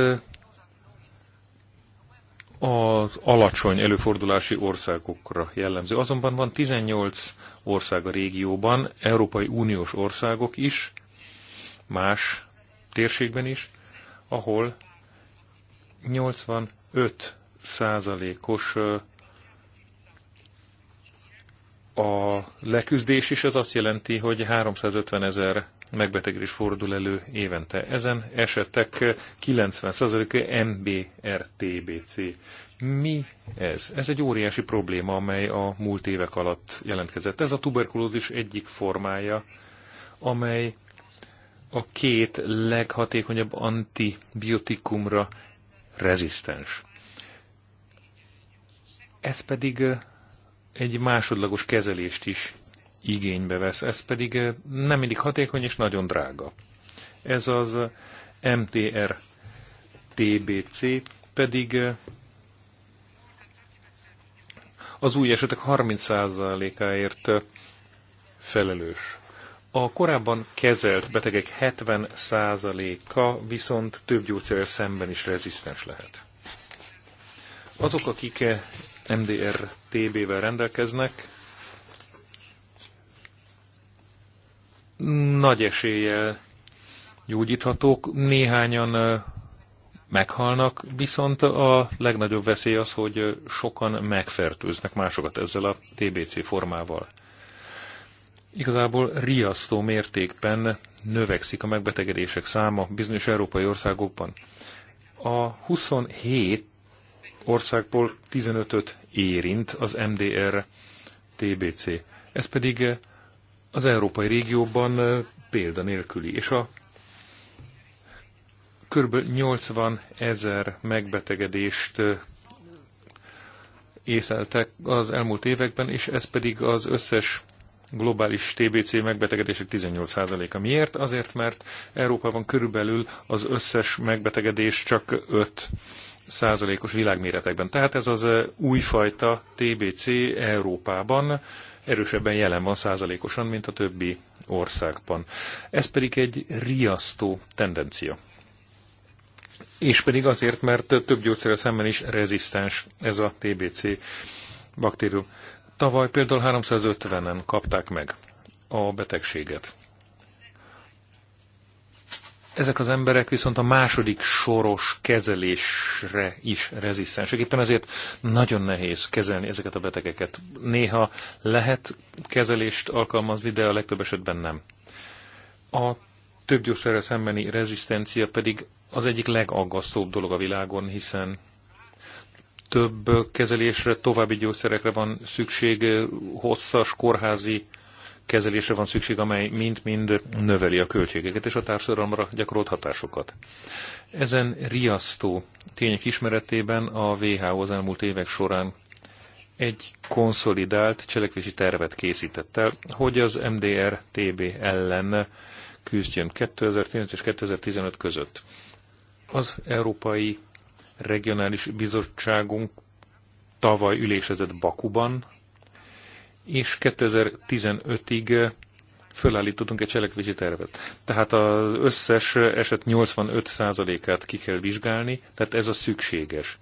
[SPEAKER 1] az alacsony előfordulási országokra jellemző. Azonban van 18 ország a régióban, Európai Uniós országok is, más térségben is, ahol 85 százalékos a leküzdés is, ez azt jelenti, hogy 350 ezer megbetegedés fordul elő évente. Ezen esetek 90%-a MBRTBC. Mi ez? Ez egy óriási probléma, amely a múlt évek alatt jelentkezett. Ez a tuberkulózis egyik formája, amely a két leghatékonyabb antibiotikumra rezisztens. Ez pedig egy másodlagos kezelést is igénybe vesz. Ez pedig eh, nem mindig hatékony és nagyon drága. Ez az eh, MTR TBC pedig eh, az új esetek 30%-áért felelős. A korábban kezelt betegek 70%-a viszont több gyógyszerrel szemben is rezisztens lehet. Azok, akik MDR-TB-vel rendelkeznek, nagy eséllyel gyógyíthatók, néhányan meghalnak, viszont a legnagyobb veszély az, hogy sokan megfertőznek másokat ezzel a TBC formával. Igazából riasztó mértékben növekszik a megbetegedések száma bizonyos európai országokban. A 27 országból 15-öt érint az MDR TBC. Ez pedig az európai régióban nélküli, és a kb. 80 ezer megbetegedést észleltek az elmúlt években, és ez pedig az összes globális TBC megbetegedések 18%-a. Miért? Azért, mert Európában körülbelül az összes megbetegedés csak 5 százalékos világméretekben. Tehát ez az újfajta TBC Európában erősebben jelen van százalékosan, mint a többi országban. Ez pedig egy riasztó tendencia. És pedig azért, mert több gyógyszerrel szemben is rezisztens ez a TBC baktérium. Tavaly például 350-en kapták meg a betegséget ezek az emberek viszont a második soros kezelésre is rezisztensek. Éppen ezért nagyon nehéz kezelni ezeket a betegeket. Néha lehet kezelést alkalmazni, de a legtöbb esetben nem. A gyógyszerre szembeni rezisztencia pedig az egyik legaggasztóbb dolog a világon, hiszen több kezelésre, további gyógyszerekre van szükség, hosszas kórházi kezelésre van szükség, amely mind-mind növeli a költségeket és a társadalomra gyakorolt hatásokat. Ezen riasztó tények ismeretében a WHO az elmúlt évek során egy konszolidált cselekvési tervet készített el, hogy az MDR TB ellen küzdjön 2015 és 2015 között. Az Európai Regionális Bizottságunk tavaly ülésezett Bakuban, és 2015-ig eh, fölállítottunk egy cselekvési tervet. Tehát az összes eset 85%-át ki kell vizsgálni, tehát ez a szükséges.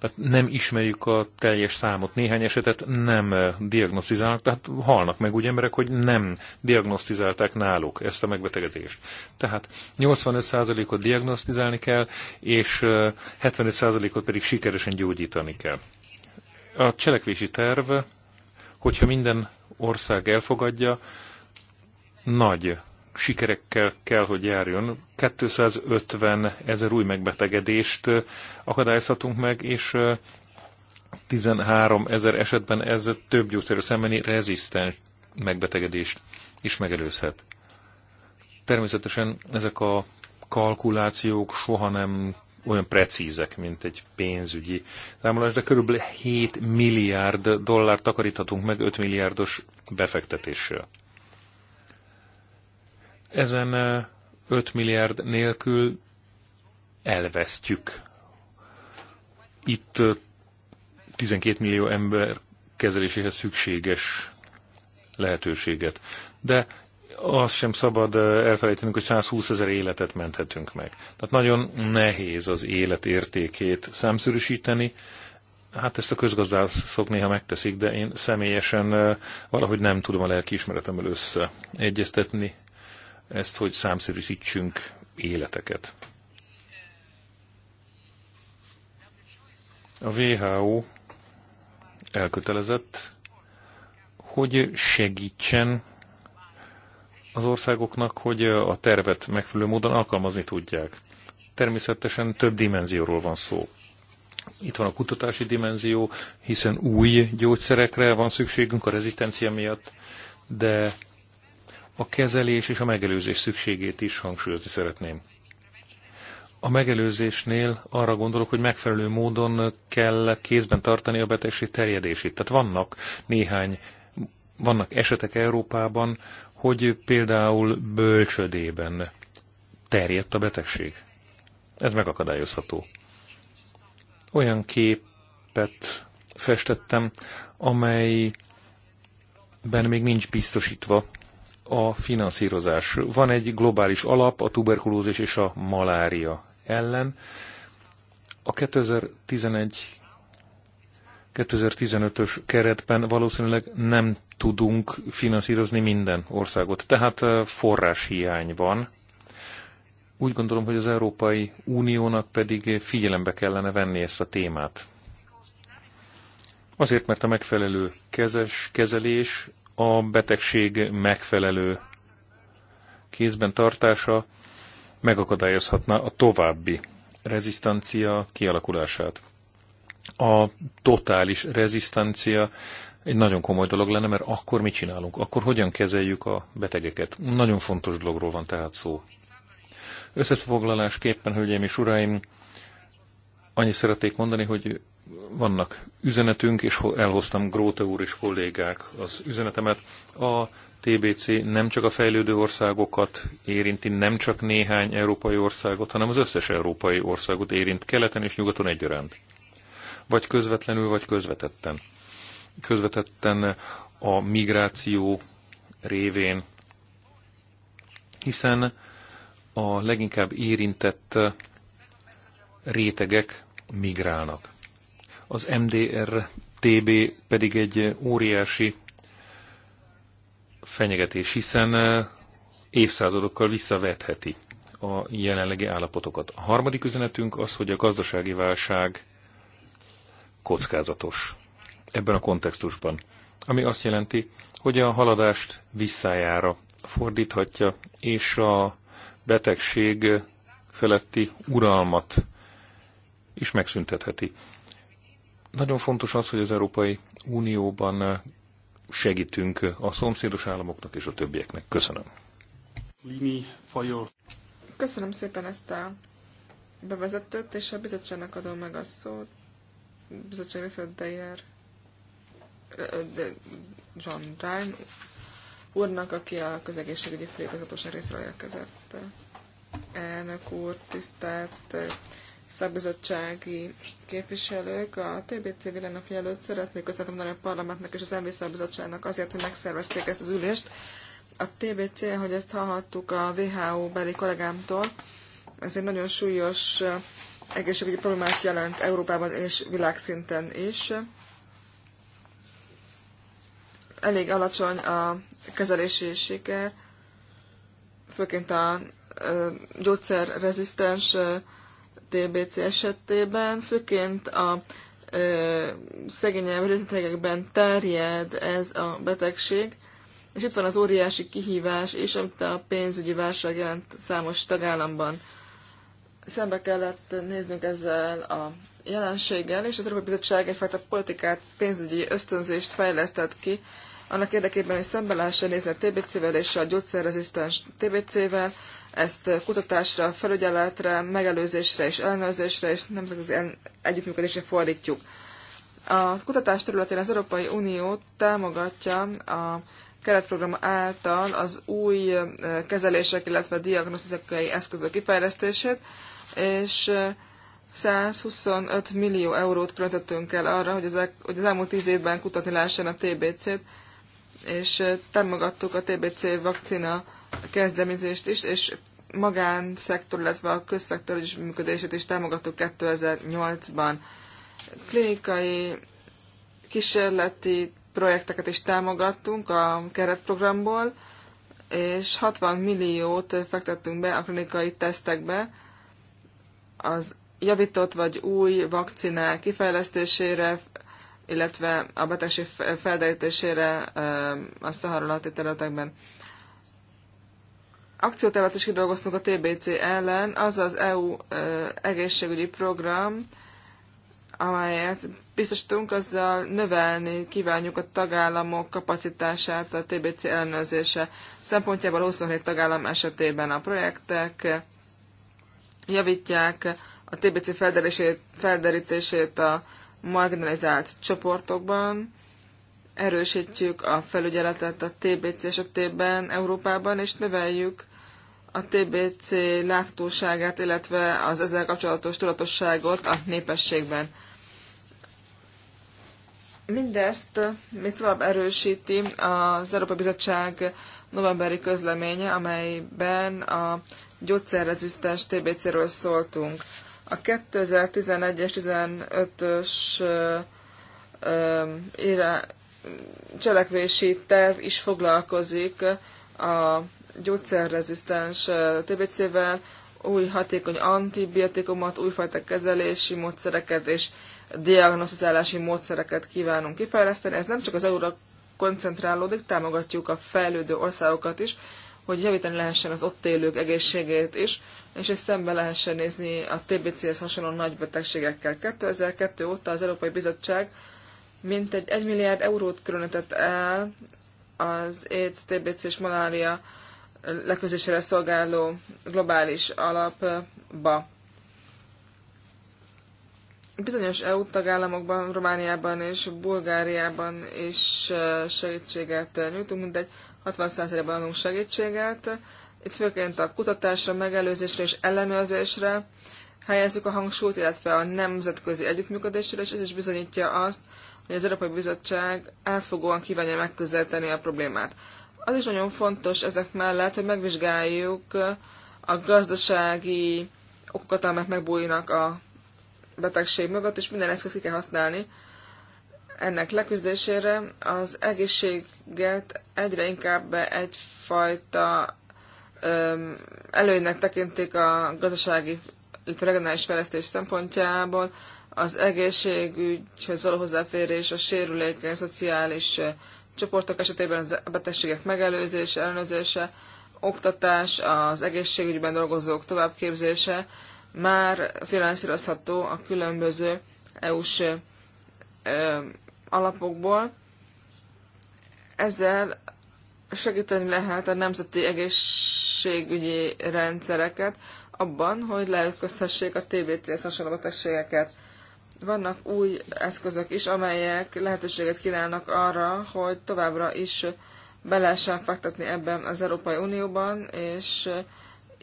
[SPEAKER 1] Tehát nem ismerjük a teljes számot. Néhány esetet nem eh, diagnosztizálnak, tehát halnak meg úgy emberek, hogy nem diagnosztizálták náluk ezt a megbetegedést. Tehát 85%-ot diagnosztizálni kell, és 75%-ot eh, pedig sikeresen gyógyítani kell. A cselekvési terv hogyha minden ország elfogadja, nagy sikerekkel kell, hogy járjon. 250 ezer új megbetegedést akadályozhatunk meg, és 13 ezer esetben ez több gyógyszerű szembeni rezisztens megbetegedést is megelőzhet. Természetesen ezek a kalkulációk soha nem olyan precízek, mint egy pénzügyi számolás, de körülbelül 7 milliárd dollár takaríthatunk meg 5 milliárdos befektetéssel. Ezen 5 milliárd nélkül elvesztjük. Itt 12 millió ember kezeléséhez szükséges lehetőséget. De azt sem szabad elfelejtenünk, hogy 120 ezer életet menthetünk meg. Tehát nagyon nehéz az élet értékét számszerűsíteni. Hát ezt a közgazdászok néha megteszik, de én személyesen valahogy nem tudom a lelkiismeretemmel összeegyeztetni ezt, hogy számszerűsítsünk életeket. A WHO elkötelezett, hogy segítsen az országoknak, hogy a tervet megfelelő módon alkalmazni tudják. Természetesen több dimenzióról van szó. Itt van a kutatási dimenzió, hiszen új gyógyszerekre van szükségünk a rezisztencia miatt, de a kezelés és a megelőzés szükségét is hangsúlyozni szeretném. A megelőzésnél arra gondolok, hogy megfelelő módon kell kézben tartani a betegség terjedését. Tehát vannak néhány, vannak esetek Európában, hogy például bölcsödében terjedt a betegség. Ez megakadályozható. Olyan képet festettem, amelyben még nincs biztosítva a finanszírozás. Van egy globális alap a tuberkulózis és a malária ellen. A 2011 2015-ös keretben valószínűleg nem tudunk finanszírozni minden országot, tehát forráshiány van. Úgy gondolom, hogy az Európai Uniónak pedig figyelembe kellene venni ezt a témát. Azért, mert a megfelelő kezes kezelés, a betegség megfelelő kézben tartása megakadályozhatna a további rezisztancia kialakulását a totális rezisztencia egy nagyon komoly dolog lenne, mert akkor mit csinálunk? Akkor hogyan kezeljük a betegeket? Nagyon fontos dologról van tehát szó. Összefoglalásképpen, hölgyeim és uraim, annyit szeretnék mondani, hogy vannak üzenetünk, és elhoztam Gróte úr és kollégák az üzenetemet. A TBC nem csak a fejlődő országokat érinti, nem csak néhány európai országot, hanem az összes európai országot érint keleten és nyugaton egyaránt vagy közvetlenül, vagy közvetetten. Közvetetten a migráció révén, hiszen a leginkább érintett rétegek migrálnak. Az MDR-TB pedig egy óriási fenyegetés, hiszen évszázadokkal visszavetheti a jelenlegi állapotokat. A harmadik üzenetünk az, hogy a gazdasági válság kockázatos ebben a kontextusban, ami azt jelenti, hogy a haladást visszájára fordíthatja, és a betegség feletti uralmat is megszüntetheti. Nagyon fontos az, hogy az Európai Unióban segítünk a szomszédos államoknak és a többieknek. Köszönöm. Lini Fajor.
[SPEAKER 2] Köszönöm szépen ezt a bevezetőt, és a bizottságnak adom meg a szót bizottság részlet Dejer, de John Ryan úrnak, aki a közegészségügyi főigazgatóság részről érkezett. Elnök úr, tisztelt szakbizottsági képviselők, a TBC világnapja előtt szeretnék köszönöm a parlamentnek és az MV szakbizottságnak azért, hogy megszervezték ezt az ülést. A TBC, hogy ezt hallhattuk a WHO beli kollégámtól, ez egy nagyon súlyos egészségügyi problémát jelent Európában és világszinten is. Elég alacsony a kezelési siker, főként a gyógyszerrezisztens TBC esetében, főként a szegényebb rétegekben terjed ez a betegség, és itt van az óriási kihívás, és amit a pénzügyi válság jelent számos tagállamban szembe kellett néznünk ezzel a jelenséggel, és az Európai Bizottság egyfajta politikát, pénzügyi ösztönzést fejlesztett ki, annak érdekében, hogy szembe lehessen nézni a TBC-vel és a gyógyszerrezisztens TBC-vel, ezt kutatásra, felügyeletre, megelőzésre és ellenőrzésre és nemzetközi együttműködésre fordítjuk. A kutatás területén az Európai Unió támogatja a keretprogram által az új kezelések, illetve diagnosztikai eszközök kifejlesztését, és 125 millió eurót költöttünk el arra, hogy, ezek, hogy az elmúlt 10 évben kutatni lehessen a TBC-t, és támogattuk a TBC vakcina kezdeményezést is, és magánszektor, illetve a közszektor is működését is támogattuk 2008-ban. Klinikai kísérleti projekteket is támogattunk a keretprogramból, és 60 milliót fektettünk be a klinikai tesztekbe, az javított vagy új vakcinák kifejlesztésére, illetve a betegség felderítésére a szaharolati területekben. Akciótervet is kidolgoztunk a TBC ellen, az az EU egészségügyi program, amelyet biztosítunk, azzal növelni kívánjuk a tagállamok kapacitását a TBC ellenőrzése szempontjából 27 tagállam esetében a projektek javítják a TBC felderítését, felderítését a marginalizált csoportokban, erősítjük a felügyeletet a TBC esetében Európában, és növeljük a TBC láthatóságát, illetve az ezzel kapcsolatos tudatosságot a népességben. Mindezt még tovább erősíti az Európai Bizottság novemberi közleménye, amelyben a gyógyszerrezisztens TBC-ről szóltunk. A 2011-es 15-ös cselekvési terv is foglalkozik a gyógyszerrezisztens TBC-vel, új hatékony antibiotikumot, újfajta kezelési módszereket és diagnosztizálási módszereket kívánunk kifejleszteni. Ez nem csak az euróra koncentrálódik, támogatjuk a fejlődő országokat is, hogy javítani lehessen az ott élők egészségét is, és ezt szembe lehessen nézni a TBC-hez hasonló nagy betegségekkel. 2002 óta az Európai Bizottság mintegy 1 milliárd eurót különített el az AIDS, TBC és malária leközésére szolgáló globális alapba. Bizonyos EU tagállamokban, Romániában és Bulgáriában is eh, segítséget nyújtunk, mindegy 60%-ban adunk segítséget. Itt főként a kutatásra, megelőzésre és ellenőrzésre helyezzük a hangsúlyt, illetve a nemzetközi együttműködésre, és ez is bizonyítja azt, hogy az Európai Bizottság átfogóan kívánja megközelíteni a problémát. Az is nagyon fontos ezek mellett, hogy megvizsgáljuk a gazdasági okokat, amelyek megbújnak a betegség mögött, és minden eszközt ki kell használni ennek leküzdésére az egészséget egyre inkább egyfajta előnynek tekintik a gazdasági, illetve regionális fejlesztés szempontjából, az egészségügyhöz való hozzáférés, a sérülékeny szociális csoportok esetében a betegségek megelőzése, ellenőrzése, oktatás, az egészségügyben dolgozók továbbképzése már finanszírozható a különböző EU-s alapokból. Ezzel segíteni lehet a nemzeti egészségügyi rendszereket abban, hogy leütközhessék a TBC-hez hasonló betegségeket. Vannak új eszközök is, amelyek lehetőséget kínálnak arra, hogy továbbra is be lehessen fektetni ebben az Európai Unióban, és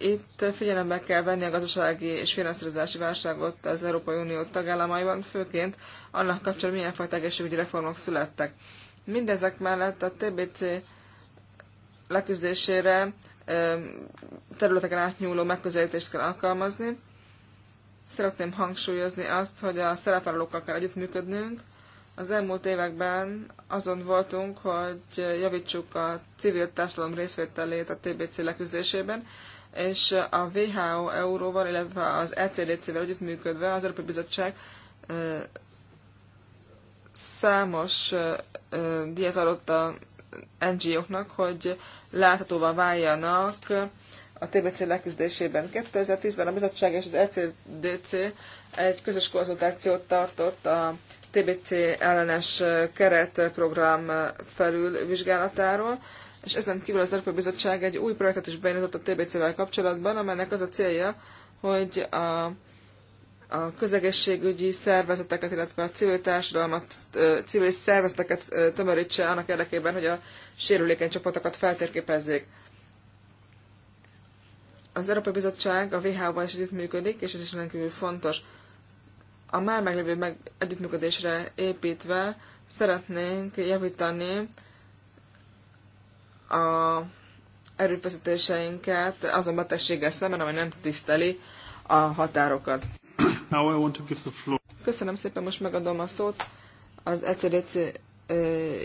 [SPEAKER 2] itt figyelembe kell venni a gazdasági és finanszírozási válságot az Európai Unió tagállamaiban, főként annak kapcsolatban milyen fajta egészségügyi reformok születtek. Mindezek mellett a TBC leküzdésére területeken átnyúló megközelítést kell alkalmazni. Szeretném hangsúlyozni azt, hogy a szerepvállalókkal kell együttműködnünk. Az elmúlt években azon voltunk, hogy javítsuk a civil társadalom részvételét a TBC leküzdésében, és a WHO euróval, illetve az ECDC-vel együttműködve az Európai Bizottság számos diát adott a NGO-knak, hogy láthatóvá váljanak a TBC leküzdésében. 2010-ben a bizottság és az ECDC egy közös konzultációt tartott a TBC ellenes keretprogram vizsgálatáról és ezen kívül az Európai Bizottság egy új projektet is beindított a TBC-vel kapcsolatban, amelynek az a célja, hogy a, a közegészségügyi szervezeteket, illetve a civil társadalmat, civil szervezeteket tömörítse annak érdekében, hogy a sérülékeny csapatokat feltérképezzék. Az Európai Bizottság a WHO-val is együttműködik, és ez is rendkívül fontos. A már meglévő meg együttműködésre építve szeretnénk javítani a erőfeszítéseinket azon betegséggel szemben, amely nem tiszteli a
[SPEAKER 3] határokat. Now I want to give the floor.
[SPEAKER 2] Köszönöm szépen, most megadom a szót az
[SPEAKER 3] ECDC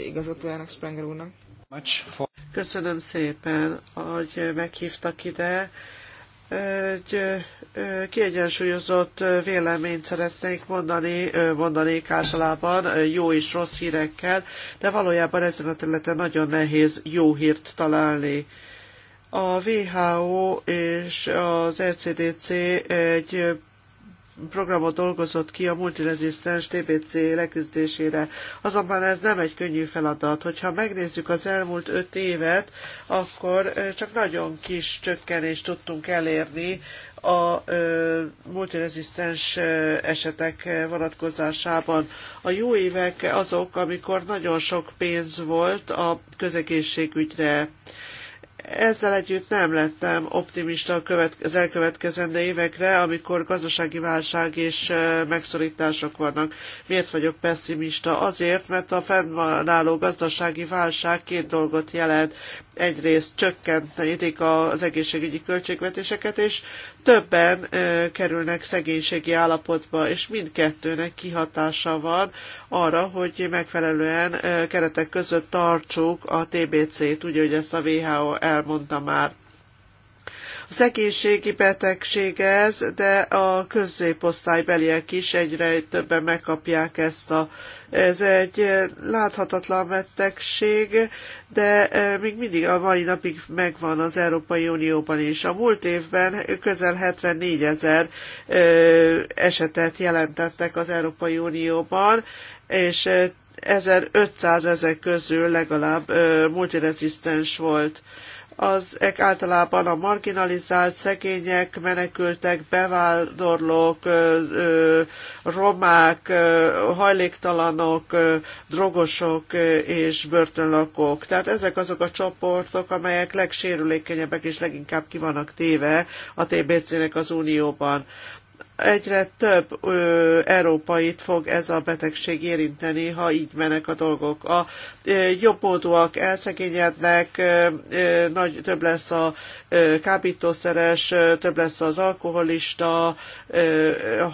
[SPEAKER 3] igazgatójának, Sprenger úrnak. Köszönöm szépen, hogy meghívtak ide egy kiegyensúlyozott véleményt szeretnék mondani, mondanék általában jó és rossz hírekkel, de valójában ezen a területen nagyon nehéz jó hírt találni. A WHO és az ECDC egy programot dolgozott ki a multirezisztens TBC leküzdésére. Azonban ez nem egy könnyű feladat. Hogyha megnézzük az elmúlt öt évet, akkor csak nagyon kis csökkenést tudtunk elérni a multirezisztens esetek vonatkozásában. A jó évek azok, amikor nagyon sok pénz volt a közegészségügyre ezzel együtt nem lettem optimista az elkövetkezendő évekre, amikor gazdasági válság és megszorítások vannak. Miért vagyok pessimista? Azért, mert a fennálló gazdasági válság két dolgot jelent egyrészt csökkentik az egészségügyi költségvetéseket, és többen kerülnek szegénységi állapotba, és mindkettőnek kihatása van arra, hogy megfelelően keretek között tartsuk a TBC-t, Ugye, hogy ezt a WHO elmondta már. A szegénységi betegség ez, de a középosztálybeliek is egyre többen megkapják ezt a... Ez egy láthatatlan betegség, de e, még mindig a mai napig megvan az Európai Unióban is. A múlt évben közel 74 ezer e, esetet jelentettek az Európai Unióban, és 1500 e, ezek közül legalább multirezisztens volt az általában a marginalizált szegények, menekültek, bevándorlók, romák, hajléktalanok, drogosok és börtönlakók. Tehát ezek azok a csoportok, amelyek legsérülékenyebbek és leginkább kivannak téve a TBC-nek az Unióban egyre több ö, európait fog ez a betegség érinteni, ha így mennek a dolgok. A ö, jobboldóak elszegényednek, ö, ö, nagy, több lesz a ö, kábítószeres, ö, több lesz az alkoholista, ö,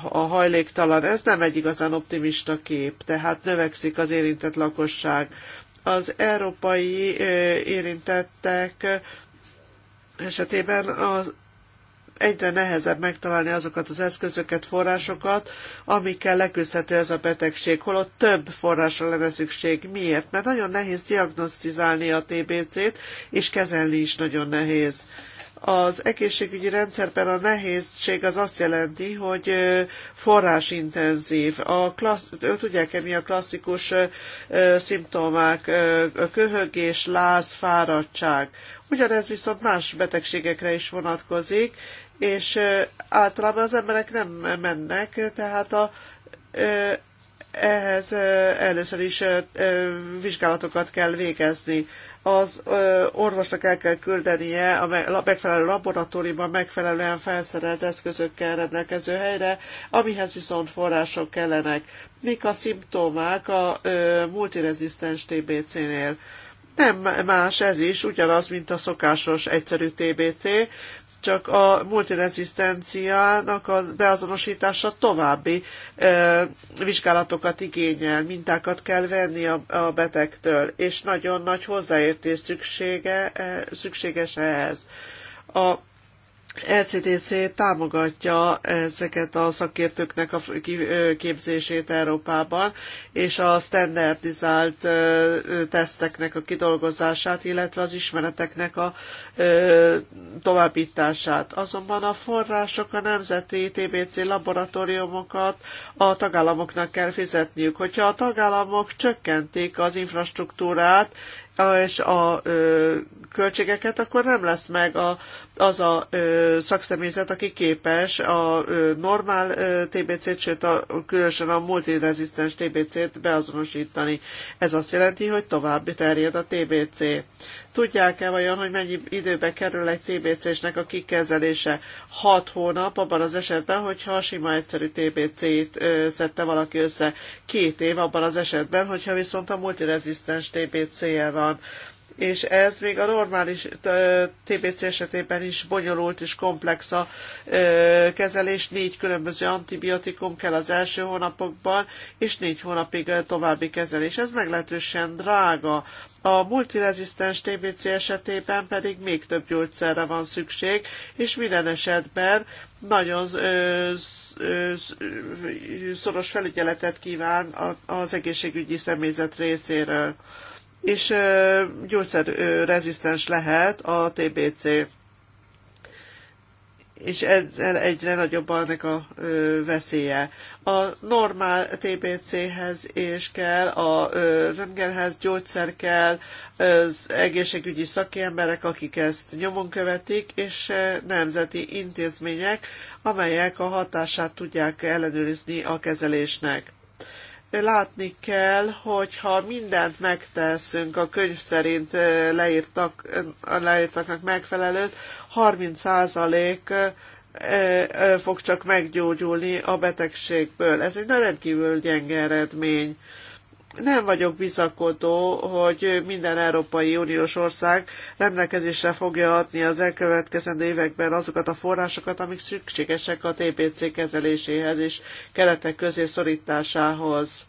[SPEAKER 3] a hajléktalan. Ez nem egy igazán optimista kép, tehát növekszik az érintett lakosság. Az európai ö, érintettek esetében az egyre nehezebb megtalálni azokat az eszközöket, forrásokat, amikkel leküzdhető ez a betegség, holott több forrásra lenne szükség. Miért? Mert nagyon nehéz diagnosztizálni a TBC-t, és kezelni is nagyon nehéz az egészségügyi rendszerben a nehézség az azt jelenti, hogy forrásintenzív. A klassz, tudják-e mi a klasszikus szimptomák, köhögés, láz, fáradtság. Ugyanez viszont más betegségekre is vonatkozik, és általában az emberek nem mennek, tehát a, ehhez először is vizsgálatokat kell végezni. Az orvosnak el kell küldenie a megfelelő laboratóriumban megfelelően felszerelt eszközökkel rendelkező helyre, amihez viszont források kellenek. Mik a szimptomák a multirezisztens TBC-nél? Nem más ez is, ugyanaz, mint a szokásos egyszerű TBC, csak a multirezisztenciának a beazonosítása további ö, vizsgálatokat igényel, mintákat kell venni a, a betegtől, és nagyon nagy hozzáértés szüksége, szükséges ehhez. A ECDC támogatja ezeket a szakértőknek a képzését Európában, és a standardizált teszteknek a kidolgozását, illetve az ismereteknek a továbbítását. Azonban a források a nemzeti TBC laboratóriumokat a tagállamoknak kell fizetniük. Hogyha a tagállamok csökkentik az infrastruktúrát, és a költségeket, akkor nem lesz meg a, az a ö, szakszemélyzet, aki képes a ö, normál ö, TBC-t, sőt a, különösen a multirezisztens TBC-t beazonosítani. Ez azt jelenti, hogy tovább terjed a TBC. Tudják-e vajon, hogy mennyi időbe kerül egy TBC-snek a kikezelése? 6 hónap abban az esetben, hogyha sima egyszerű TBC-t szedte valaki össze. Két év abban az esetben, hogyha viszont a multirezisztens TBC-je van és ez még a normális TBC esetében is bonyolult és komplex a kezelés. Négy különböző antibiotikum kell az első hónapokban, és négy hónapig további kezelés. Ez meglehetősen drága. A multirezisztens TBC esetében pedig még több gyógyszerre van szükség, és minden esetben nagyon szoros felügyeletet kíván az egészségügyi személyzet részéről és gyógyszerrezisztens lehet a TBC. És ez egyre nagyobb annak a veszélye. A normál TBC-hez és kell, a röntgenhez gyógyszer kell, az egészségügyi szakemberek, akik ezt nyomon követik, és nemzeti intézmények, amelyek a hatását tudják ellenőrizni a kezelésnek látni kell, hogyha mindent megteszünk a könyv szerint eh, leírtak, eh, leírtaknak megfelelőt, 30% eh, fog csak meggyógyulni a betegségből. Ez egy rendkívül gyenge eredmény nem vagyok bizakodó, hogy minden Európai Uniós ország rendelkezésre fogja adni az elkövetkezendő években azokat a forrásokat, amik szükségesek a TPC kezeléséhez és keretek közé szorításához.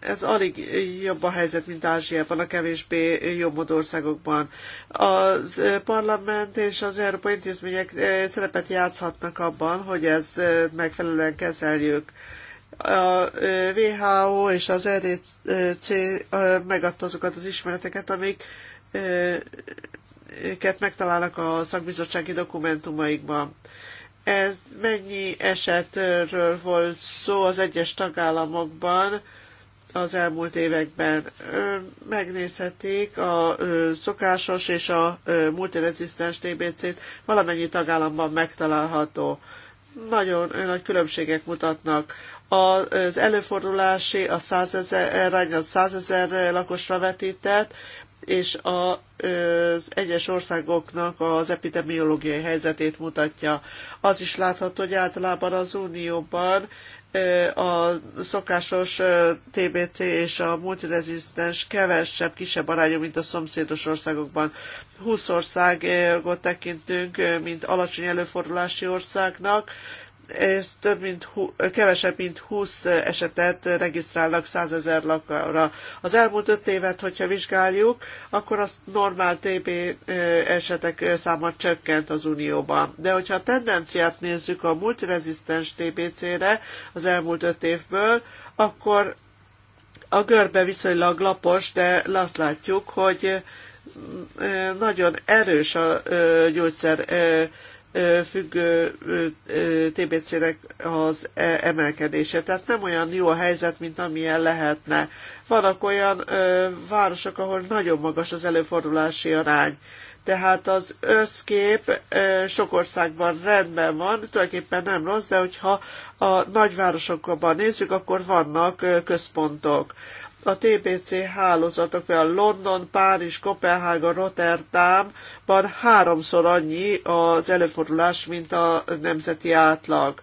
[SPEAKER 3] Ez alig jobb a helyzet, mint Ázsiában, a kevésbé jobb országokban. Az parlament és az európai intézmények szerepet játszhatnak abban, hogy ez megfelelően kezeljük a WHO és az EDC megadta azokat az ismereteket, amik őket megtalálnak a szakbizottsági dokumentumaikban. Ez mennyi esetről volt szó az egyes tagállamokban az elmúlt években? Megnézhetik a szokásos és a multirezisztens TBC-t, valamennyi tagállamban megtalálható. Nagyon nagy különbségek mutatnak az előfordulási, a százezer, ezer, a százezer lakosra vetített, és az egyes országoknak az epidemiológiai helyzetét mutatja. Az is látható, hogy általában az Unióban a szokásos TBC és a multirezisztens kevesebb, kisebb arányú, mint a szomszédos országokban. 20 országot tekintünk, mint alacsony előfordulási országnak, ez több mint, kevesebb mint 20 esetet regisztrálnak 100 ezer lakóra. Az elmúlt 5 évet, hogyha vizsgáljuk, akkor az normál TB esetek száma csökkent az Unióban. De hogyha a tendenciát nézzük a multirezisztens TBC-re az elmúlt 5 évből, akkor a görbe viszonylag lapos, de azt látjuk, hogy nagyon erős a gyógyszer függő TBC-nek az e, emelkedése. Tehát nem olyan jó a helyzet, mint amilyen lehetne. Vannak olyan városok, ahol nagyon magas az előfordulási arány. Tehát az összkép sok országban rendben van, tulajdonképpen nem rossz, de hogyha a nagyvárosokban nézzük, akkor vannak központok a TBC hálózatok, például London, Párizs, Kopenhága, Rotterdamban háromszor annyi az előfordulás, mint a nemzeti átlag.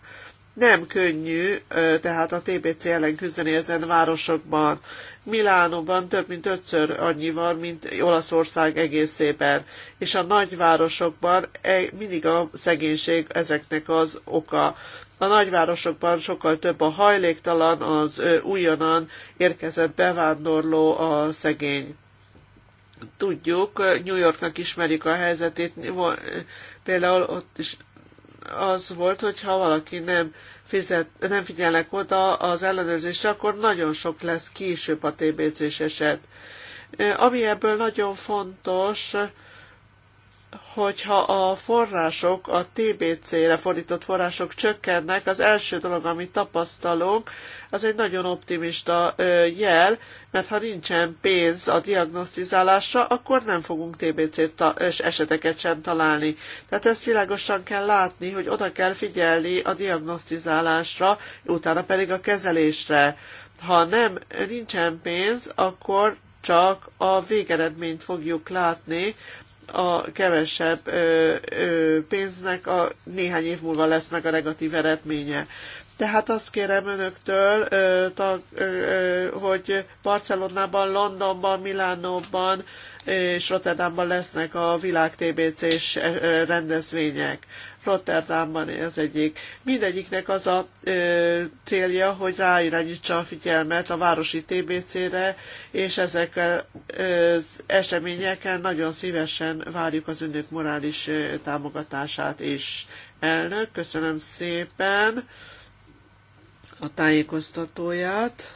[SPEAKER 3] Nem könnyű tehát a TBC ellen küzdeni ezen városokban. Milánóban több mint ötször annyi van, mint Olaszország egészében, és a nagyvárosokban e, mindig a szegénység ezeknek az oka. A nagyvárosokban sokkal több a hajléktalan, az újonnan érkezett bevándorló, a szegény. Tudjuk, New Yorknak ismerjük a helyzetét, például ott is az volt, hogy ha valaki nem, fizet, nem figyelnek oda az ellenőrzésre, akkor nagyon sok lesz később a TBC-s eset. Ami ebből nagyon fontos, hogyha a források, a TBC-re fordított források csökkennek, az első dolog, amit tapasztalunk, az egy nagyon optimista jel, mert ha nincsen pénz a diagnosztizálásra, akkor nem fogunk TBC eseteket sem találni. Tehát ezt világosan kell látni, hogy oda kell figyelni a diagnosztizálásra, utána pedig a kezelésre. Ha nem, nincsen pénz, akkor csak a végeredményt fogjuk látni, a kevesebb ö, ö, pénznek a néhány év múlva lesz meg a negatív eredménye. Tehát azt kérem önöktől, ö, tag, ö, ö, hogy Barcelonában, Londonban, Milánóban és Rotterdamban lesznek a világ TBC-s rendezvények Rotterdamban ez egyik. Mindegyiknek az a ö, célja, hogy ráirányítsa a figyelmet a városi TBC-re, és ezek az eseményeken nagyon szívesen várjuk az önök morális támogatását is. Elnök, köszönöm szépen a tájékoztatóját.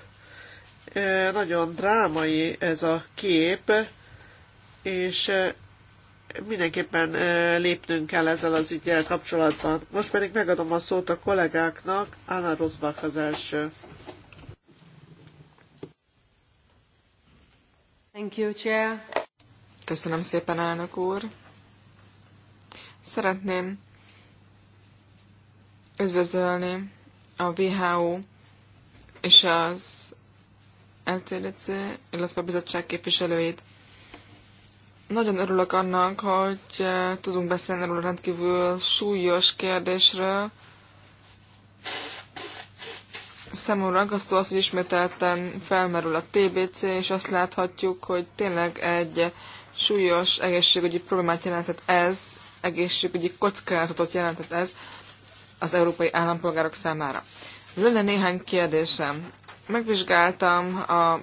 [SPEAKER 3] Nagyon drámai ez a kép, és mindenképpen lépnünk kell ezzel az ügyel kapcsolatban. Most pedig megadom a szót a kollégáknak, Anna Rosbach az első.
[SPEAKER 2] Thank you, Chair. Köszönöm szépen, elnök úr. Szeretném üdvözölni a WHO és az LTDC, illetve a bizottság képviselőit. Nagyon örülök annak, hogy eh, tudunk beszélni erről a rendkívül súlyos kérdésről. Számomra aggasztó az, hogy ismételten felmerül a TBC, és azt láthatjuk, hogy tényleg egy súlyos egészségügyi problémát jelentett ez, egészségügyi kockázatot jelentett ez az európai állampolgárok számára. Lenne néhány kérdésem. Megvizsgáltam a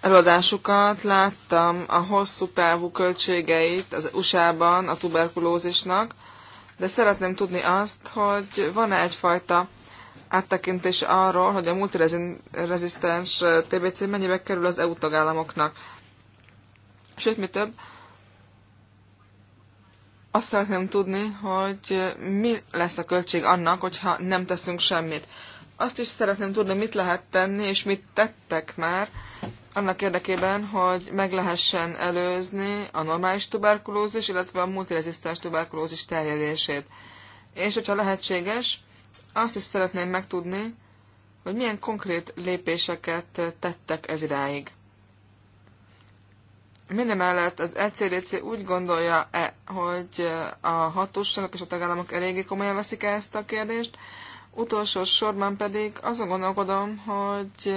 [SPEAKER 2] előadásukat, láttam a hosszú távú költségeit az USA-ban a tuberkulózisnak, de szeretném tudni azt, hogy van-e egyfajta áttekintés arról, hogy a multirezisztens TBC mennyibe kerül az EU tagállamoknak. Sőt, mi több, azt szeretném tudni, hogy mi lesz a költség annak, hogyha nem teszünk semmit. Azt is szeretném tudni, mit lehet tenni, és mit tettek már, annak érdekében, hogy meg lehessen előzni a normális tuberkulózis, illetve a multirezisztens tuberkulózis terjedését. És hogyha lehetséges, azt is szeretném megtudni, hogy milyen konkrét lépéseket tettek ez iráig. Mindemellett az ECDC úgy gondolja-e, hogy a hatóságok és a tagállamok eléggé komolyan veszik -e ezt a kérdést, utolsó sorban pedig azon gondolkodom, hogy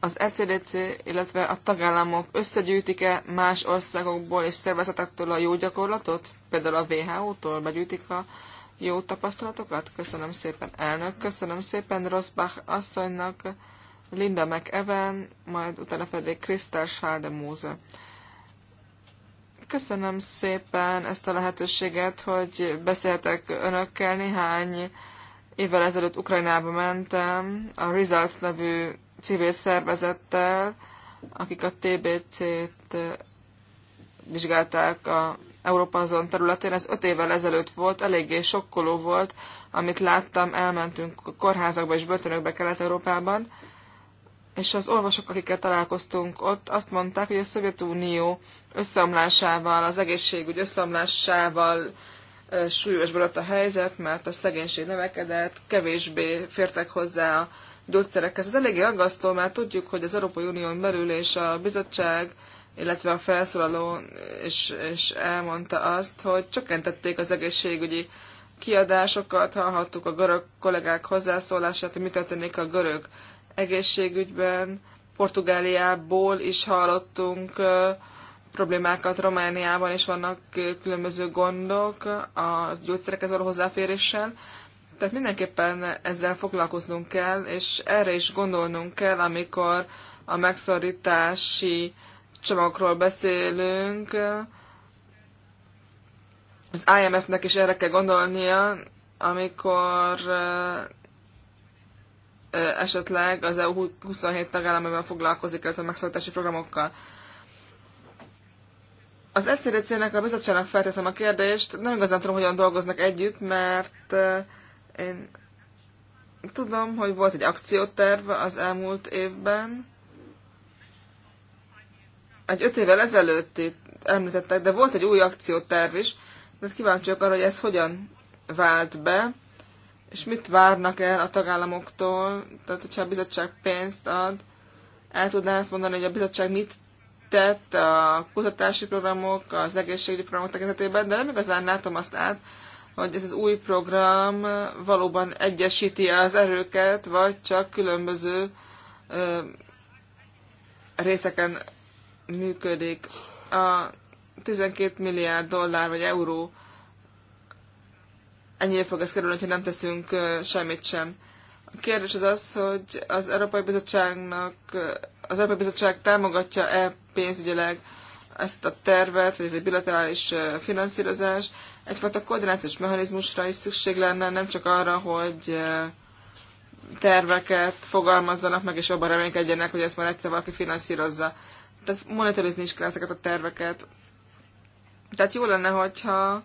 [SPEAKER 2] az ECDC, illetve a tagállamok összegyűjtik-e más országokból és szervezetektől a jó gyakorlatot? Például a WHO-tól begyűjtik a jó tapasztalatokat? Köszönöm szépen, elnök. Köszönöm szépen Rosbach asszonynak, Linda McEwen, majd utána pedig Krisztel Sáldemúze. Köszönöm szépen ezt a lehetőséget, hogy beszéltek önökkel néhány évvel ezelőtt Ukrajnába mentem, a Result nevű civil szervezettel, akik a TBC-t eh, vizsgálták a Európa azon területén. Ez öt évvel ezelőtt volt, eléggé sokkoló volt, amit láttam, elmentünk kórházakba és börtönökbe Kelet-Európában, és az orvosok, akikkel találkoztunk ott, azt mondták, hogy a Szovjetunió összeomlásával, az egészségügy összeomlásával volt eh, a helyzet, mert a szegénység növekedett, kevésbé fértek hozzá a gyógyszerekhez. Ez eléggé aggasztó, mert tudjuk, hogy az Európai Unión belül és a bizottság, illetve a felszólaló is, is elmondta azt, hogy csökkentették az egészségügyi kiadásokat, hallhattuk a görög kollégák hozzászólását, hogy mi történik a görög egészségügyben, Portugáliából is hallottunk problémákat, Romániában is vannak különböző gondok a gyógyszerekhez való hozzáféréssel. Tehát mindenképpen ezzel foglalkoznunk kell, és erre is gondolnunk kell, amikor a megszorítási csomagról beszélünk. Az IMF-nek is erre kell gondolnia, amikor esetleg az EU 27 tagállamában foglalkozik, illetve megszorítási programokkal. Az egyszerű célnak a bizottságnak felteszem a kérdést, nem igazán tudom, hogyan dolgoznak együtt, mert én tudom, hogy volt egy akcióterv az elmúlt évben. Egy öt évvel ezelőtt itt említettek, de volt egy új akcióterv is. De kíváncsiak arra, hogy ez hogyan vált be, és mit várnak el a tagállamoktól. Tehát, hogyha a bizottság pénzt ad, el tudná ezt mondani, hogy a bizottság mit tett a kutatási programok, az egészségügyi programok tekintetében, de nem igazán látom azt át, hogy ez az új program valóban egyesíti az erőket, vagy csak különböző ö, részeken működik. A 12 milliárd dollár vagy euró ennyire fog ez kerülni, ha nem teszünk semmit sem. A kérdés az az, hogy az Európai Bizottságnak, az Európai Bizottság támogatja-e pénzügyileg ezt a tervet, vagy ez egy bilaterális finanszírozás, egyfajta koordinációs mechanizmusra is szükség lenne, nem csak arra, hogy eh, terveket fogalmazzanak meg, és abban reménykedjenek, hogy ezt már egyszer valaki finanszírozza. Tehát monitorozni is kell ezeket a terveket. Tehát jó lenne, hogyha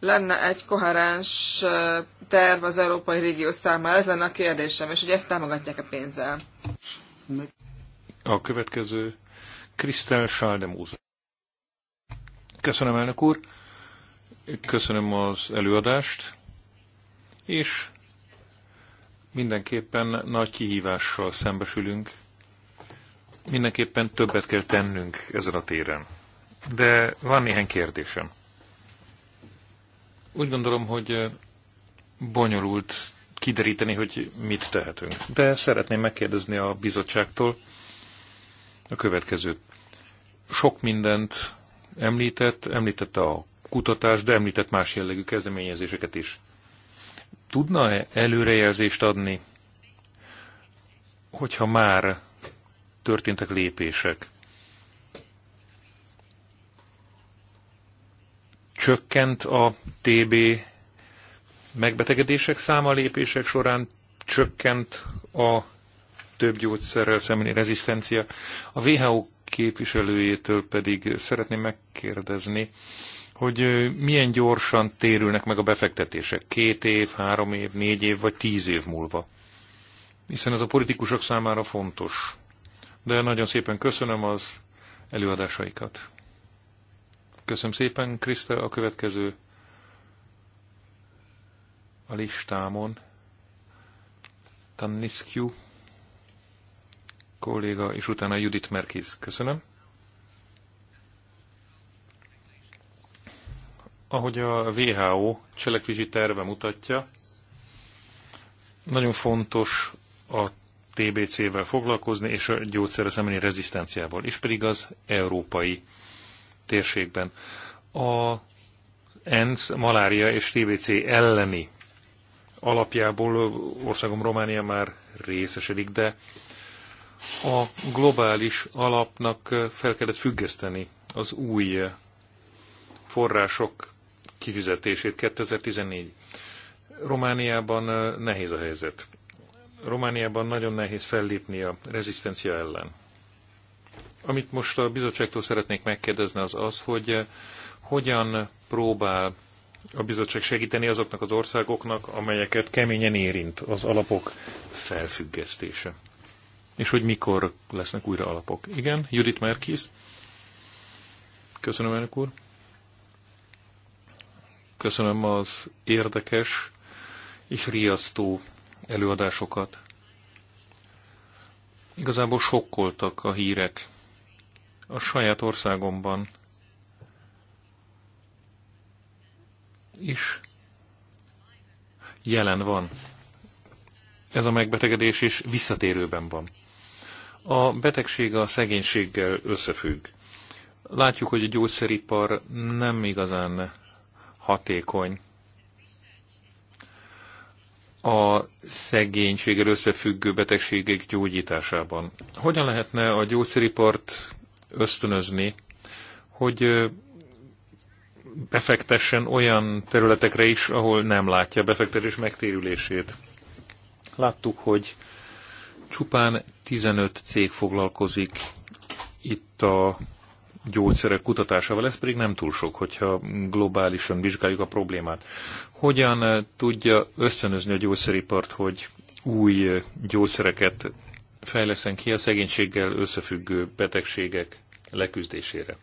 [SPEAKER 2] lenne egy koherens eh, terv az európai régió számára, ez lenne a kérdésem, és hogy ezt támogatják-e pénzzel.
[SPEAKER 1] A következő Krisztel Saldemúz. Köszönöm, elnök úr. Köszönöm az előadást, és mindenképpen nagy kihívással szembesülünk. Mindenképpen többet kell tennünk ezen a téren. De van néhány kérdésem. Úgy gondolom, hogy bonyolult kideríteni, hogy mit tehetünk. De szeretném megkérdezni a bizottságtól a következőt. Sok mindent említett, említette a kutatás, de említett más jellegű kezdeményezéseket is. Tudna -e előrejelzést adni, hogyha már történtek lépések? Csökkent a TB megbetegedések száma lépések során, csökkent a több gyógyszerrel szembeni rezisztencia. A WHO képviselőjétől pedig szeretném megkérdezni, hogy milyen gyorsan térülnek meg a befektetések. Két év, három év, négy év vagy tíz év múlva. Hiszen ez a politikusok számára fontos. De nagyon szépen köszönöm az előadásaikat. Köszönöm szépen, Kriszta, a következő a listámon. Tanniszkjú kolléga, és utána Judit Merkiz. Köszönöm. ahogy a WHO cselekvési terve mutatja, nagyon fontos a TBC-vel foglalkozni, és a gyógyszerre szembeni rezisztenciával, és pedig az európai térségben. A ENSZ malária és TBC elleni alapjából országom Románia már részesedik, de a globális alapnak fel kellett függeszteni az új források kifizetését 2014. Romániában nehéz a helyzet. Romániában nagyon nehéz fellépni a rezisztencia ellen. Amit most a bizottságtól szeretnék megkérdezni az az, hogy hogyan próbál a bizottság segíteni azoknak az országoknak, amelyeket keményen érint az alapok felfüggesztése. És hogy mikor lesznek újra alapok. Igen, Judit Merkis. Köszönöm, elnök úr. Köszönöm az érdekes és riasztó előadásokat. Igazából sokkoltak a hírek. A saját országomban is jelen van. Ez a megbetegedés is visszatérőben van. A betegség a szegénységgel összefügg. Látjuk, hogy a gyógyszeripar nem igazán hatékony. A szegénységgel összefüggő betegségek gyógyításában. Hogyan lehetne a gyógyszeripart ösztönözni, hogy befektessen olyan területekre is, ahol nem látja a befektetés megtérülését. Láttuk, hogy csupán 15 cég foglalkozik itt a gyógyszerek kutatásával, ez pedig nem túl sok, hogyha globálisan vizsgáljuk a problémát. Hogyan eh, tudja ösztönözni a gyógyszeripart, hogy új eh, gyógyszereket fejleszen ki a szegénységgel összefüggő betegségek leküzdésére?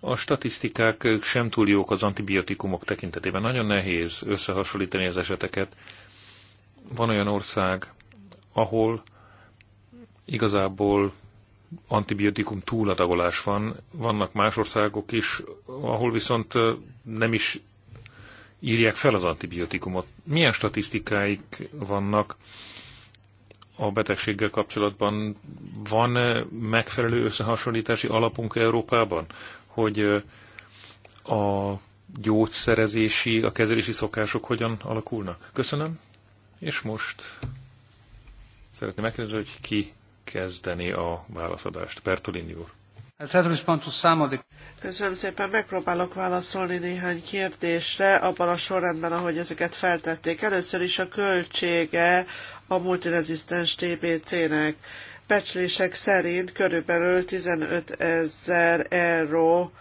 [SPEAKER 1] A statisztikák eh, sem túl jók az antibiotikumok tekintetében. Nagyon nehéz összehasonlítani az eseteket. Van olyan ország, ahol igazából antibiotikum túladagolás van. Vannak más országok is, ahol viszont nem is írják fel az antibiotikumot. Milyen statisztikáik vannak a betegséggel kapcsolatban? Van megfelelő összehasonlítási alapunk Európában, hogy a gyógyszerezési, a kezelési szokások hogyan alakulnak? Köszönöm, és most szeretném megkérdezni, hogy ki kezdeni a válaszadást. Bertolini úr.
[SPEAKER 3] Köszönöm szépen, megpróbálok válaszolni néhány kérdésre, abban a sorrendben, ahogy ezeket feltették. Először is a költsége a multirezisztens TBC-nek. Becslések szerint körülbelül 15 ezer euró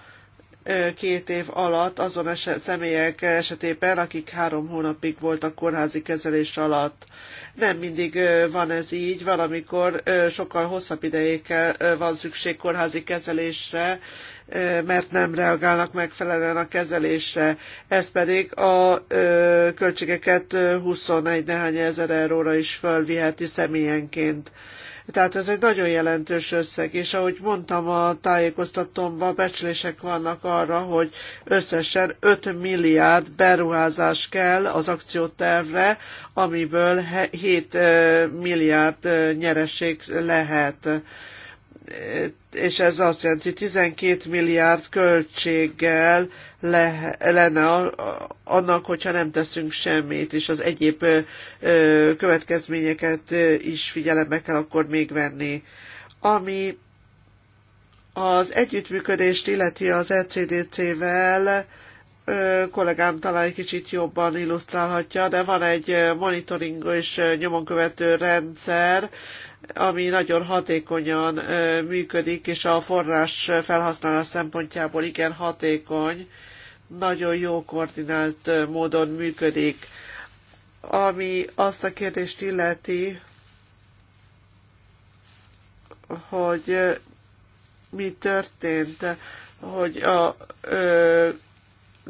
[SPEAKER 3] két év alatt azon eset, személyek esetében, akik három hónapig voltak kórházi kezelés alatt. Nem mindig van ez így, valamikor sokkal hosszabb ideig van szükség kórházi kezelésre, mert nem reagálnak megfelelően a kezelésre. Ez pedig a költségeket 21 nehány ezer euróra is fölviheti személyenként. Tehát ez egy nagyon jelentős összeg, és ahogy mondtam a tájékoztatómban, becslések vannak arra, hogy összesen 5 milliárd beruházás kell az akciótervre, amiből 7 milliárd nyereség lehet és ez azt jelenti, hogy 12 milliárd költséggel le, lenne annak, hogyha nem teszünk semmit, és az egyéb következményeket is figyelembe kell akkor még venni. Ami az együttműködést illeti az ECDC-vel, kollégám talán egy kicsit jobban illusztrálhatja, de van egy monitoring és nyomonkövető rendszer, ami nagyon hatékonyan működik, és a forrás felhasználás szempontjából igen hatékony, nagyon jó koordinált módon működik. Ami azt a kérdést illeti, hogy mi történt, hogy a ö,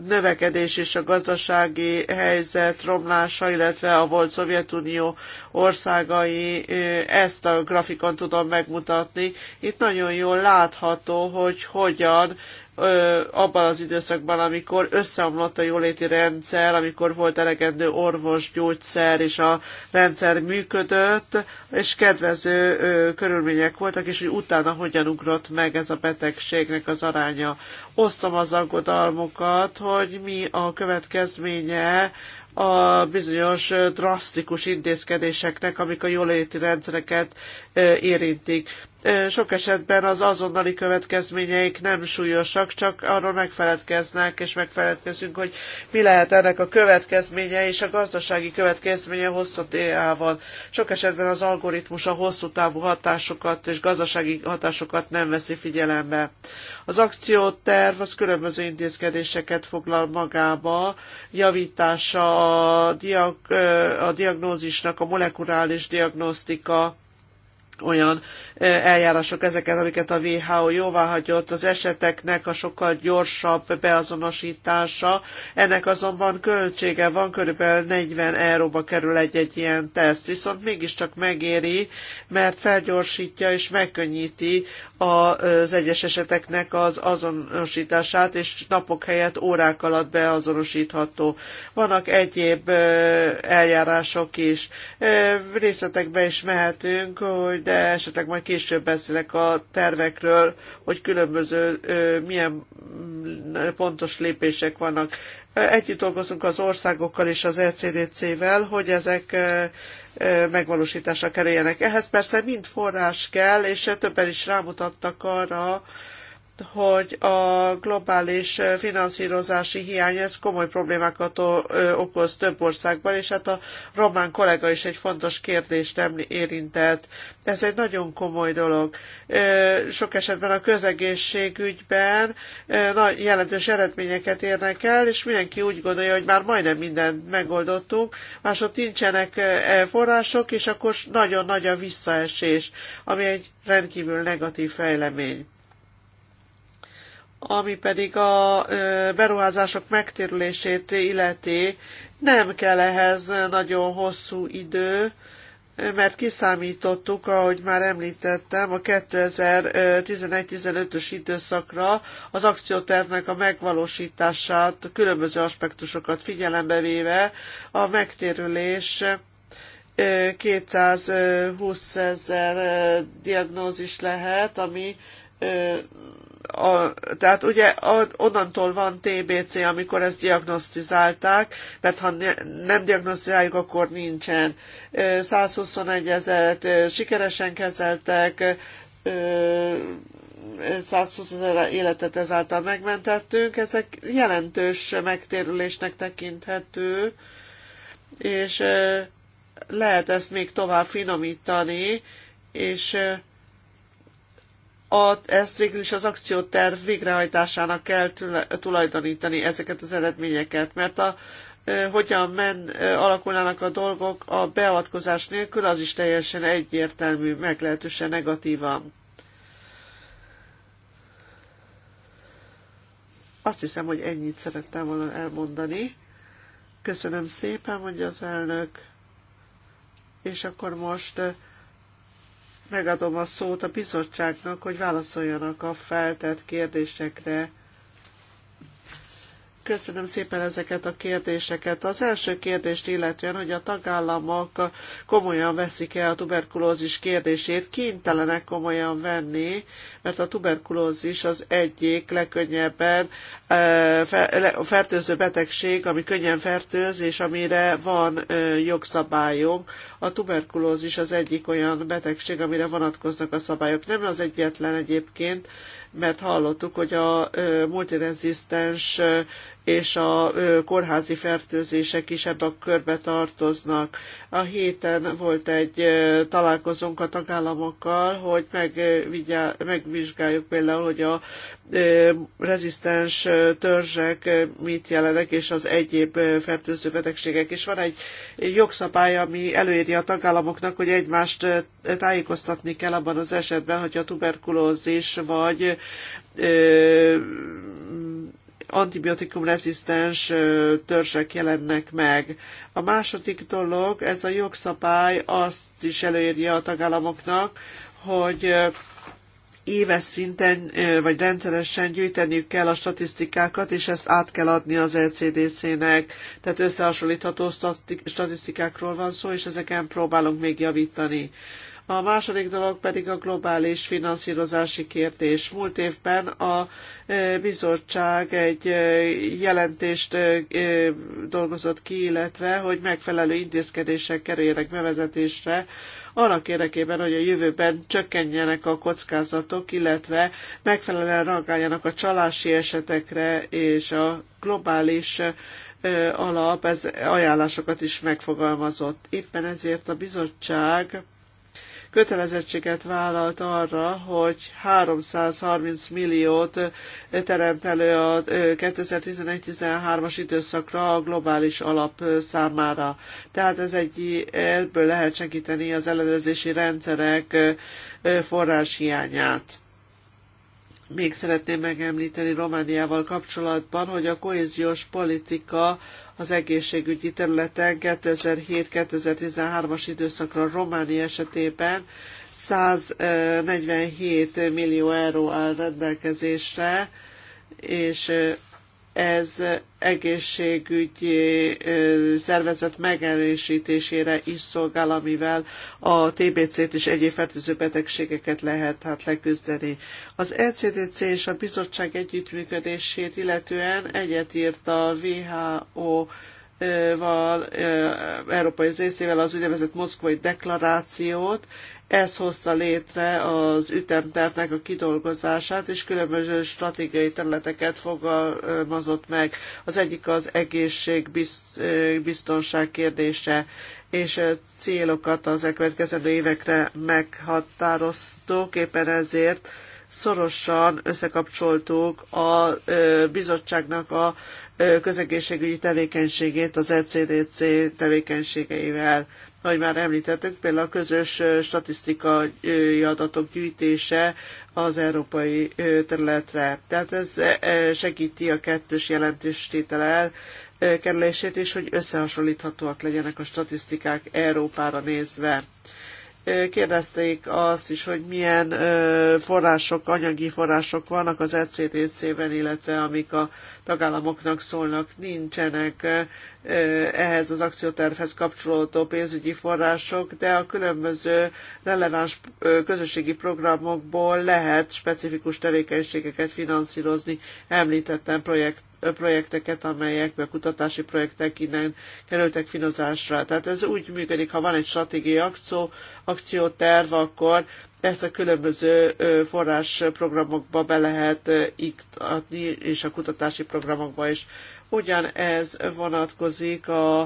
[SPEAKER 3] növekedés és a gazdasági helyzet romlása, illetve a volt Szovjetunió országai, ezt a grafikon tudom megmutatni. Itt nagyon jól látható, hogy hogyan ö, abban az időszakban, amikor összeomlott a jóléti rendszer, amikor volt elegendő orvos, gyógyszer, és a rendszer működött, és kedvező ö, körülmények voltak, és hogy utána hogyan ugrott meg ez a betegségnek az aránya. Osztom az aggodalmokat, hogy mi a következménye a bizonyos drasztikus intézkedéseknek, amik a jóléti rendszereket érintik sok esetben az azonnali következményeik nem súlyosak, csak arról megfeledkeznek, és megfeledkezünk, hogy mi lehet ennek a következménye, és a gazdasági következménye hosszú távon. Sok esetben az algoritmus a hosszú távú hatásokat és gazdasági hatásokat nem veszi figyelembe. Az akcióterv az különböző intézkedéseket foglal magába, javítása a, diag, a diagnózisnak, a molekuláris diagnosztika, olyan eh, eljárások ezeket, amiket a WHO jóváhagyott, az eseteknek a sokkal gyorsabb beazonosítása. Ennek azonban költsége van, körülbelül 40 euróba kerül egy-egy ilyen teszt, viszont mégiscsak megéri, mert felgyorsítja és megkönnyíti az egyes eseteknek az azonosítását, és napok helyett órák alatt beazonosítható. Vannak egyéb eljárások is. Részletekbe is mehetünk, hogy de esetleg majd később beszélek a tervekről, hogy különböző milyen pontos lépések vannak. Együtt dolgozunk az országokkal és az ECDC-vel, hogy ezek megvalósításra kerüljenek. Ehhez persze mind forrás kell, és többen is rámutattak arra, hogy a globális finanszírozási hiány ez komoly problémákat okoz több országban, és hát a román kollega is egy fontos kérdést érintett. Ez egy nagyon komoly dolog. Sok esetben a közegészségügyben nagy jelentős eredményeket érnek el, és mindenki úgy gondolja, hogy már majdnem mindent megoldottunk, másod nincsenek e, források, és akkor nagyon nagy a visszaesés, ami egy rendkívül negatív fejlemény ami pedig a beruházások megtérülését illeti. Nem kell ehhez nagyon hosszú idő, mert kiszámítottuk, ahogy már említettem, a 2011-15-ös időszakra az akciótervnek a megvalósítását, különböző aspektusokat figyelembe véve a megtérülés 220 ezer diagnózis lehet, ami a, tehát ugye onnantól van TBC, amikor ezt diagnosztizálták, mert ha ne, nem diagnosztizáljuk, akkor nincsen. 121 ezeret sikeresen kezeltek, 120 ezer életet ezáltal megmentettünk, ezek jelentős megtérülésnek tekinthető, és lehet ezt még tovább finomítani, és a, ezt végül is az akcióterv végrehajtásának kell tulajdonítani ezeket az eredményeket, mert a, hogyan men, alakulnának a dolgok a beavatkozás nélkül, az is teljesen egyértelmű, meglehetősen negatívan. Azt hiszem, hogy ennyit szerettem volna elmondani. Köszönöm szépen, mondja az elnök. És akkor most megadom a szót a bizottságnak, hogy válaszoljanak a feltett kérdésekre Köszönöm szépen ezeket a kérdéseket. Az első kérdést illetően, hogy a tagállamok komolyan veszik-e a tuberkulózis kérdését, kénytelenek komolyan venni, mert a tuberkulózis az egyik legkönnyebben eh, fertőző betegség, ami könnyen fertőz, és amire van eh, jogszabályunk. A tuberkulózis az egyik olyan betegség, amire vonatkoznak a szabályok. Nem az egyetlen egyébként, mert hallottuk, hogy a eh, multirezisztens és a kórházi fertőzések is ebbe a körbe tartoznak. A héten volt egy találkozónk a tagállamokkal, hogy megvizsgáljuk például, hogy a rezisztens törzsek mit jelenek, és az egyéb fertőző betegségek. És van egy jogszabály, ami előírja a tagállamoknak, hogy egymást tájékoztatni kell abban az esetben, hogyha tuberkulózis vagy antibiotikum rezisztens törzsek jelennek meg. A második dolog, ez a jogszabály azt is előírja a tagállamoknak, hogy éves szinten vagy rendszeresen gyűjteniük kell a statisztikákat, és ezt át kell adni az LCDC-nek. E Tehát összehasonlítható statisztikákról van szó, és ezeken próbálunk még javítani. A második dolog pedig a globális finanszírozási kérdés. Múlt évben a e, bizottság egy e, jelentést e, dolgozott ki, illetve hogy megfelelő intézkedések kerüljenek bevezetésre annak érdekében, hogy a jövőben csökkenjenek a kockázatok, illetve megfelelően reagáljanak a csalási esetekre, és a globális alap ez ajánlásokat is megfogalmazott. Éppen ezért a bizottság kötelezettséget vállalt arra, hogy 330 milliót teremt elő a 2011-13-as időszakra a globális alap számára. Tehát ez egy, ebből lehet segíteni az ellenőrzési rendszerek hiányát még szeretném megemlíteni Romániával kapcsolatban, hogy a kohéziós politika az egészségügyi területen 2007-2013-as időszakra Románia esetében 147 eh, millió euró áll rendelkezésre, és eh, ez egészségügyi szervezet megerősítésére is szolgál, amivel a TBC-t és egyéb fertőző betegségeket lehet hát leküzdeni. Az ECDC és a bizottság együttműködését illetően egyet írt a WHO val, európai részével az úgynevezett moszkvai deklarációt, ez hozta létre az ütemtervnek a kidolgozását, és különböző stratégiai területeket fogalmazott meg. Az egyik az egészségbiztonság kérdése, és célokat az elkövetkezendő évekre meghatároztuk, éppen ezért szorosan összekapcsoltuk a bizottságnak a közegészségügyi tevékenységét az ECDC tevékenységeivel ahogy már említettük, például a közös statisztikai adatok gyűjtése az európai területre. Tehát ez segíti a kettős jelentéstétel elkerülését és hogy összehasonlíthatóak legyenek a statisztikák Európára nézve. Kérdezték azt is, hogy milyen források, anyagi források vannak az ECDC-ben, illetve amik a tagállamoknak szólnak, nincsenek ehhez az akciótervhez kapcsolódó pénzügyi források, de a különböző releváns közösségi programokból lehet specifikus tevékenységeket finanszírozni. Említettem projekt projekteket, amelyekből kutatási projektek innen kerültek finozásra. Tehát ez úgy működik, ha van egy stratégiai akció, akcióterv, akkor ezt a különböző forrásprogramokba be lehet iktatni, és a kutatási programokba is. ugyan ez vonatkozik a,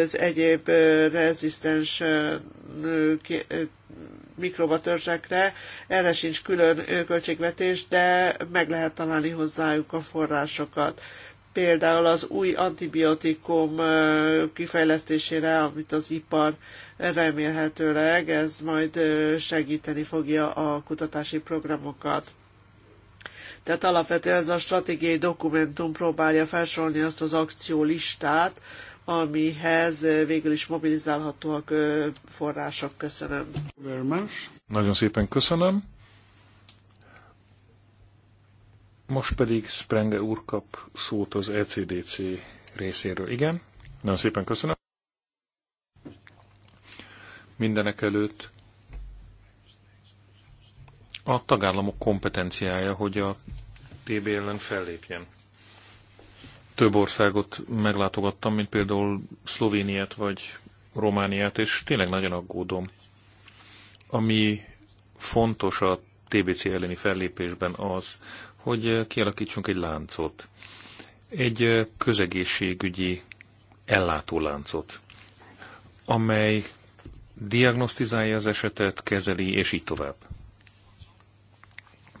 [SPEAKER 3] az egyéb rezisztens mikrobatörzsekre, erre sincs külön költségvetés, de meg lehet találni hozzájuk a forrásokat. Például az új antibiotikum kifejlesztésére, amit az ipar remélhetőleg, ez majd segíteni fogja a kutatási programokat. Tehát alapvetően ez a stratégiai dokumentum próbálja felsorolni azt az akciólistát, amihez végül is mobilizálhatóak források. Köszönöm.
[SPEAKER 1] Nagyon szépen köszönöm. Most pedig Sprenge úr kap szót az ECDC részéről. Igen, nagyon szépen köszönöm. Mindenek előtt a tagállamok kompetenciája, hogy a TB ellen fellépjen több országot meglátogattam, mint például Szlovéniát vagy Romániát, és tényleg nagyon aggódom. Ami fontos a TBC elleni fellépésben az, hogy kialakítsunk egy láncot. Egy közegészségügyi ellátóláncot, amely diagnosztizálja az esetet, kezeli, és így tovább.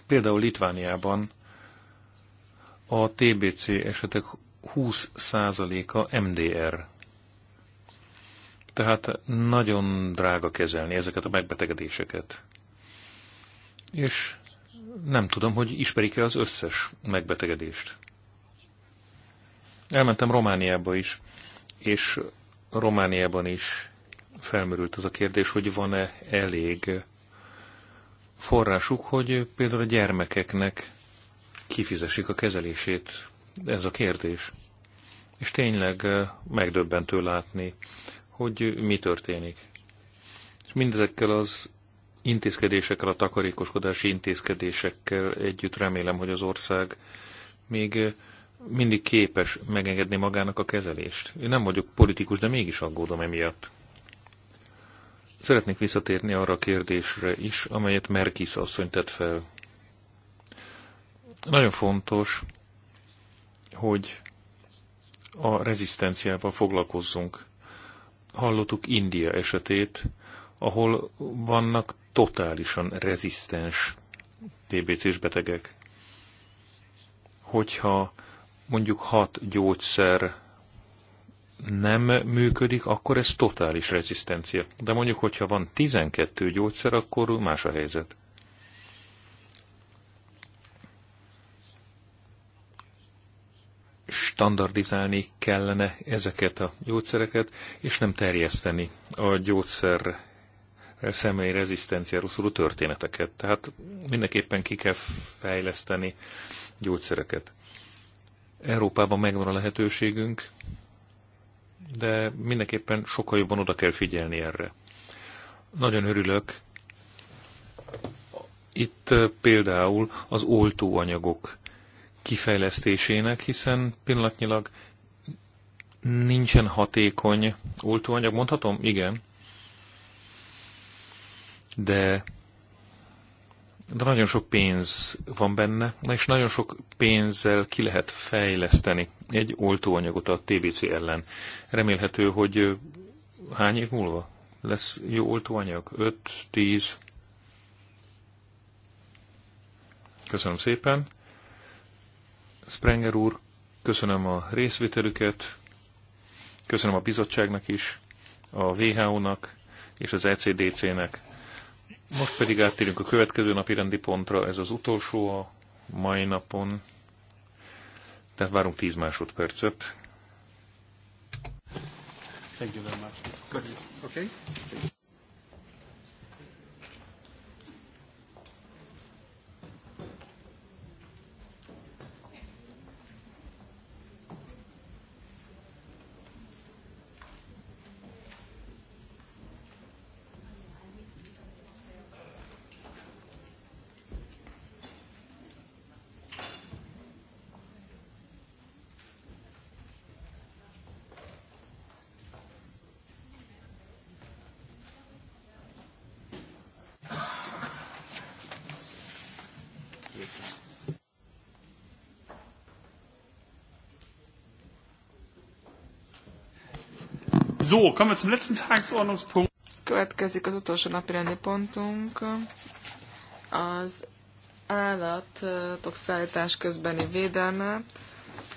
[SPEAKER 1] Például Litvániában a TBC esetek 20%-a MDR. Tehát nagyon drága kezelni ezeket a megbetegedéseket. És nem tudom, hogy ismerik-e az összes megbetegedést. Elmentem Romániába is, és Romániában is felmerült az a kérdés, hogy van-e elég forrásuk, hogy például a gyermekeknek kifizessék a kezelését ez a kérdés. És tényleg megdöbbentő látni, hogy mi történik. És mindezekkel az intézkedésekkel, a takarékoskodási intézkedésekkel együtt remélem, hogy az ország még mindig képes megengedni magának a kezelést. Én nem vagyok politikus, de mégis aggódom emiatt. Szeretnék visszatérni arra a kérdésre is, amelyet Merkis asszony tett fel. Nagyon fontos, hogy a rezisztenciával foglalkozzunk. Hallottuk India esetét, ahol vannak totálisan rezisztens TBC-s betegek. Hogyha mondjuk hat gyógyszer nem működik, akkor ez totális rezisztencia. De mondjuk, hogyha van 12 gyógyszer, akkor más a helyzet. standardizálni kellene ezeket a gyógyszereket, és nem terjeszteni a gyógyszer személyi rezisztenciáról szóló történeteket. Tehát mindenképpen ki kell fejleszteni gyógyszereket. Európában megvan a lehetőségünk, de mindenképpen sokkal jobban oda kell figyelni erre. Nagyon örülök. Itt például az oltóanyagok kifejlesztésének, hiszen pillanatnyilag nincsen hatékony oltóanyag, mondhatom? Igen. De, de nagyon sok pénz van benne, és nagyon sok pénzzel ki lehet fejleszteni egy oltóanyagot a TBC ellen. Remélhető, hogy hány év múlva lesz jó oltóanyag? 5, 10? Köszönöm szépen. Sprenger úr, köszönöm a részvételüket, köszönöm a bizottságnak is, a WHO-nak és az ECDC-nek. Most pedig áttérünk a következő napi rendi pontra, ez az utolsó a mai napon, tehát várunk 10 másodpercet. Thank you very much. Good. Okay.
[SPEAKER 2] So, kommen wir zum letzten Tagesordnungspunkt. Következik az utolsó rendi pontunk. Az állat szállítás közbeni védelme.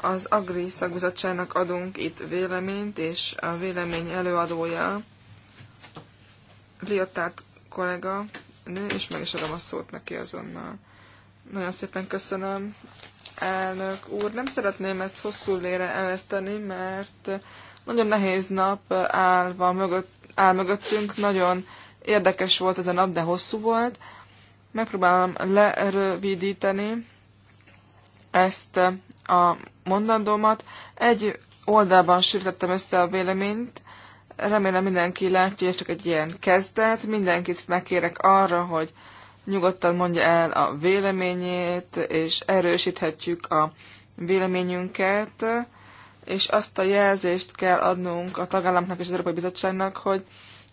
[SPEAKER 2] Az Agri szakbizottságnak adunk itt véleményt, és a vélemény előadója Liotát kollega nő, és meg is adom a szót neki azonnal. Nagyon szépen köszönöm, elnök úr. Nem szeretném ezt hosszú lére eleszteni, mert nagyon nehéz nap állva mögött, áll mögöttünk, nagyon érdekes volt ez a nap, de hosszú volt. Megpróbálom lerövidíteni ezt a mondandómat. Egy oldalban sűrítettem össze a véleményt, remélem mindenki látja, hogy ez csak egy ilyen kezdet. Mindenkit megkérek arra, hogy nyugodtan mondja el a véleményét, és erősíthetjük a véleményünket és azt a jelzést kell adnunk a tagállamnak és az Európai Bizottságnak, hogy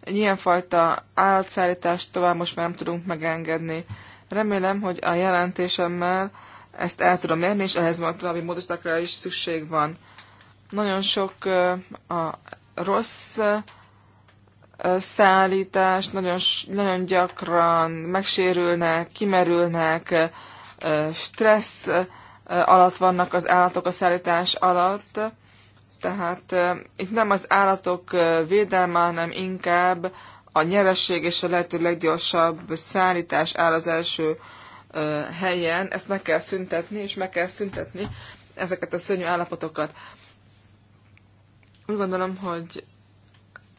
[SPEAKER 2] egy ilyenfajta állatszállítást tovább most már nem tudunk megengedni. Remélem, hogy a jelentésemmel ezt el tudom érni, és ehhez van további módosztakra is szükség van. Nagyon sok a rossz szállítás, nagyon, nagyon gyakran megsérülnek, kimerülnek, stressz alatt vannak az állatok a szállítás alatt, tehát itt nem az állatok védelme, hanem inkább a nyeresség és a lehető leggyorsabb szállítás áll az első helyen. Ezt meg kell szüntetni, és meg kell szüntetni ezeket a szörnyű állapotokat. Úgy gondolom, hogy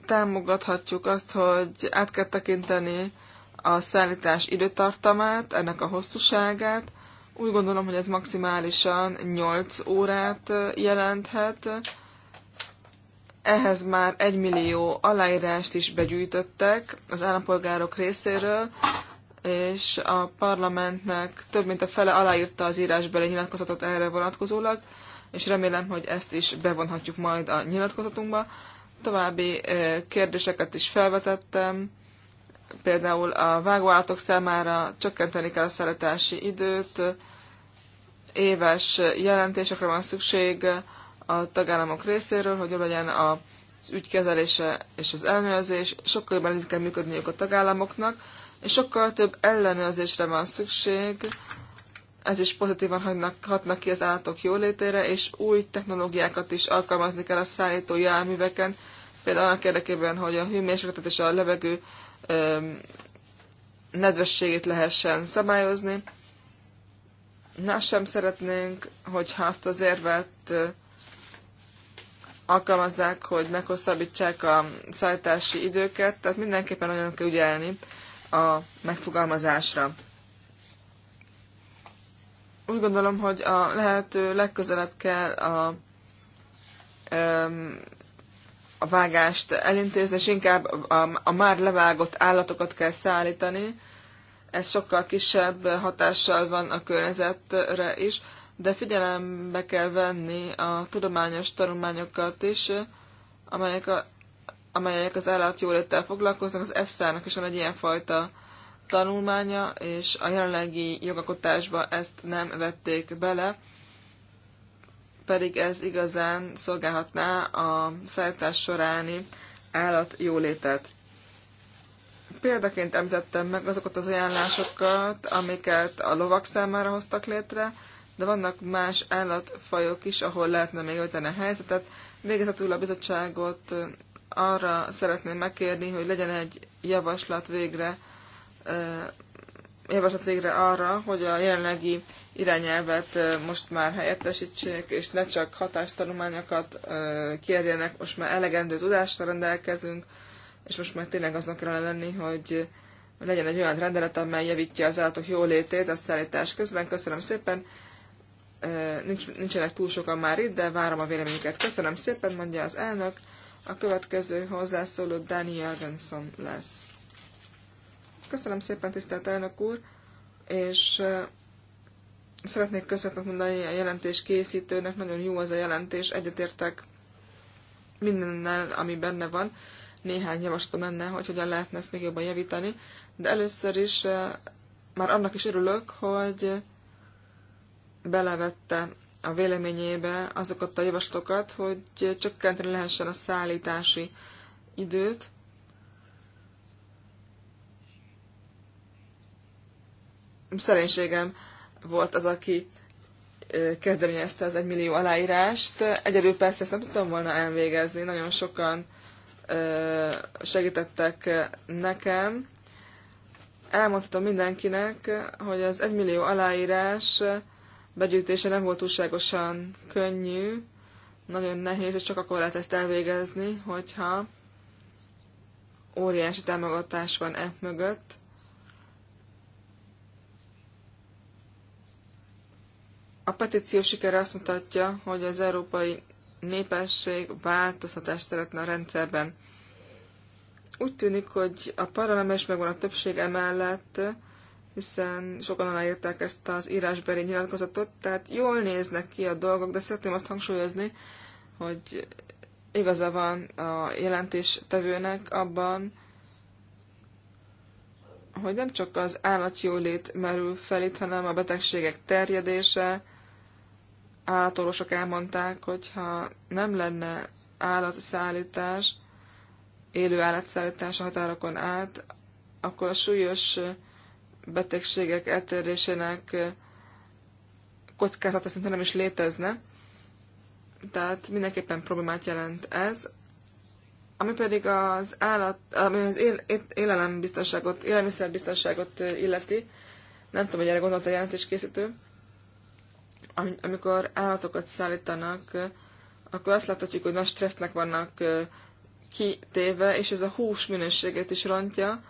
[SPEAKER 2] támogathatjuk azt, hogy át kell tekinteni a szállítás időtartamát, ennek a hosszúságát. Úgy gondolom, hogy ez maximálisan 8 órát jelenthet. Ehhez már egy millió aláírást is begyűjtöttek az állampolgárok részéről, és a parlamentnek több mint a fele aláírta az írásbeli nyilatkozatot erre vonatkozólag, és remélem, hogy ezt is bevonhatjuk majd a nyilatkozatunkba. További kérdéseket is felvetettem, például a vágóállatok számára csökkenteni kell a szeretási időt, éves jelentésekre van szükség, a tagállamok részéről, hogy legyen az ügykezelése és az ellenőrzés, sokkal jobban kell működniük a tagállamoknak, és sokkal több ellenőrzésre van szükség, ez is pozitívan hagynak, hatnak ki az állatok jólétére, és új technológiákat is alkalmazni kell a szállító járműveken, például annak érdekében, hogy a hőmérsékletet és a levegő öm, nedvességét lehessen szabályozni. Na, sem szeretnénk, hogyha azt az érvet alkalmazzák, hogy meghosszabbítsák a szállítási időket, tehát mindenképpen nagyon kell ügyelni a megfogalmazásra. Úgy gondolom, hogy a lehető legközelebb kell a, a vágást elintézni, és inkább a, a már levágott állatokat kell szállítani. Ez sokkal kisebb hatással van a környezetre is de figyelembe kell venni a tudományos tanulmányokat is, amelyek, a, amelyek az állatjóléttel foglalkoznak. Az EFSA-nak is van egy ilyenfajta tanulmánya, és a jelenlegi jogakotásba ezt nem vették bele, pedig ez igazán szolgálhatná a szállítás soráni állatjólétet. Példaként említettem meg azokat az ajánlásokat, amiket a lovak számára hoztak létre, de vannak más állatfajok is, ahol lehetne még javítani a helyzetet. Végezetül a bizottságot arra szeretném megkérni, hogy legyen egy javaslat végre, javaslat végre arra, hogy a jelenlegi irányelvet most már helyettesítsék, és ne csak hatástanulmányokat kérjenek, most már elegendő tudásra rendelkezünk, és most már tényleg azon kell lenni, hogy legyen egy olyan rendelet, amely javítja az állatok jólétét a szállítás közben. Köszönöm szépen! nincs, nincsenek túl sokan már itt, de várom a véleményüket. Köszönöm szépen, mondja az elnök. A következő hozzászóló Dani Jensen lesz. Köszönöm szépen, tisztelt elnök úr, és szeretnék köszönetet mondani a jelentés készítőnek, nagyon jó az a jelentés, egyetértek mindennel, ami benne van. Néhány javaslatom lenne, hogy hogyan lehetne ezt még jobban javítani, de először is már annak is örülök, hogy belevette a véleményébe azokat a javaslatokat, hogy csökkenteni lehessen a szállítási időt, szerénységem volt az, aki kezdeményezte az egymillió aláírást. Egyedül persze ezt nem tudtam volna elvégezni, nagyon sokan segítettek nekem. Elmondhatom mindenkinek, hogy az egymillió aláírás begyűjtése nem volt túlságosan könnyű, nagyon nehéz, és csak akkor lehet ezt elvégezni, hogyha óriási támogatás van e mögött. A petíció sikere azt mutatja, hogy az európai népesség változtatást szeretne a rendszerben. Úgy tűnik, hogy a parlament is megvan a többség emellett, hiszen sokan aláírták ezt az írásbeli nyilatkozatot, tehát jól néznek ki a dolgok, de szeretném azt hangsúlyozni, hogy igaza van a jelentéstevőnek abban, hogy nem csak az állatjólét merül fel itt, hanem a betegségek terjedése. Állatorvosok elmondták, hogy ha nem lenne állatszállítás, élő állatszállítás a határokon át, akkor a súlyos betegségek elterjedésének kockázata szinte nem is létezne. Tehát mindenképpen problémát jelent ez. Ami pedig az, állat, ami az él, élelembiztonságot, élelmiszerbiztonságot illeti, nem tudom, hogy erre gondolt a jelentéskészítő, amikor állatokat szállítanak, akkor azt láthatjuk, hogy nagy stressznek vannak kitéve, és ez a hús minőségét is rontja,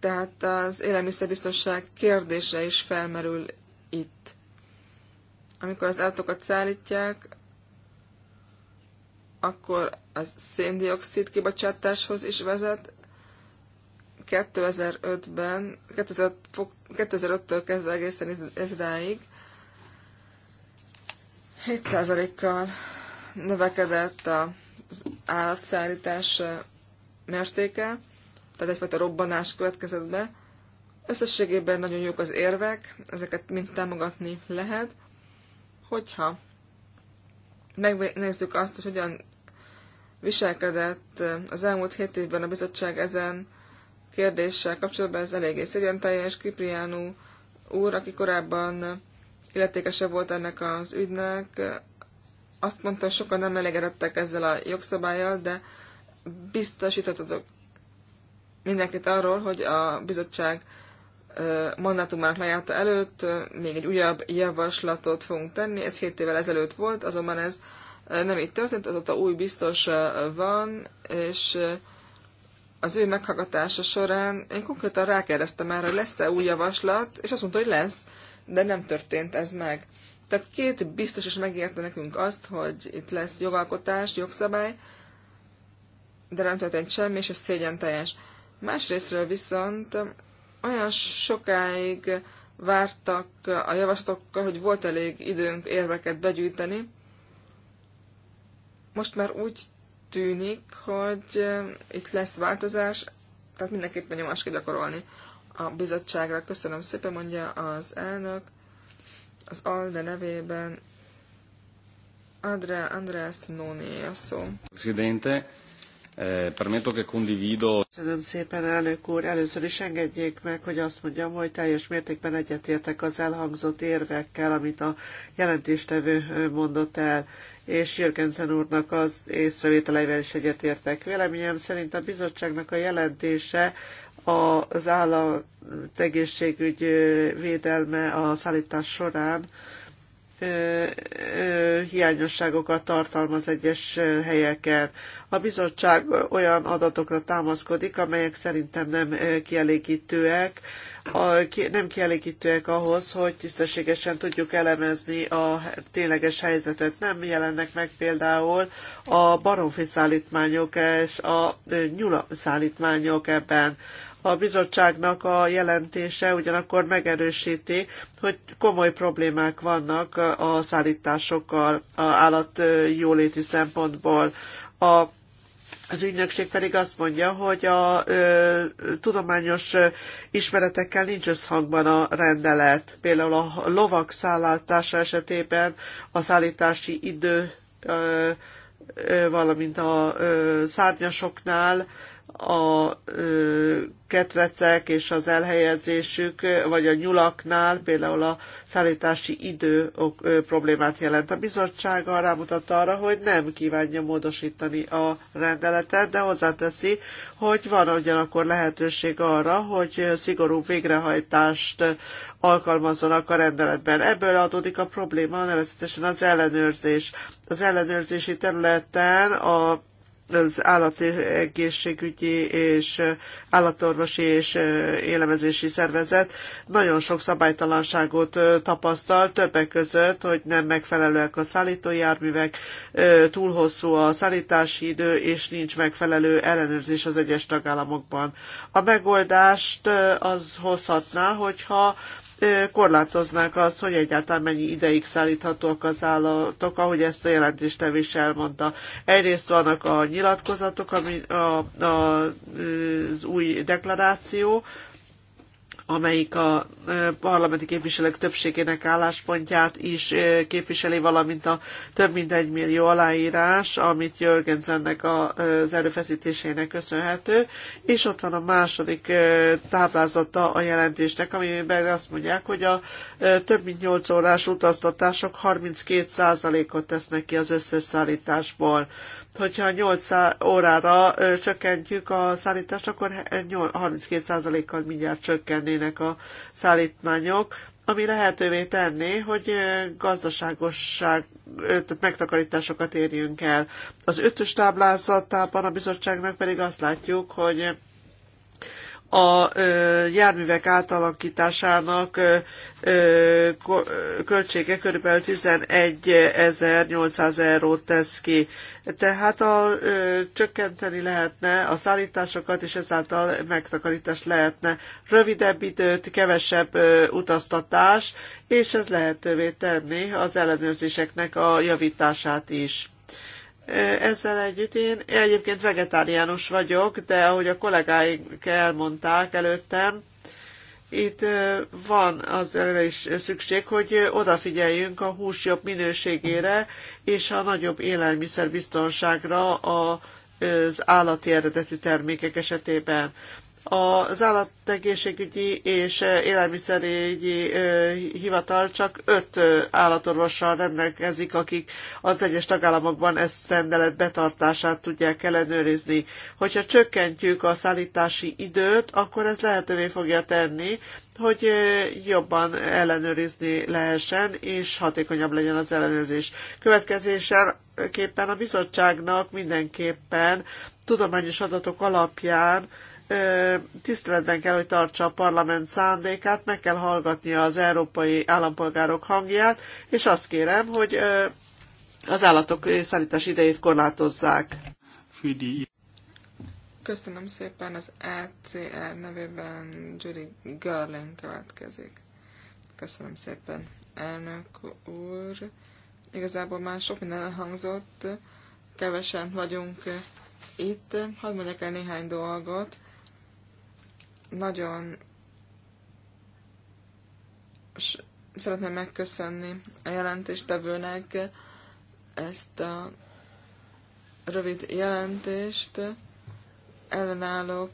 [SPEAKER 2] tehát az élelmiszerbiztonság kérdése is felmerül itt. Amikor az állatokat szállítják, akkor az széndiokszid kibocsátáshoz is vezet. 2005-ben, 2005-től kezdve egészen ezráig 7%-kal növekedett az állatszállítás mértéke, tehát egyfajta robbanás következett be. Összességében nagyon jók az érvek, ezeket mind támogatni lehet, hogyha megnézzük azt, hogy hogyan viselkedett eh, az elmúlt hét évben a bizottság ezen kérdéssel kapcsolatban, ez eléggé szégyenteljes. Kipriánú úr, aki korábban illetékese volt ennek az ügynek, azt mondta, hogy sokan nem elégedettek ezzel a jogszabályjal, de biztosítatok mindenkit arról, hogy a bizottság mandátumának lejárta előtt még egy újabb javaslatot fogunk tenni. Ez 7 évvel ezelőtt volt, azonban ez nem így történt, azóta új biztos van, és az ő meghallgatása során én konkrétan rákérdeztem már, hogy lesz-e új javaslat, és azt mondta, hogy lesz, de nem történt ez meg. Tehát két biztos is megérte nekünk azt, hogy itt lesz jogalkotás, jogszabály, de nem történt semmi, és ez szégyen teljes. Másrésztről viszont olyan sokáig vártak a javaslatokkal, hogy volt elég időnk érveket begyűjteni. Most már úgy tűnik, hogy eh, itt lesz változás, tehát mindenképpen nyomás kell gyakorolni a bizottságra. Köszönöm szépen, mondja az elnök az ALDE nevében Andrea
[SPEAKER 3] András Nóné a szó.
[SPEAKER 1] Presidente, Eh,
[SPEAKER 3] Köszönöm szépen, elnök úr. Először is engedjék meg, hogy azt mondjam, hogy teljes mértékben egyetértek az elhangzott érvekkel, amit a jelentéstevő eh, mondott el, és Jörgensen úrnak az észrevételeivel is egyetértek. Véleményem szerint a bizottságnak a jelentése az állategészségügy eh, védelme a szállítás során hiányosságokat tartalmaz egyes helyeken. A bizottság olyan adatokra támaszkodik, amelyek szerintem nem kielégítőek, nem kielégítőek ahhoz, hogy tisztességesen tudjuk elemezni a tényleges helyzetet. Nem jelennek meg például a baromfi szállítmányok és a nyula szállítmányok ebben. A bizottságnak a jelentése ugyanakkor megerősíti, hogy komoly problémák vannak a szállításokkal, a jóléti szempontból. A az ügynökség pedig azt mondja, hogy a ö, tudományos ismeretekkel nincs összhangban a rendelet. Például a lovak szállítása esetében a szállítási idő, ö, ö, valamint a ö, szárnyasoknál a ketrecek és az elhelyezésük, vagy a nyulaknál például a szállítási idő problémát jelent. A bizottság rámutat arra, hogy nem kívánja módosítani a rendeletet, de hozzáteszi, hogy van ugyanakkor lehetőség arra, hogy szigorú végrehajtást alkalmazzanak a rendeletben. Ebből adódik a probléma, nevezetesen az ellenőrzés. Az ellenőrzési területen a az állategészségügyi és állatorvosi és élemezési szervezet nagyon sok szabálytalanságot tapasztal, többek között, hogy nem megfelelőek a szállítójárművek, túl hosszú a szállítási idő, és nincs megfelelő ellenőrzés az egyes tagállamokban. A megoldást az hozhatná, hogyha korlátoznák azt, hogy egyáltalán mennyi ideig szállíthatóak az állatok, ahogy ezt a jelentéstevő is elmondta. Egyrészt vannak a nyilatkozatok, ami a, a, az új deklaráció, amelyik a parlamenti képviselők többségének álláspontját is képviseli, valamint a több mint egy millió aláírás, amit Jörgensennek az erőfeszítésének köszönhető, és ott van a második táblázata a jelentésnek, amiben azt mondják, hogy a több mint 8 órás utaztatások 32%-ot tesznek ki az összes szállításból hogyha 8 órára csökkentjük a szállítást, akkor 32%-kal mindjárt csökkennének a szállítmányok, ami lehetővé tenné, hogy gazdaságosság, tehát megtakarításokat érjünk el. Az ötös táblázatában a bizottságnak pedig azt látjuk, hogy a járművek átalakításának költsége kb. 11.800 eurót tesz ki. Tehát a, ö, csökkenteni lehetne a szállításokat, és ezáltal megtakarítást lehetne. Rövidebb időt, kevesebb ö, utaztatás, és ez lehetővé tenni az ellenőrzéseknek a javítását is. Ezzel együtt én egyébként vegetáriánus vagyok, de ahogy a kollégáik elmondták előttem, itt van az erre is szükség, hogy odafigyeljünk a hús jobb minőségére és a nagyobb élelmiszerbiztonságra az állati eredetű termékek esetében. Az állategészségügyi és élelmiszerügyi hivatal csak öt állatorvossal rendelkezik, akik az egyes tagállamokban ezt rendelet betartását tudják ellenőrizni. Hogyha csökkentjük a szállítási időt, akkor ez lehetővé fogja tenni, hogy jobban ellenőrizni lehessen, és hatékonyabb legyen az ellenőrzés. Következésképpen a bizottságnak mindenképpen tudományos adatok alapján tiszteletben kell, hogy tartsa a parlament szándékát, meg kell hallgatnia az európai állampolgárok hangját, és azt kérem, hogy az állatok szállítás idejét korlátozzák.
[SPEAKER 2] Köszönöm szépen, az ECR nevében Judy Garland következik. Köszönöm szépen, elnök úr. Igazából már sok minden elhangzott, kevesen vagyunk itt. Hadd mondjak el néhány dolgot. Nagyon szeretném megköszönni a jelentéstevőnek ezt a rövid jelentést. Ellenállok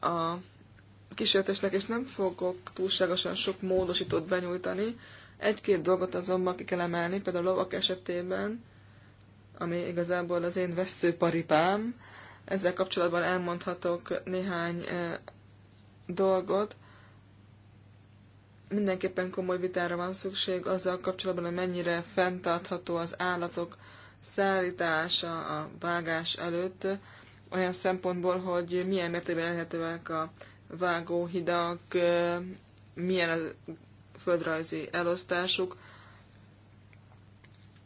[SPEAKER 2] a kísértésnek, és nem fogok túlságosan sok módosítót benyújtani. Egy-két dolgot azonban ki kell emelni, például a lovak esetében, ami igazából az én veszőparipám. Ezzel kapcsolatban elmondhatok néhány eh, dolgot, mindenképpen komoly vitára van szükség azzal kapcsolatban, hogy mennyire fenntartható az állatok szállítása a vágás előtt, olyan szempontból, hogy milyen mértékben elérhetőek a vágóhidak, milyen a földrajzi elosztásuk,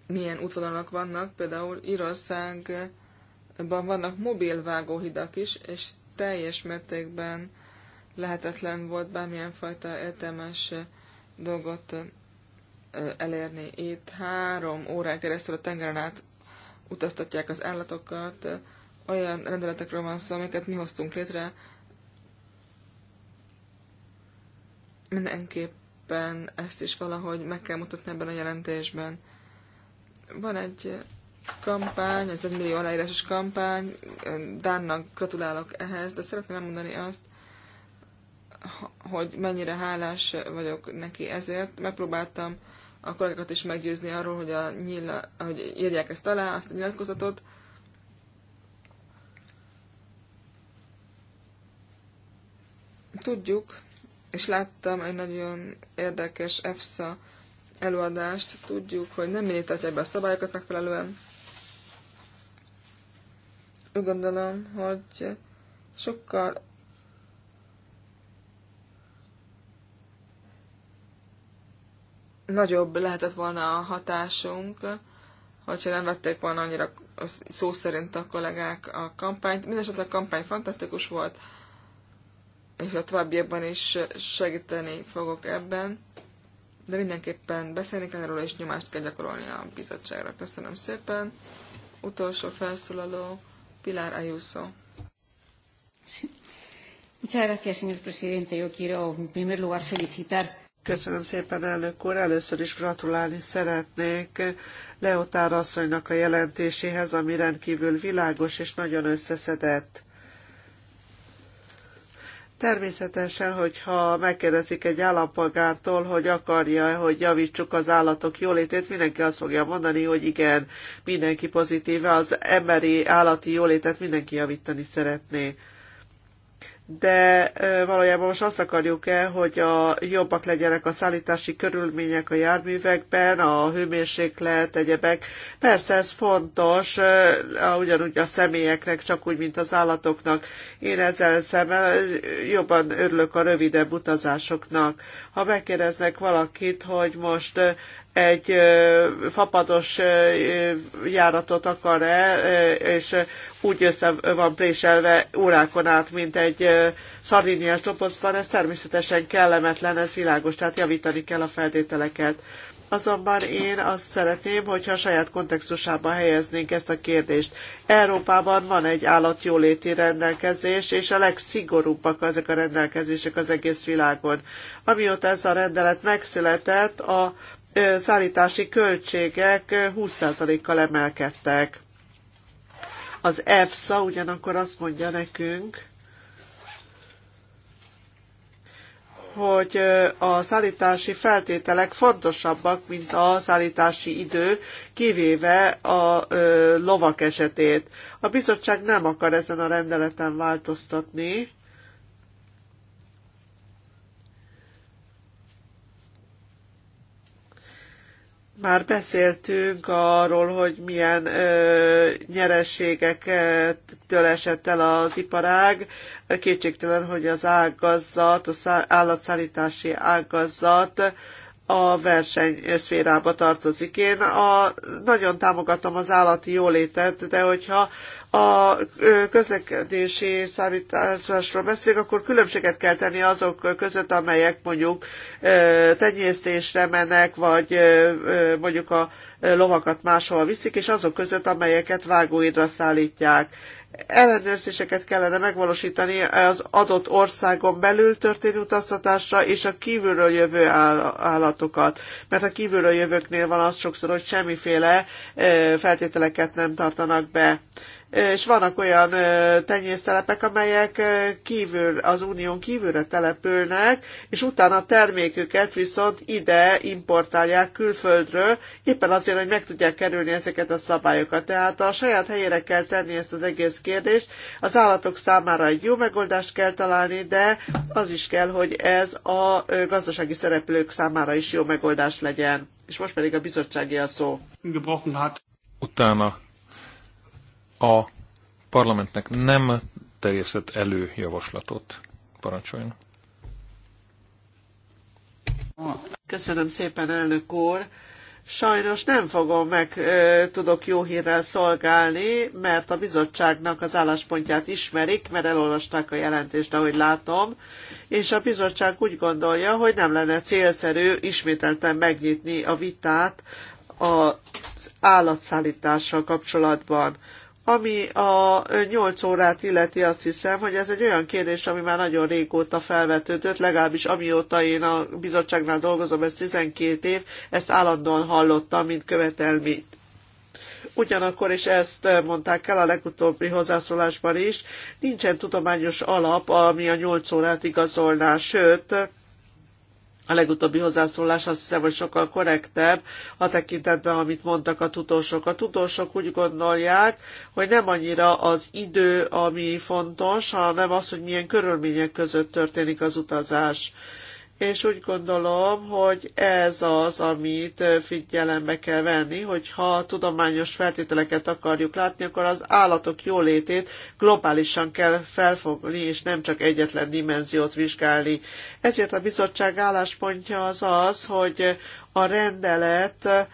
[SPEAKER 2] milyen útvonalak vannak. Például Írországban vannak mobil vágóhidak is, és teljes mértékben lehetetlen volt bármilyen fajta értelmes dolgot elérni. Itt három órán keresztül a tengeren át utaztatják az állatokat, olyan rendeletekről van szó, amiket mi hoztunk létre. Mindenképpen ezt is valahogy meg kell mutatni ebben a jelentésben. Van egy kampány, ez egy millió aláírásos kampány, Dánnak gratulálok ehhez, de szeretném elmondani azt, hogy mennyire hálás vagyok neki ezért. Megpróbáltam a kollégákat is meggyőzni arról, hogy, a nyíl, hogy írják ezt alá, azt a nyilatkozatot. Tudjuk, és láttam egy nagyon érdekes EFSA előadást, tudjuk, hogy nem mindig be a szabályokat megfelelően. Úgy gondolom, hogy sokkal nagyobb lehetett volna a hatásunk, hogyha nem vették volna annyira szó szerint a kollégák a kampányt. Mindenesetre a kampány fantasztikus volt, és a továbbiakban is segíteni fogok ebben, de mindenképpen beszélni kell erről, és nyomást kell gyakorolni a bizottságra. Köszönöm szépen. Utolsó felszólaló, Pilar Ayuso.
[SPEAKER 3] Muchas gracias, señor presidente. Yo quiero, en primer lugar, felicitar Köszönöm szépen, elnök úr. Először is gratulálni szeretnék Leotár asszonynak a jelentéséhez, ami rendkívül világos és nagyon összeszedett. Természetesen, hogyha megkérdezik egy állampolgártól, hogy akarja, hogy javítsuk az állatok jólétét, mindenki azt fogja mondani, hogy igen, mindenki pozitíve, az emberi állati jólétet mindenki javítani szeretné de valójában most azt akarjuk el, hogy a jobbak legyenek a szállítási körülmények a járművekben, a hőmérséklet, egyebek. Persze ez fontos, ugyanúgy a személyeknek, csak úgy, mint az állatoknak. Én ezzel szemmel jobban örülök a rövidebb utazásoknak. Ha megkérdeznek valakit, hogy most egy fapados járatot akar-e, és úgy össze van préselve órákon át, mint egy szardiniás dobozban, ez természetesen kellemetlen, ez világos, tehát javítani kell a feltételeket. Azonban én azt szeretném, hogyha a saját kontextusába helyeznénk ezt a kérdést. Európában van egy állatjóléti rendelkezés, és a legszigorúbbak ezek a rendelkezések az egész világon. Amióta ez a rendelet megszületett, a szállítási költségek 20%-kal emelkedtek. Az EFSA ugyanakkor azt mondja nekünk, hogy a szállítási feltételek fontosabbak, mint a szállítási idő, kivéve a lovak esetét. A bizottság nem akar ezen a rendeleten változtatni, Már beszéltünk arról, hogy milyen ö, nyerességektől esett el az iparág. Kétségtelen, hogy az ágazat, az állatszállítási ágazat a versenyszférába tartozik. Én a, nagyon támogatom az állati jólétet, de hogyha a közlekedési számításról beszélünk, akkor különbséget kell tenni azok között, amelyek mondjuk tenyésztésre mennek, vagy mondjuk a lovakat máshova viszik, és azok között, amelyeket vágóidra szállítják ellenőrzéseket kellene megvalósítani az adott országon belül történő utaztatásra és a kívülről jövő állatokat. Mert a kívülről jövőknél van az sokszor, hogy semmiféle feltételeket nem tartanak be és vannak olyan tenyésztelepek, amelyek kívül, az unión kívülre települnek, és utána a terméküket viszont ide importálják külföldről, éppen azért, hogy meg tudják kerülni ezeket a szabályokat. Tehát a saját helyére kell tenni ezt az egész kérdést. Az állatok számára egy jó megoldást kell találni, de az is kell, hogy ez a gazdasági szereplők számára is jó megoldás legyen. És most pedig a bizottsági a szó.
[SPEAKER 1] Utána a parlamentnek nem terjesztett elő javaslatot. Parancsoljon.
[SPEAKER 3] Köszönöm szépen, elnök úr. Sajnos nem fogom meg, e, tudok jó hírrel szolgálni, mert a bizottságnak az álláspontját ismerik, mert elolvasták a jelentést, ahogy látom, és a bizottság úgy gondolja, hogy nem lenne célszerű ismételten megnyitni a vitát az állatszállítással kapcsolatban. Ami a 8 órát illeti, azt hiszem, hogy ez egy olyan kérdés, ami már nagyon régóta felvetődött, legalábbis amióta én a bizottságnál dolgozom, ez 12 év, ezt állandóan hallottam, mint követelményt. Ugyanakkor, is ezt mondták el a legutóbbi hozzászólásban is, nincsen tudományos alap, ami a 8 órát igazolná, sőt, a legutóbbi hozzászólás azt hiszem, hogy sokkal korrektebb a tekintetben, amit mondtak a tudósok. A tudósok úgy gondolják, hogy nem annyira az idő, ami fontos, hanem az, hogy milyen körülmények között történik az utazás és úgy gondolom, hogy ez az, amit figyelembe kell venni, hogyha tudományos feltételeket akarjuk látni, akkor az állatok jólétét globálisan kell felfogni, és nem csak egyetlen dimenziót vizsgálni. Ezért a bizottság álláspontja az az, hogy a rendelet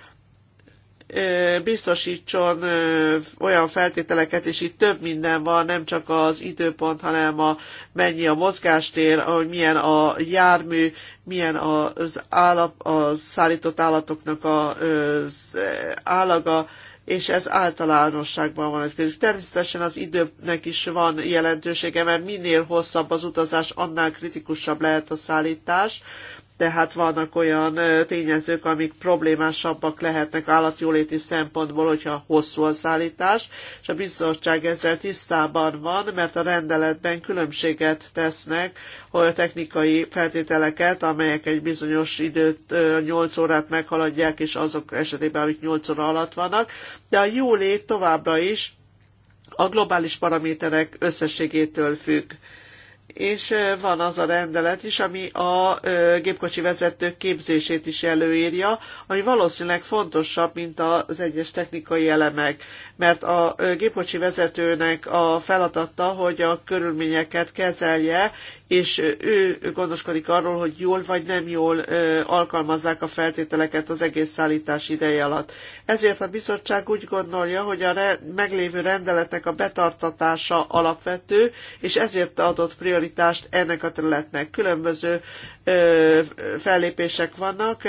[SPEAKER 3] biztosítson olyan feltételeket, és itt több minden van, nem csak az időpont, hanem a mennyi a mozgástér, hogy milyen a jármű, milyen az, állap, az szállított állatoknak az állaga, és ez általánosságban van közük. Természetesen az időnek is van jelentősége, mert minél hosszabb az utazás, annál kritikusabb lehet a szállítás hát vannak olyan tényezők, amik problémásabbak lehetnek állatjóléti szempontból, hogyha hosszú a szállítás, és a biztonság ezzel tisztában van, mert a rendeletben különbséget tesznek a technikai feltételeket, amelyek egy bizonyos időt, 8 órát meghaladják, és azok esetében, amik 8 óra alatt vannak, de a jólét továbbra is a globális paraméterek összességétől függ és van az a rendelet is, ami a gépkocsi vezetők képzését is előírja, ami valószínűleg fontosabb, mint az egyes technikai elemek, mert a gépkocsi vezetőnek a feladata, hogy a körülményeket kezelje, és ő gondoskodik arról, hogy jól vagy nem jól alkalmazzák a feltételeket az egész szállítás ideje alatt. Ezért a bizottság úgy gondolja, hogy a meglévő rendeletnek a betartatása alapvető, és ezért adott prioritást ennek a területnek. Különböző fellépések vannak,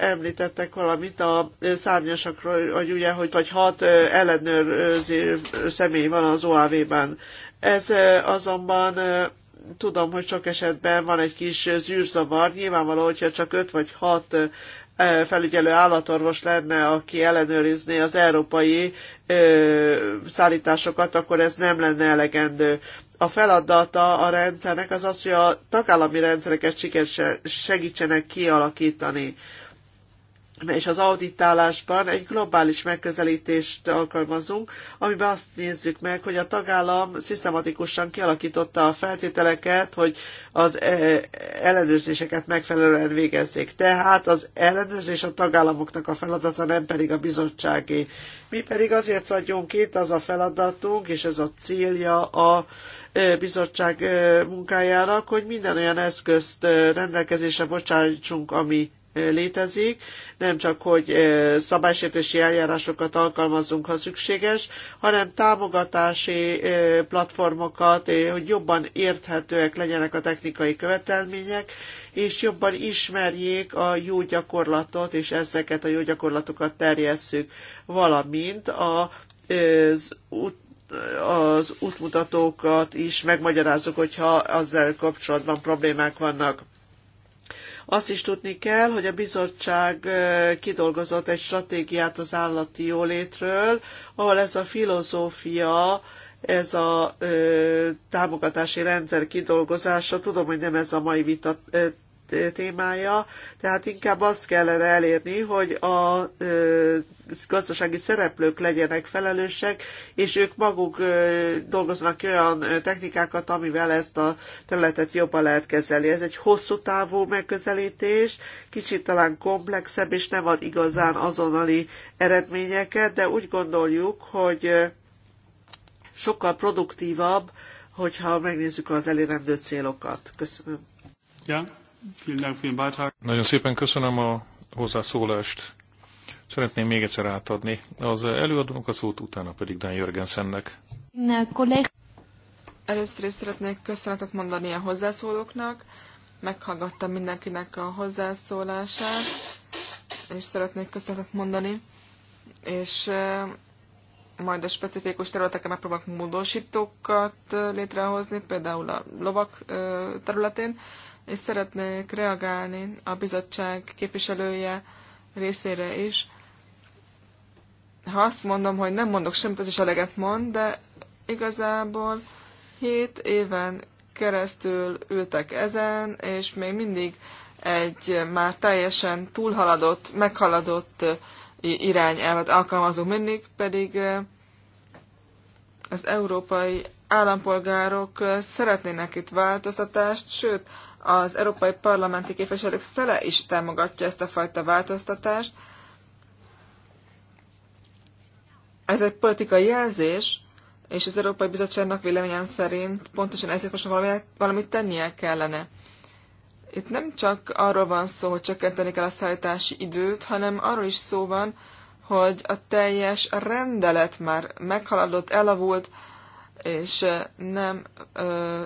[SPEAKER 3] említettek valamit a szárnyasakról, hogy ugye, hogy vagy hat ellenőrző személy van az OAV-ben. Ez azonban tudom, hogy sok esetben van egy kis zűrzavar. Nyilvánvaló, hogyha csak öt vagy hat felügyelő állatorvos lenne, aki ellenőrizné az európai szállításokat, akkor ez nem lenne elegendő. A feladata a rendszernek az az, hogy a tagállami rendszereket segítsenek kialakítani és az auditálásban egy globális megközelítést alkalmazunk, amiben azt nézzük meg, hogy a tagállam szisztematikusan kialakította a feltételeket, hogy az e, ellenőrzéseket megfelelően végezzék. Tehát az ellenőrzés a tagállamoknak a feladata, nem pedig a bizottságé. Mi pedig azért vagyunk itt, az a feladatunk, és ez a célja a e, bizottság e, munkájának, hogy minden olyan eszközt rendelkezésre bocsájtsunk, ami létezik, nem csak, hogy szabálysértési eljárásokat alkalmazzunk, ha szükséges, hanem támogatási platformokat, hogy jobban érthetőek legyenek a technikai követelmények, és jobban ismerjék a jó gyakorlatot, és ezeket a jó gyakorlatokat terjesszük, valamint az az útmutatókat is megmagyarázzuk, hogyha azzal kapcsolatban problémák vannak. Azt is tudni kell, hogy a bizottság kidolgozott egy stratégiát az állati jólétről, ahol ez a filozófia, ez a ö, támogatási rendszer kidolgozása, tudom, hogy nem ez a mai vita témája, tehát inkább azt kellene elérni, hogy a gazdasági szereplők legyenek felelősek, és ők maguk dolgoznak olyan technikákat, amivel ezt a területet jobban lehet kezelni. Ez egy hosszú távú megközelítés, kicsit talán komplexebb, és nem ad igazán azonnali eredményeket, de úgy gondoljuk, hogy sokkal produktívabb, hogyha megnézzük az elérendő célokat. Köszönöm. Yeah.
[SPEAKER 1] Nagyon szépen köszönöm a hozzászólást. Szeretném még egyszer átadni az előadónak a szót, utána pedig Dan Jörgensennek.
[SPEAKER 2] Először is szeretnék köszönetet mondani a hozzászólóknak. Meghallgattam mindenkinek a hozzászólását, és szeretnék köszönetet mondani. És majd a specifikus területeken megpróbálok módosítókat létrehozni, például a lovak területén, és szeretnék reagálni a bizottság képviselője részére is. Ha azt mondom, hogy nem mondok semmit, az is eleget mond, de igazából hét éven keresztül ültek ezen, és még mindig egy már teljesen túlhaladott, meghaladott irányelvet alkalmazunk, mindig pedig az európai állampolgárok szeretnének itt változtatást, sőt, az európai parlamenti képviselők fele is támogatja ezt a fajta változtatást. Ez egy politikai jelzés, és az Európai Bizottságnak véleményem szerint pontosan ezért most valamit, valamit tennie kellene. Itt nem csak arról van szó, hogy csökkenteni kell a szállítási időt, hanem arról is szó van, hogy a teljes rendelet már meghaladott, elavult, és nem ö,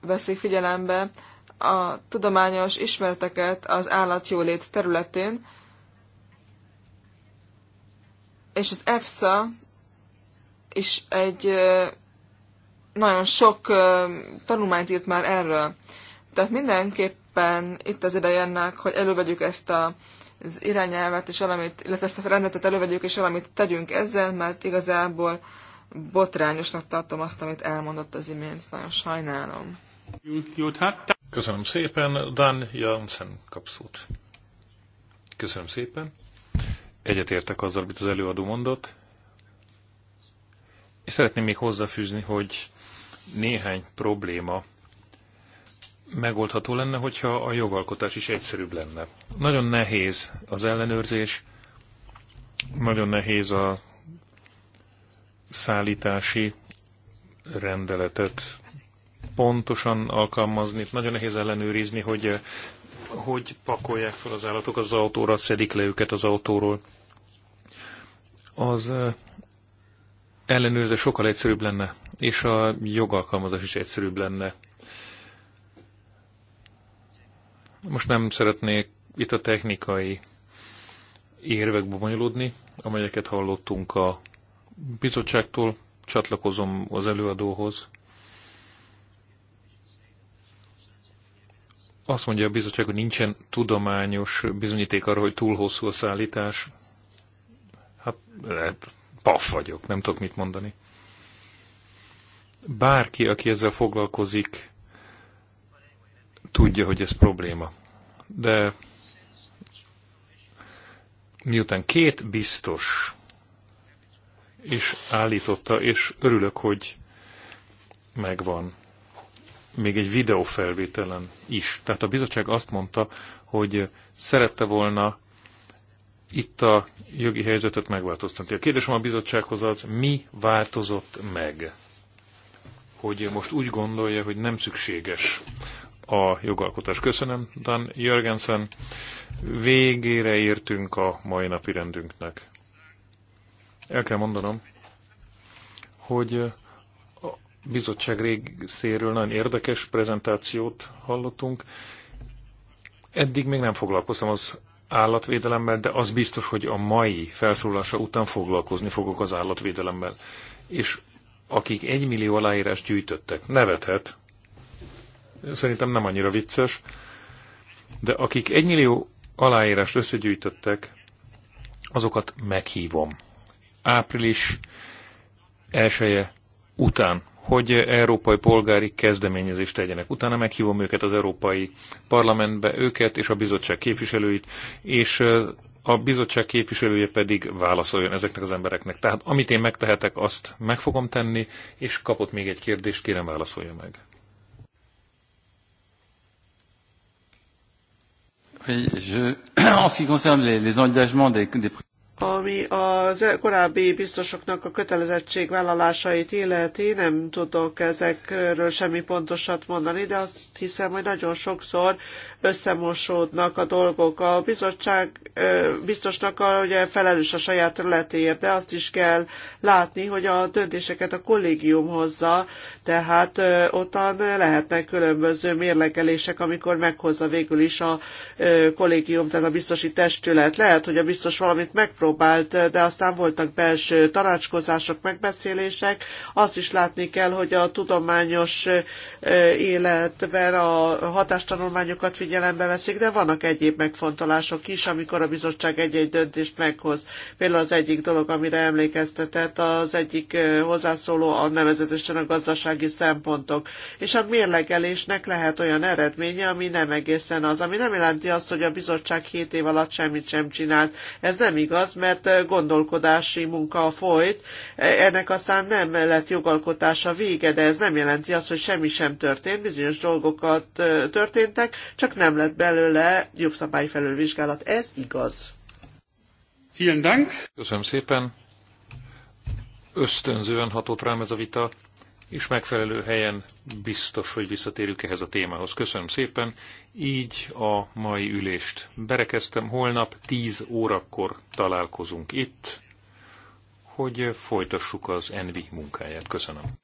[SPEAKER 2] veszik figyelembe a tudományos ismereteket az állatjólét területén, és az EFSA is egy nagyon sok tanulmányt írt már erről. Tehát mindenképpen itt az ideje ennek, hogy elővegyük ezt a, az irányelvet, és valamit, illetve ezt a rendetet elővegyük, és valamit tegyünk ezzel, mert igazából botrányosnak tartom azt, amit elmondott az imént. Nagyon sajnálom.
[SPEAKER 1] Köszönöm szépen. Dan Jansen kapszót. Köszönöm szépen. Egyetértek azzal, amit az előadó mondott. És szeretném még hozzáfűzni, hogy néhány probléma megoldható lenne, hogyha a jogalkotás is egyszerűbb lenne. Nagyon nehéz az ellenőrzés, nagyon nehéz a szállítási rendeletet pontosan alkalmazni, nagyon nehéz ellenőrizni, hogy hogy pakolják fel az állatok az autóra, szedik le őket az autóról. Az ellenőrzés sokkal egyszerűbb lenne, és a jogalkalmazás is egyszerűbb lenne. Most nem szeretnék itt a technikai érvekbe bonyolódni, amelyeket hallottunk a bizottságtól, csatlakozom az előadóhoz. Azt mondja a bizottság, hogy nincsen tudományos bizonyíték arra, hogy túl hosszú a szállítás. Hát lehet, paf vagyok, nem tudok mit mondani. Bárki, aki ezzel foglalkozik, tudja, hogy ez probléma. De miután két biztos is állította, és örülök, hogy megvan még egy videófelvételen is. Tehát a bizottság azt mondta, hogy szerette volna itt a jogi helyzetet megváltoztatni. A kérdésem a bizottsághoz az, mi változott meg? Hogy most úgy gondolja, hogy nem szükséges a jogalkotás. Köszönöm, Dan Jörgensen. Végére értünk a mai napi rendünknek. El kell mondanom, hogy a bizottság részéről nagyon érdekes prezentációt hallottunk. Eddig még nem foglalkoztam az állatvédelemmel, de az biztos, hogy a mai felszólása után foglalkozni fogok az állatvédelemmel. És akik egy millió aláírást gyűjtöttek, nevethet, szerintem nem annyira vicces, de akik egymillió aláírást összegyűjtöttek, azokat meghívom. Április elsője után, hogy európai polgári kezdeményezést tegyenek. Utána meghívom őket az Európai Parlamentbe, őket és a bizottság képviselőit, és a bizottság képviselője pedig válaszoljon ezeknek az embereknek. Tehát amit én megtehetek, azt meg fogom tenni, és kapott még egy kérdést, kérem válaszolja meg. prie. Je, en ce qui concerne les, les engagements des, des
[SPEAKER 3] ami a korábbi biztosoknak a kötelezettségvállalásait illeti, nem tudok ezekről semmi pontosat mondani, de azt hiszem, hogy nagyon sokszor összemosódnak a dolgok. A bizottság biztosnak a, ugye felelős a saját területéért, de azt is kell látni, hogy a döntéseket a kollégium hozza, tehát ottan lehetnek különböző mérlegelések, amikor meghozza végül is a kollégium, tehát a biztosi testület. Lehet, hogy a biztos valamit megpróbál, megpróbált, de aztán voltak belső tanácskozások, megbeszélések. Azt is látni kell, hogy a tudományos életben a hatástanulmányokat figyelembe veszik, de vannak egyéb megfontolások is, amikor a bizottság egy-egy döntést meghoz. Például az egyik dolog, amire emlékeztetett az egyik hozzászóló, a nevezetesen a gazdasági szempontok. És a mérlegelésnek lehet olyan eredménye, ami nem egészen az, ami nem jelenti azt, hogy a bizottság 7 év alatt semmit sem csinált. Ez nem igaz, mert eh, gondolkodási munka folyt. Eh, ennek aztán nem lett jogalkotása vége, de ez nem jelenti azt, hogy semmi sem történt. Bizonyos dolgokat eh, történtek, csak nem lett belőle jogszabályi felülvizsgálat. Ez igaz. Vielen Dank.
[SPEAKER 1] Köszönöm szépen. Ösztönzően hatott rám ez a vita, és megfelelő helyen biztos, hogy visszatérünk ehhez a témához. Köszönöm szépen, így a mai ülést berekeztem. Holnap 10 órakor találkozunk itt, hogy folytassuk az Envi munkáját. Köszönöm.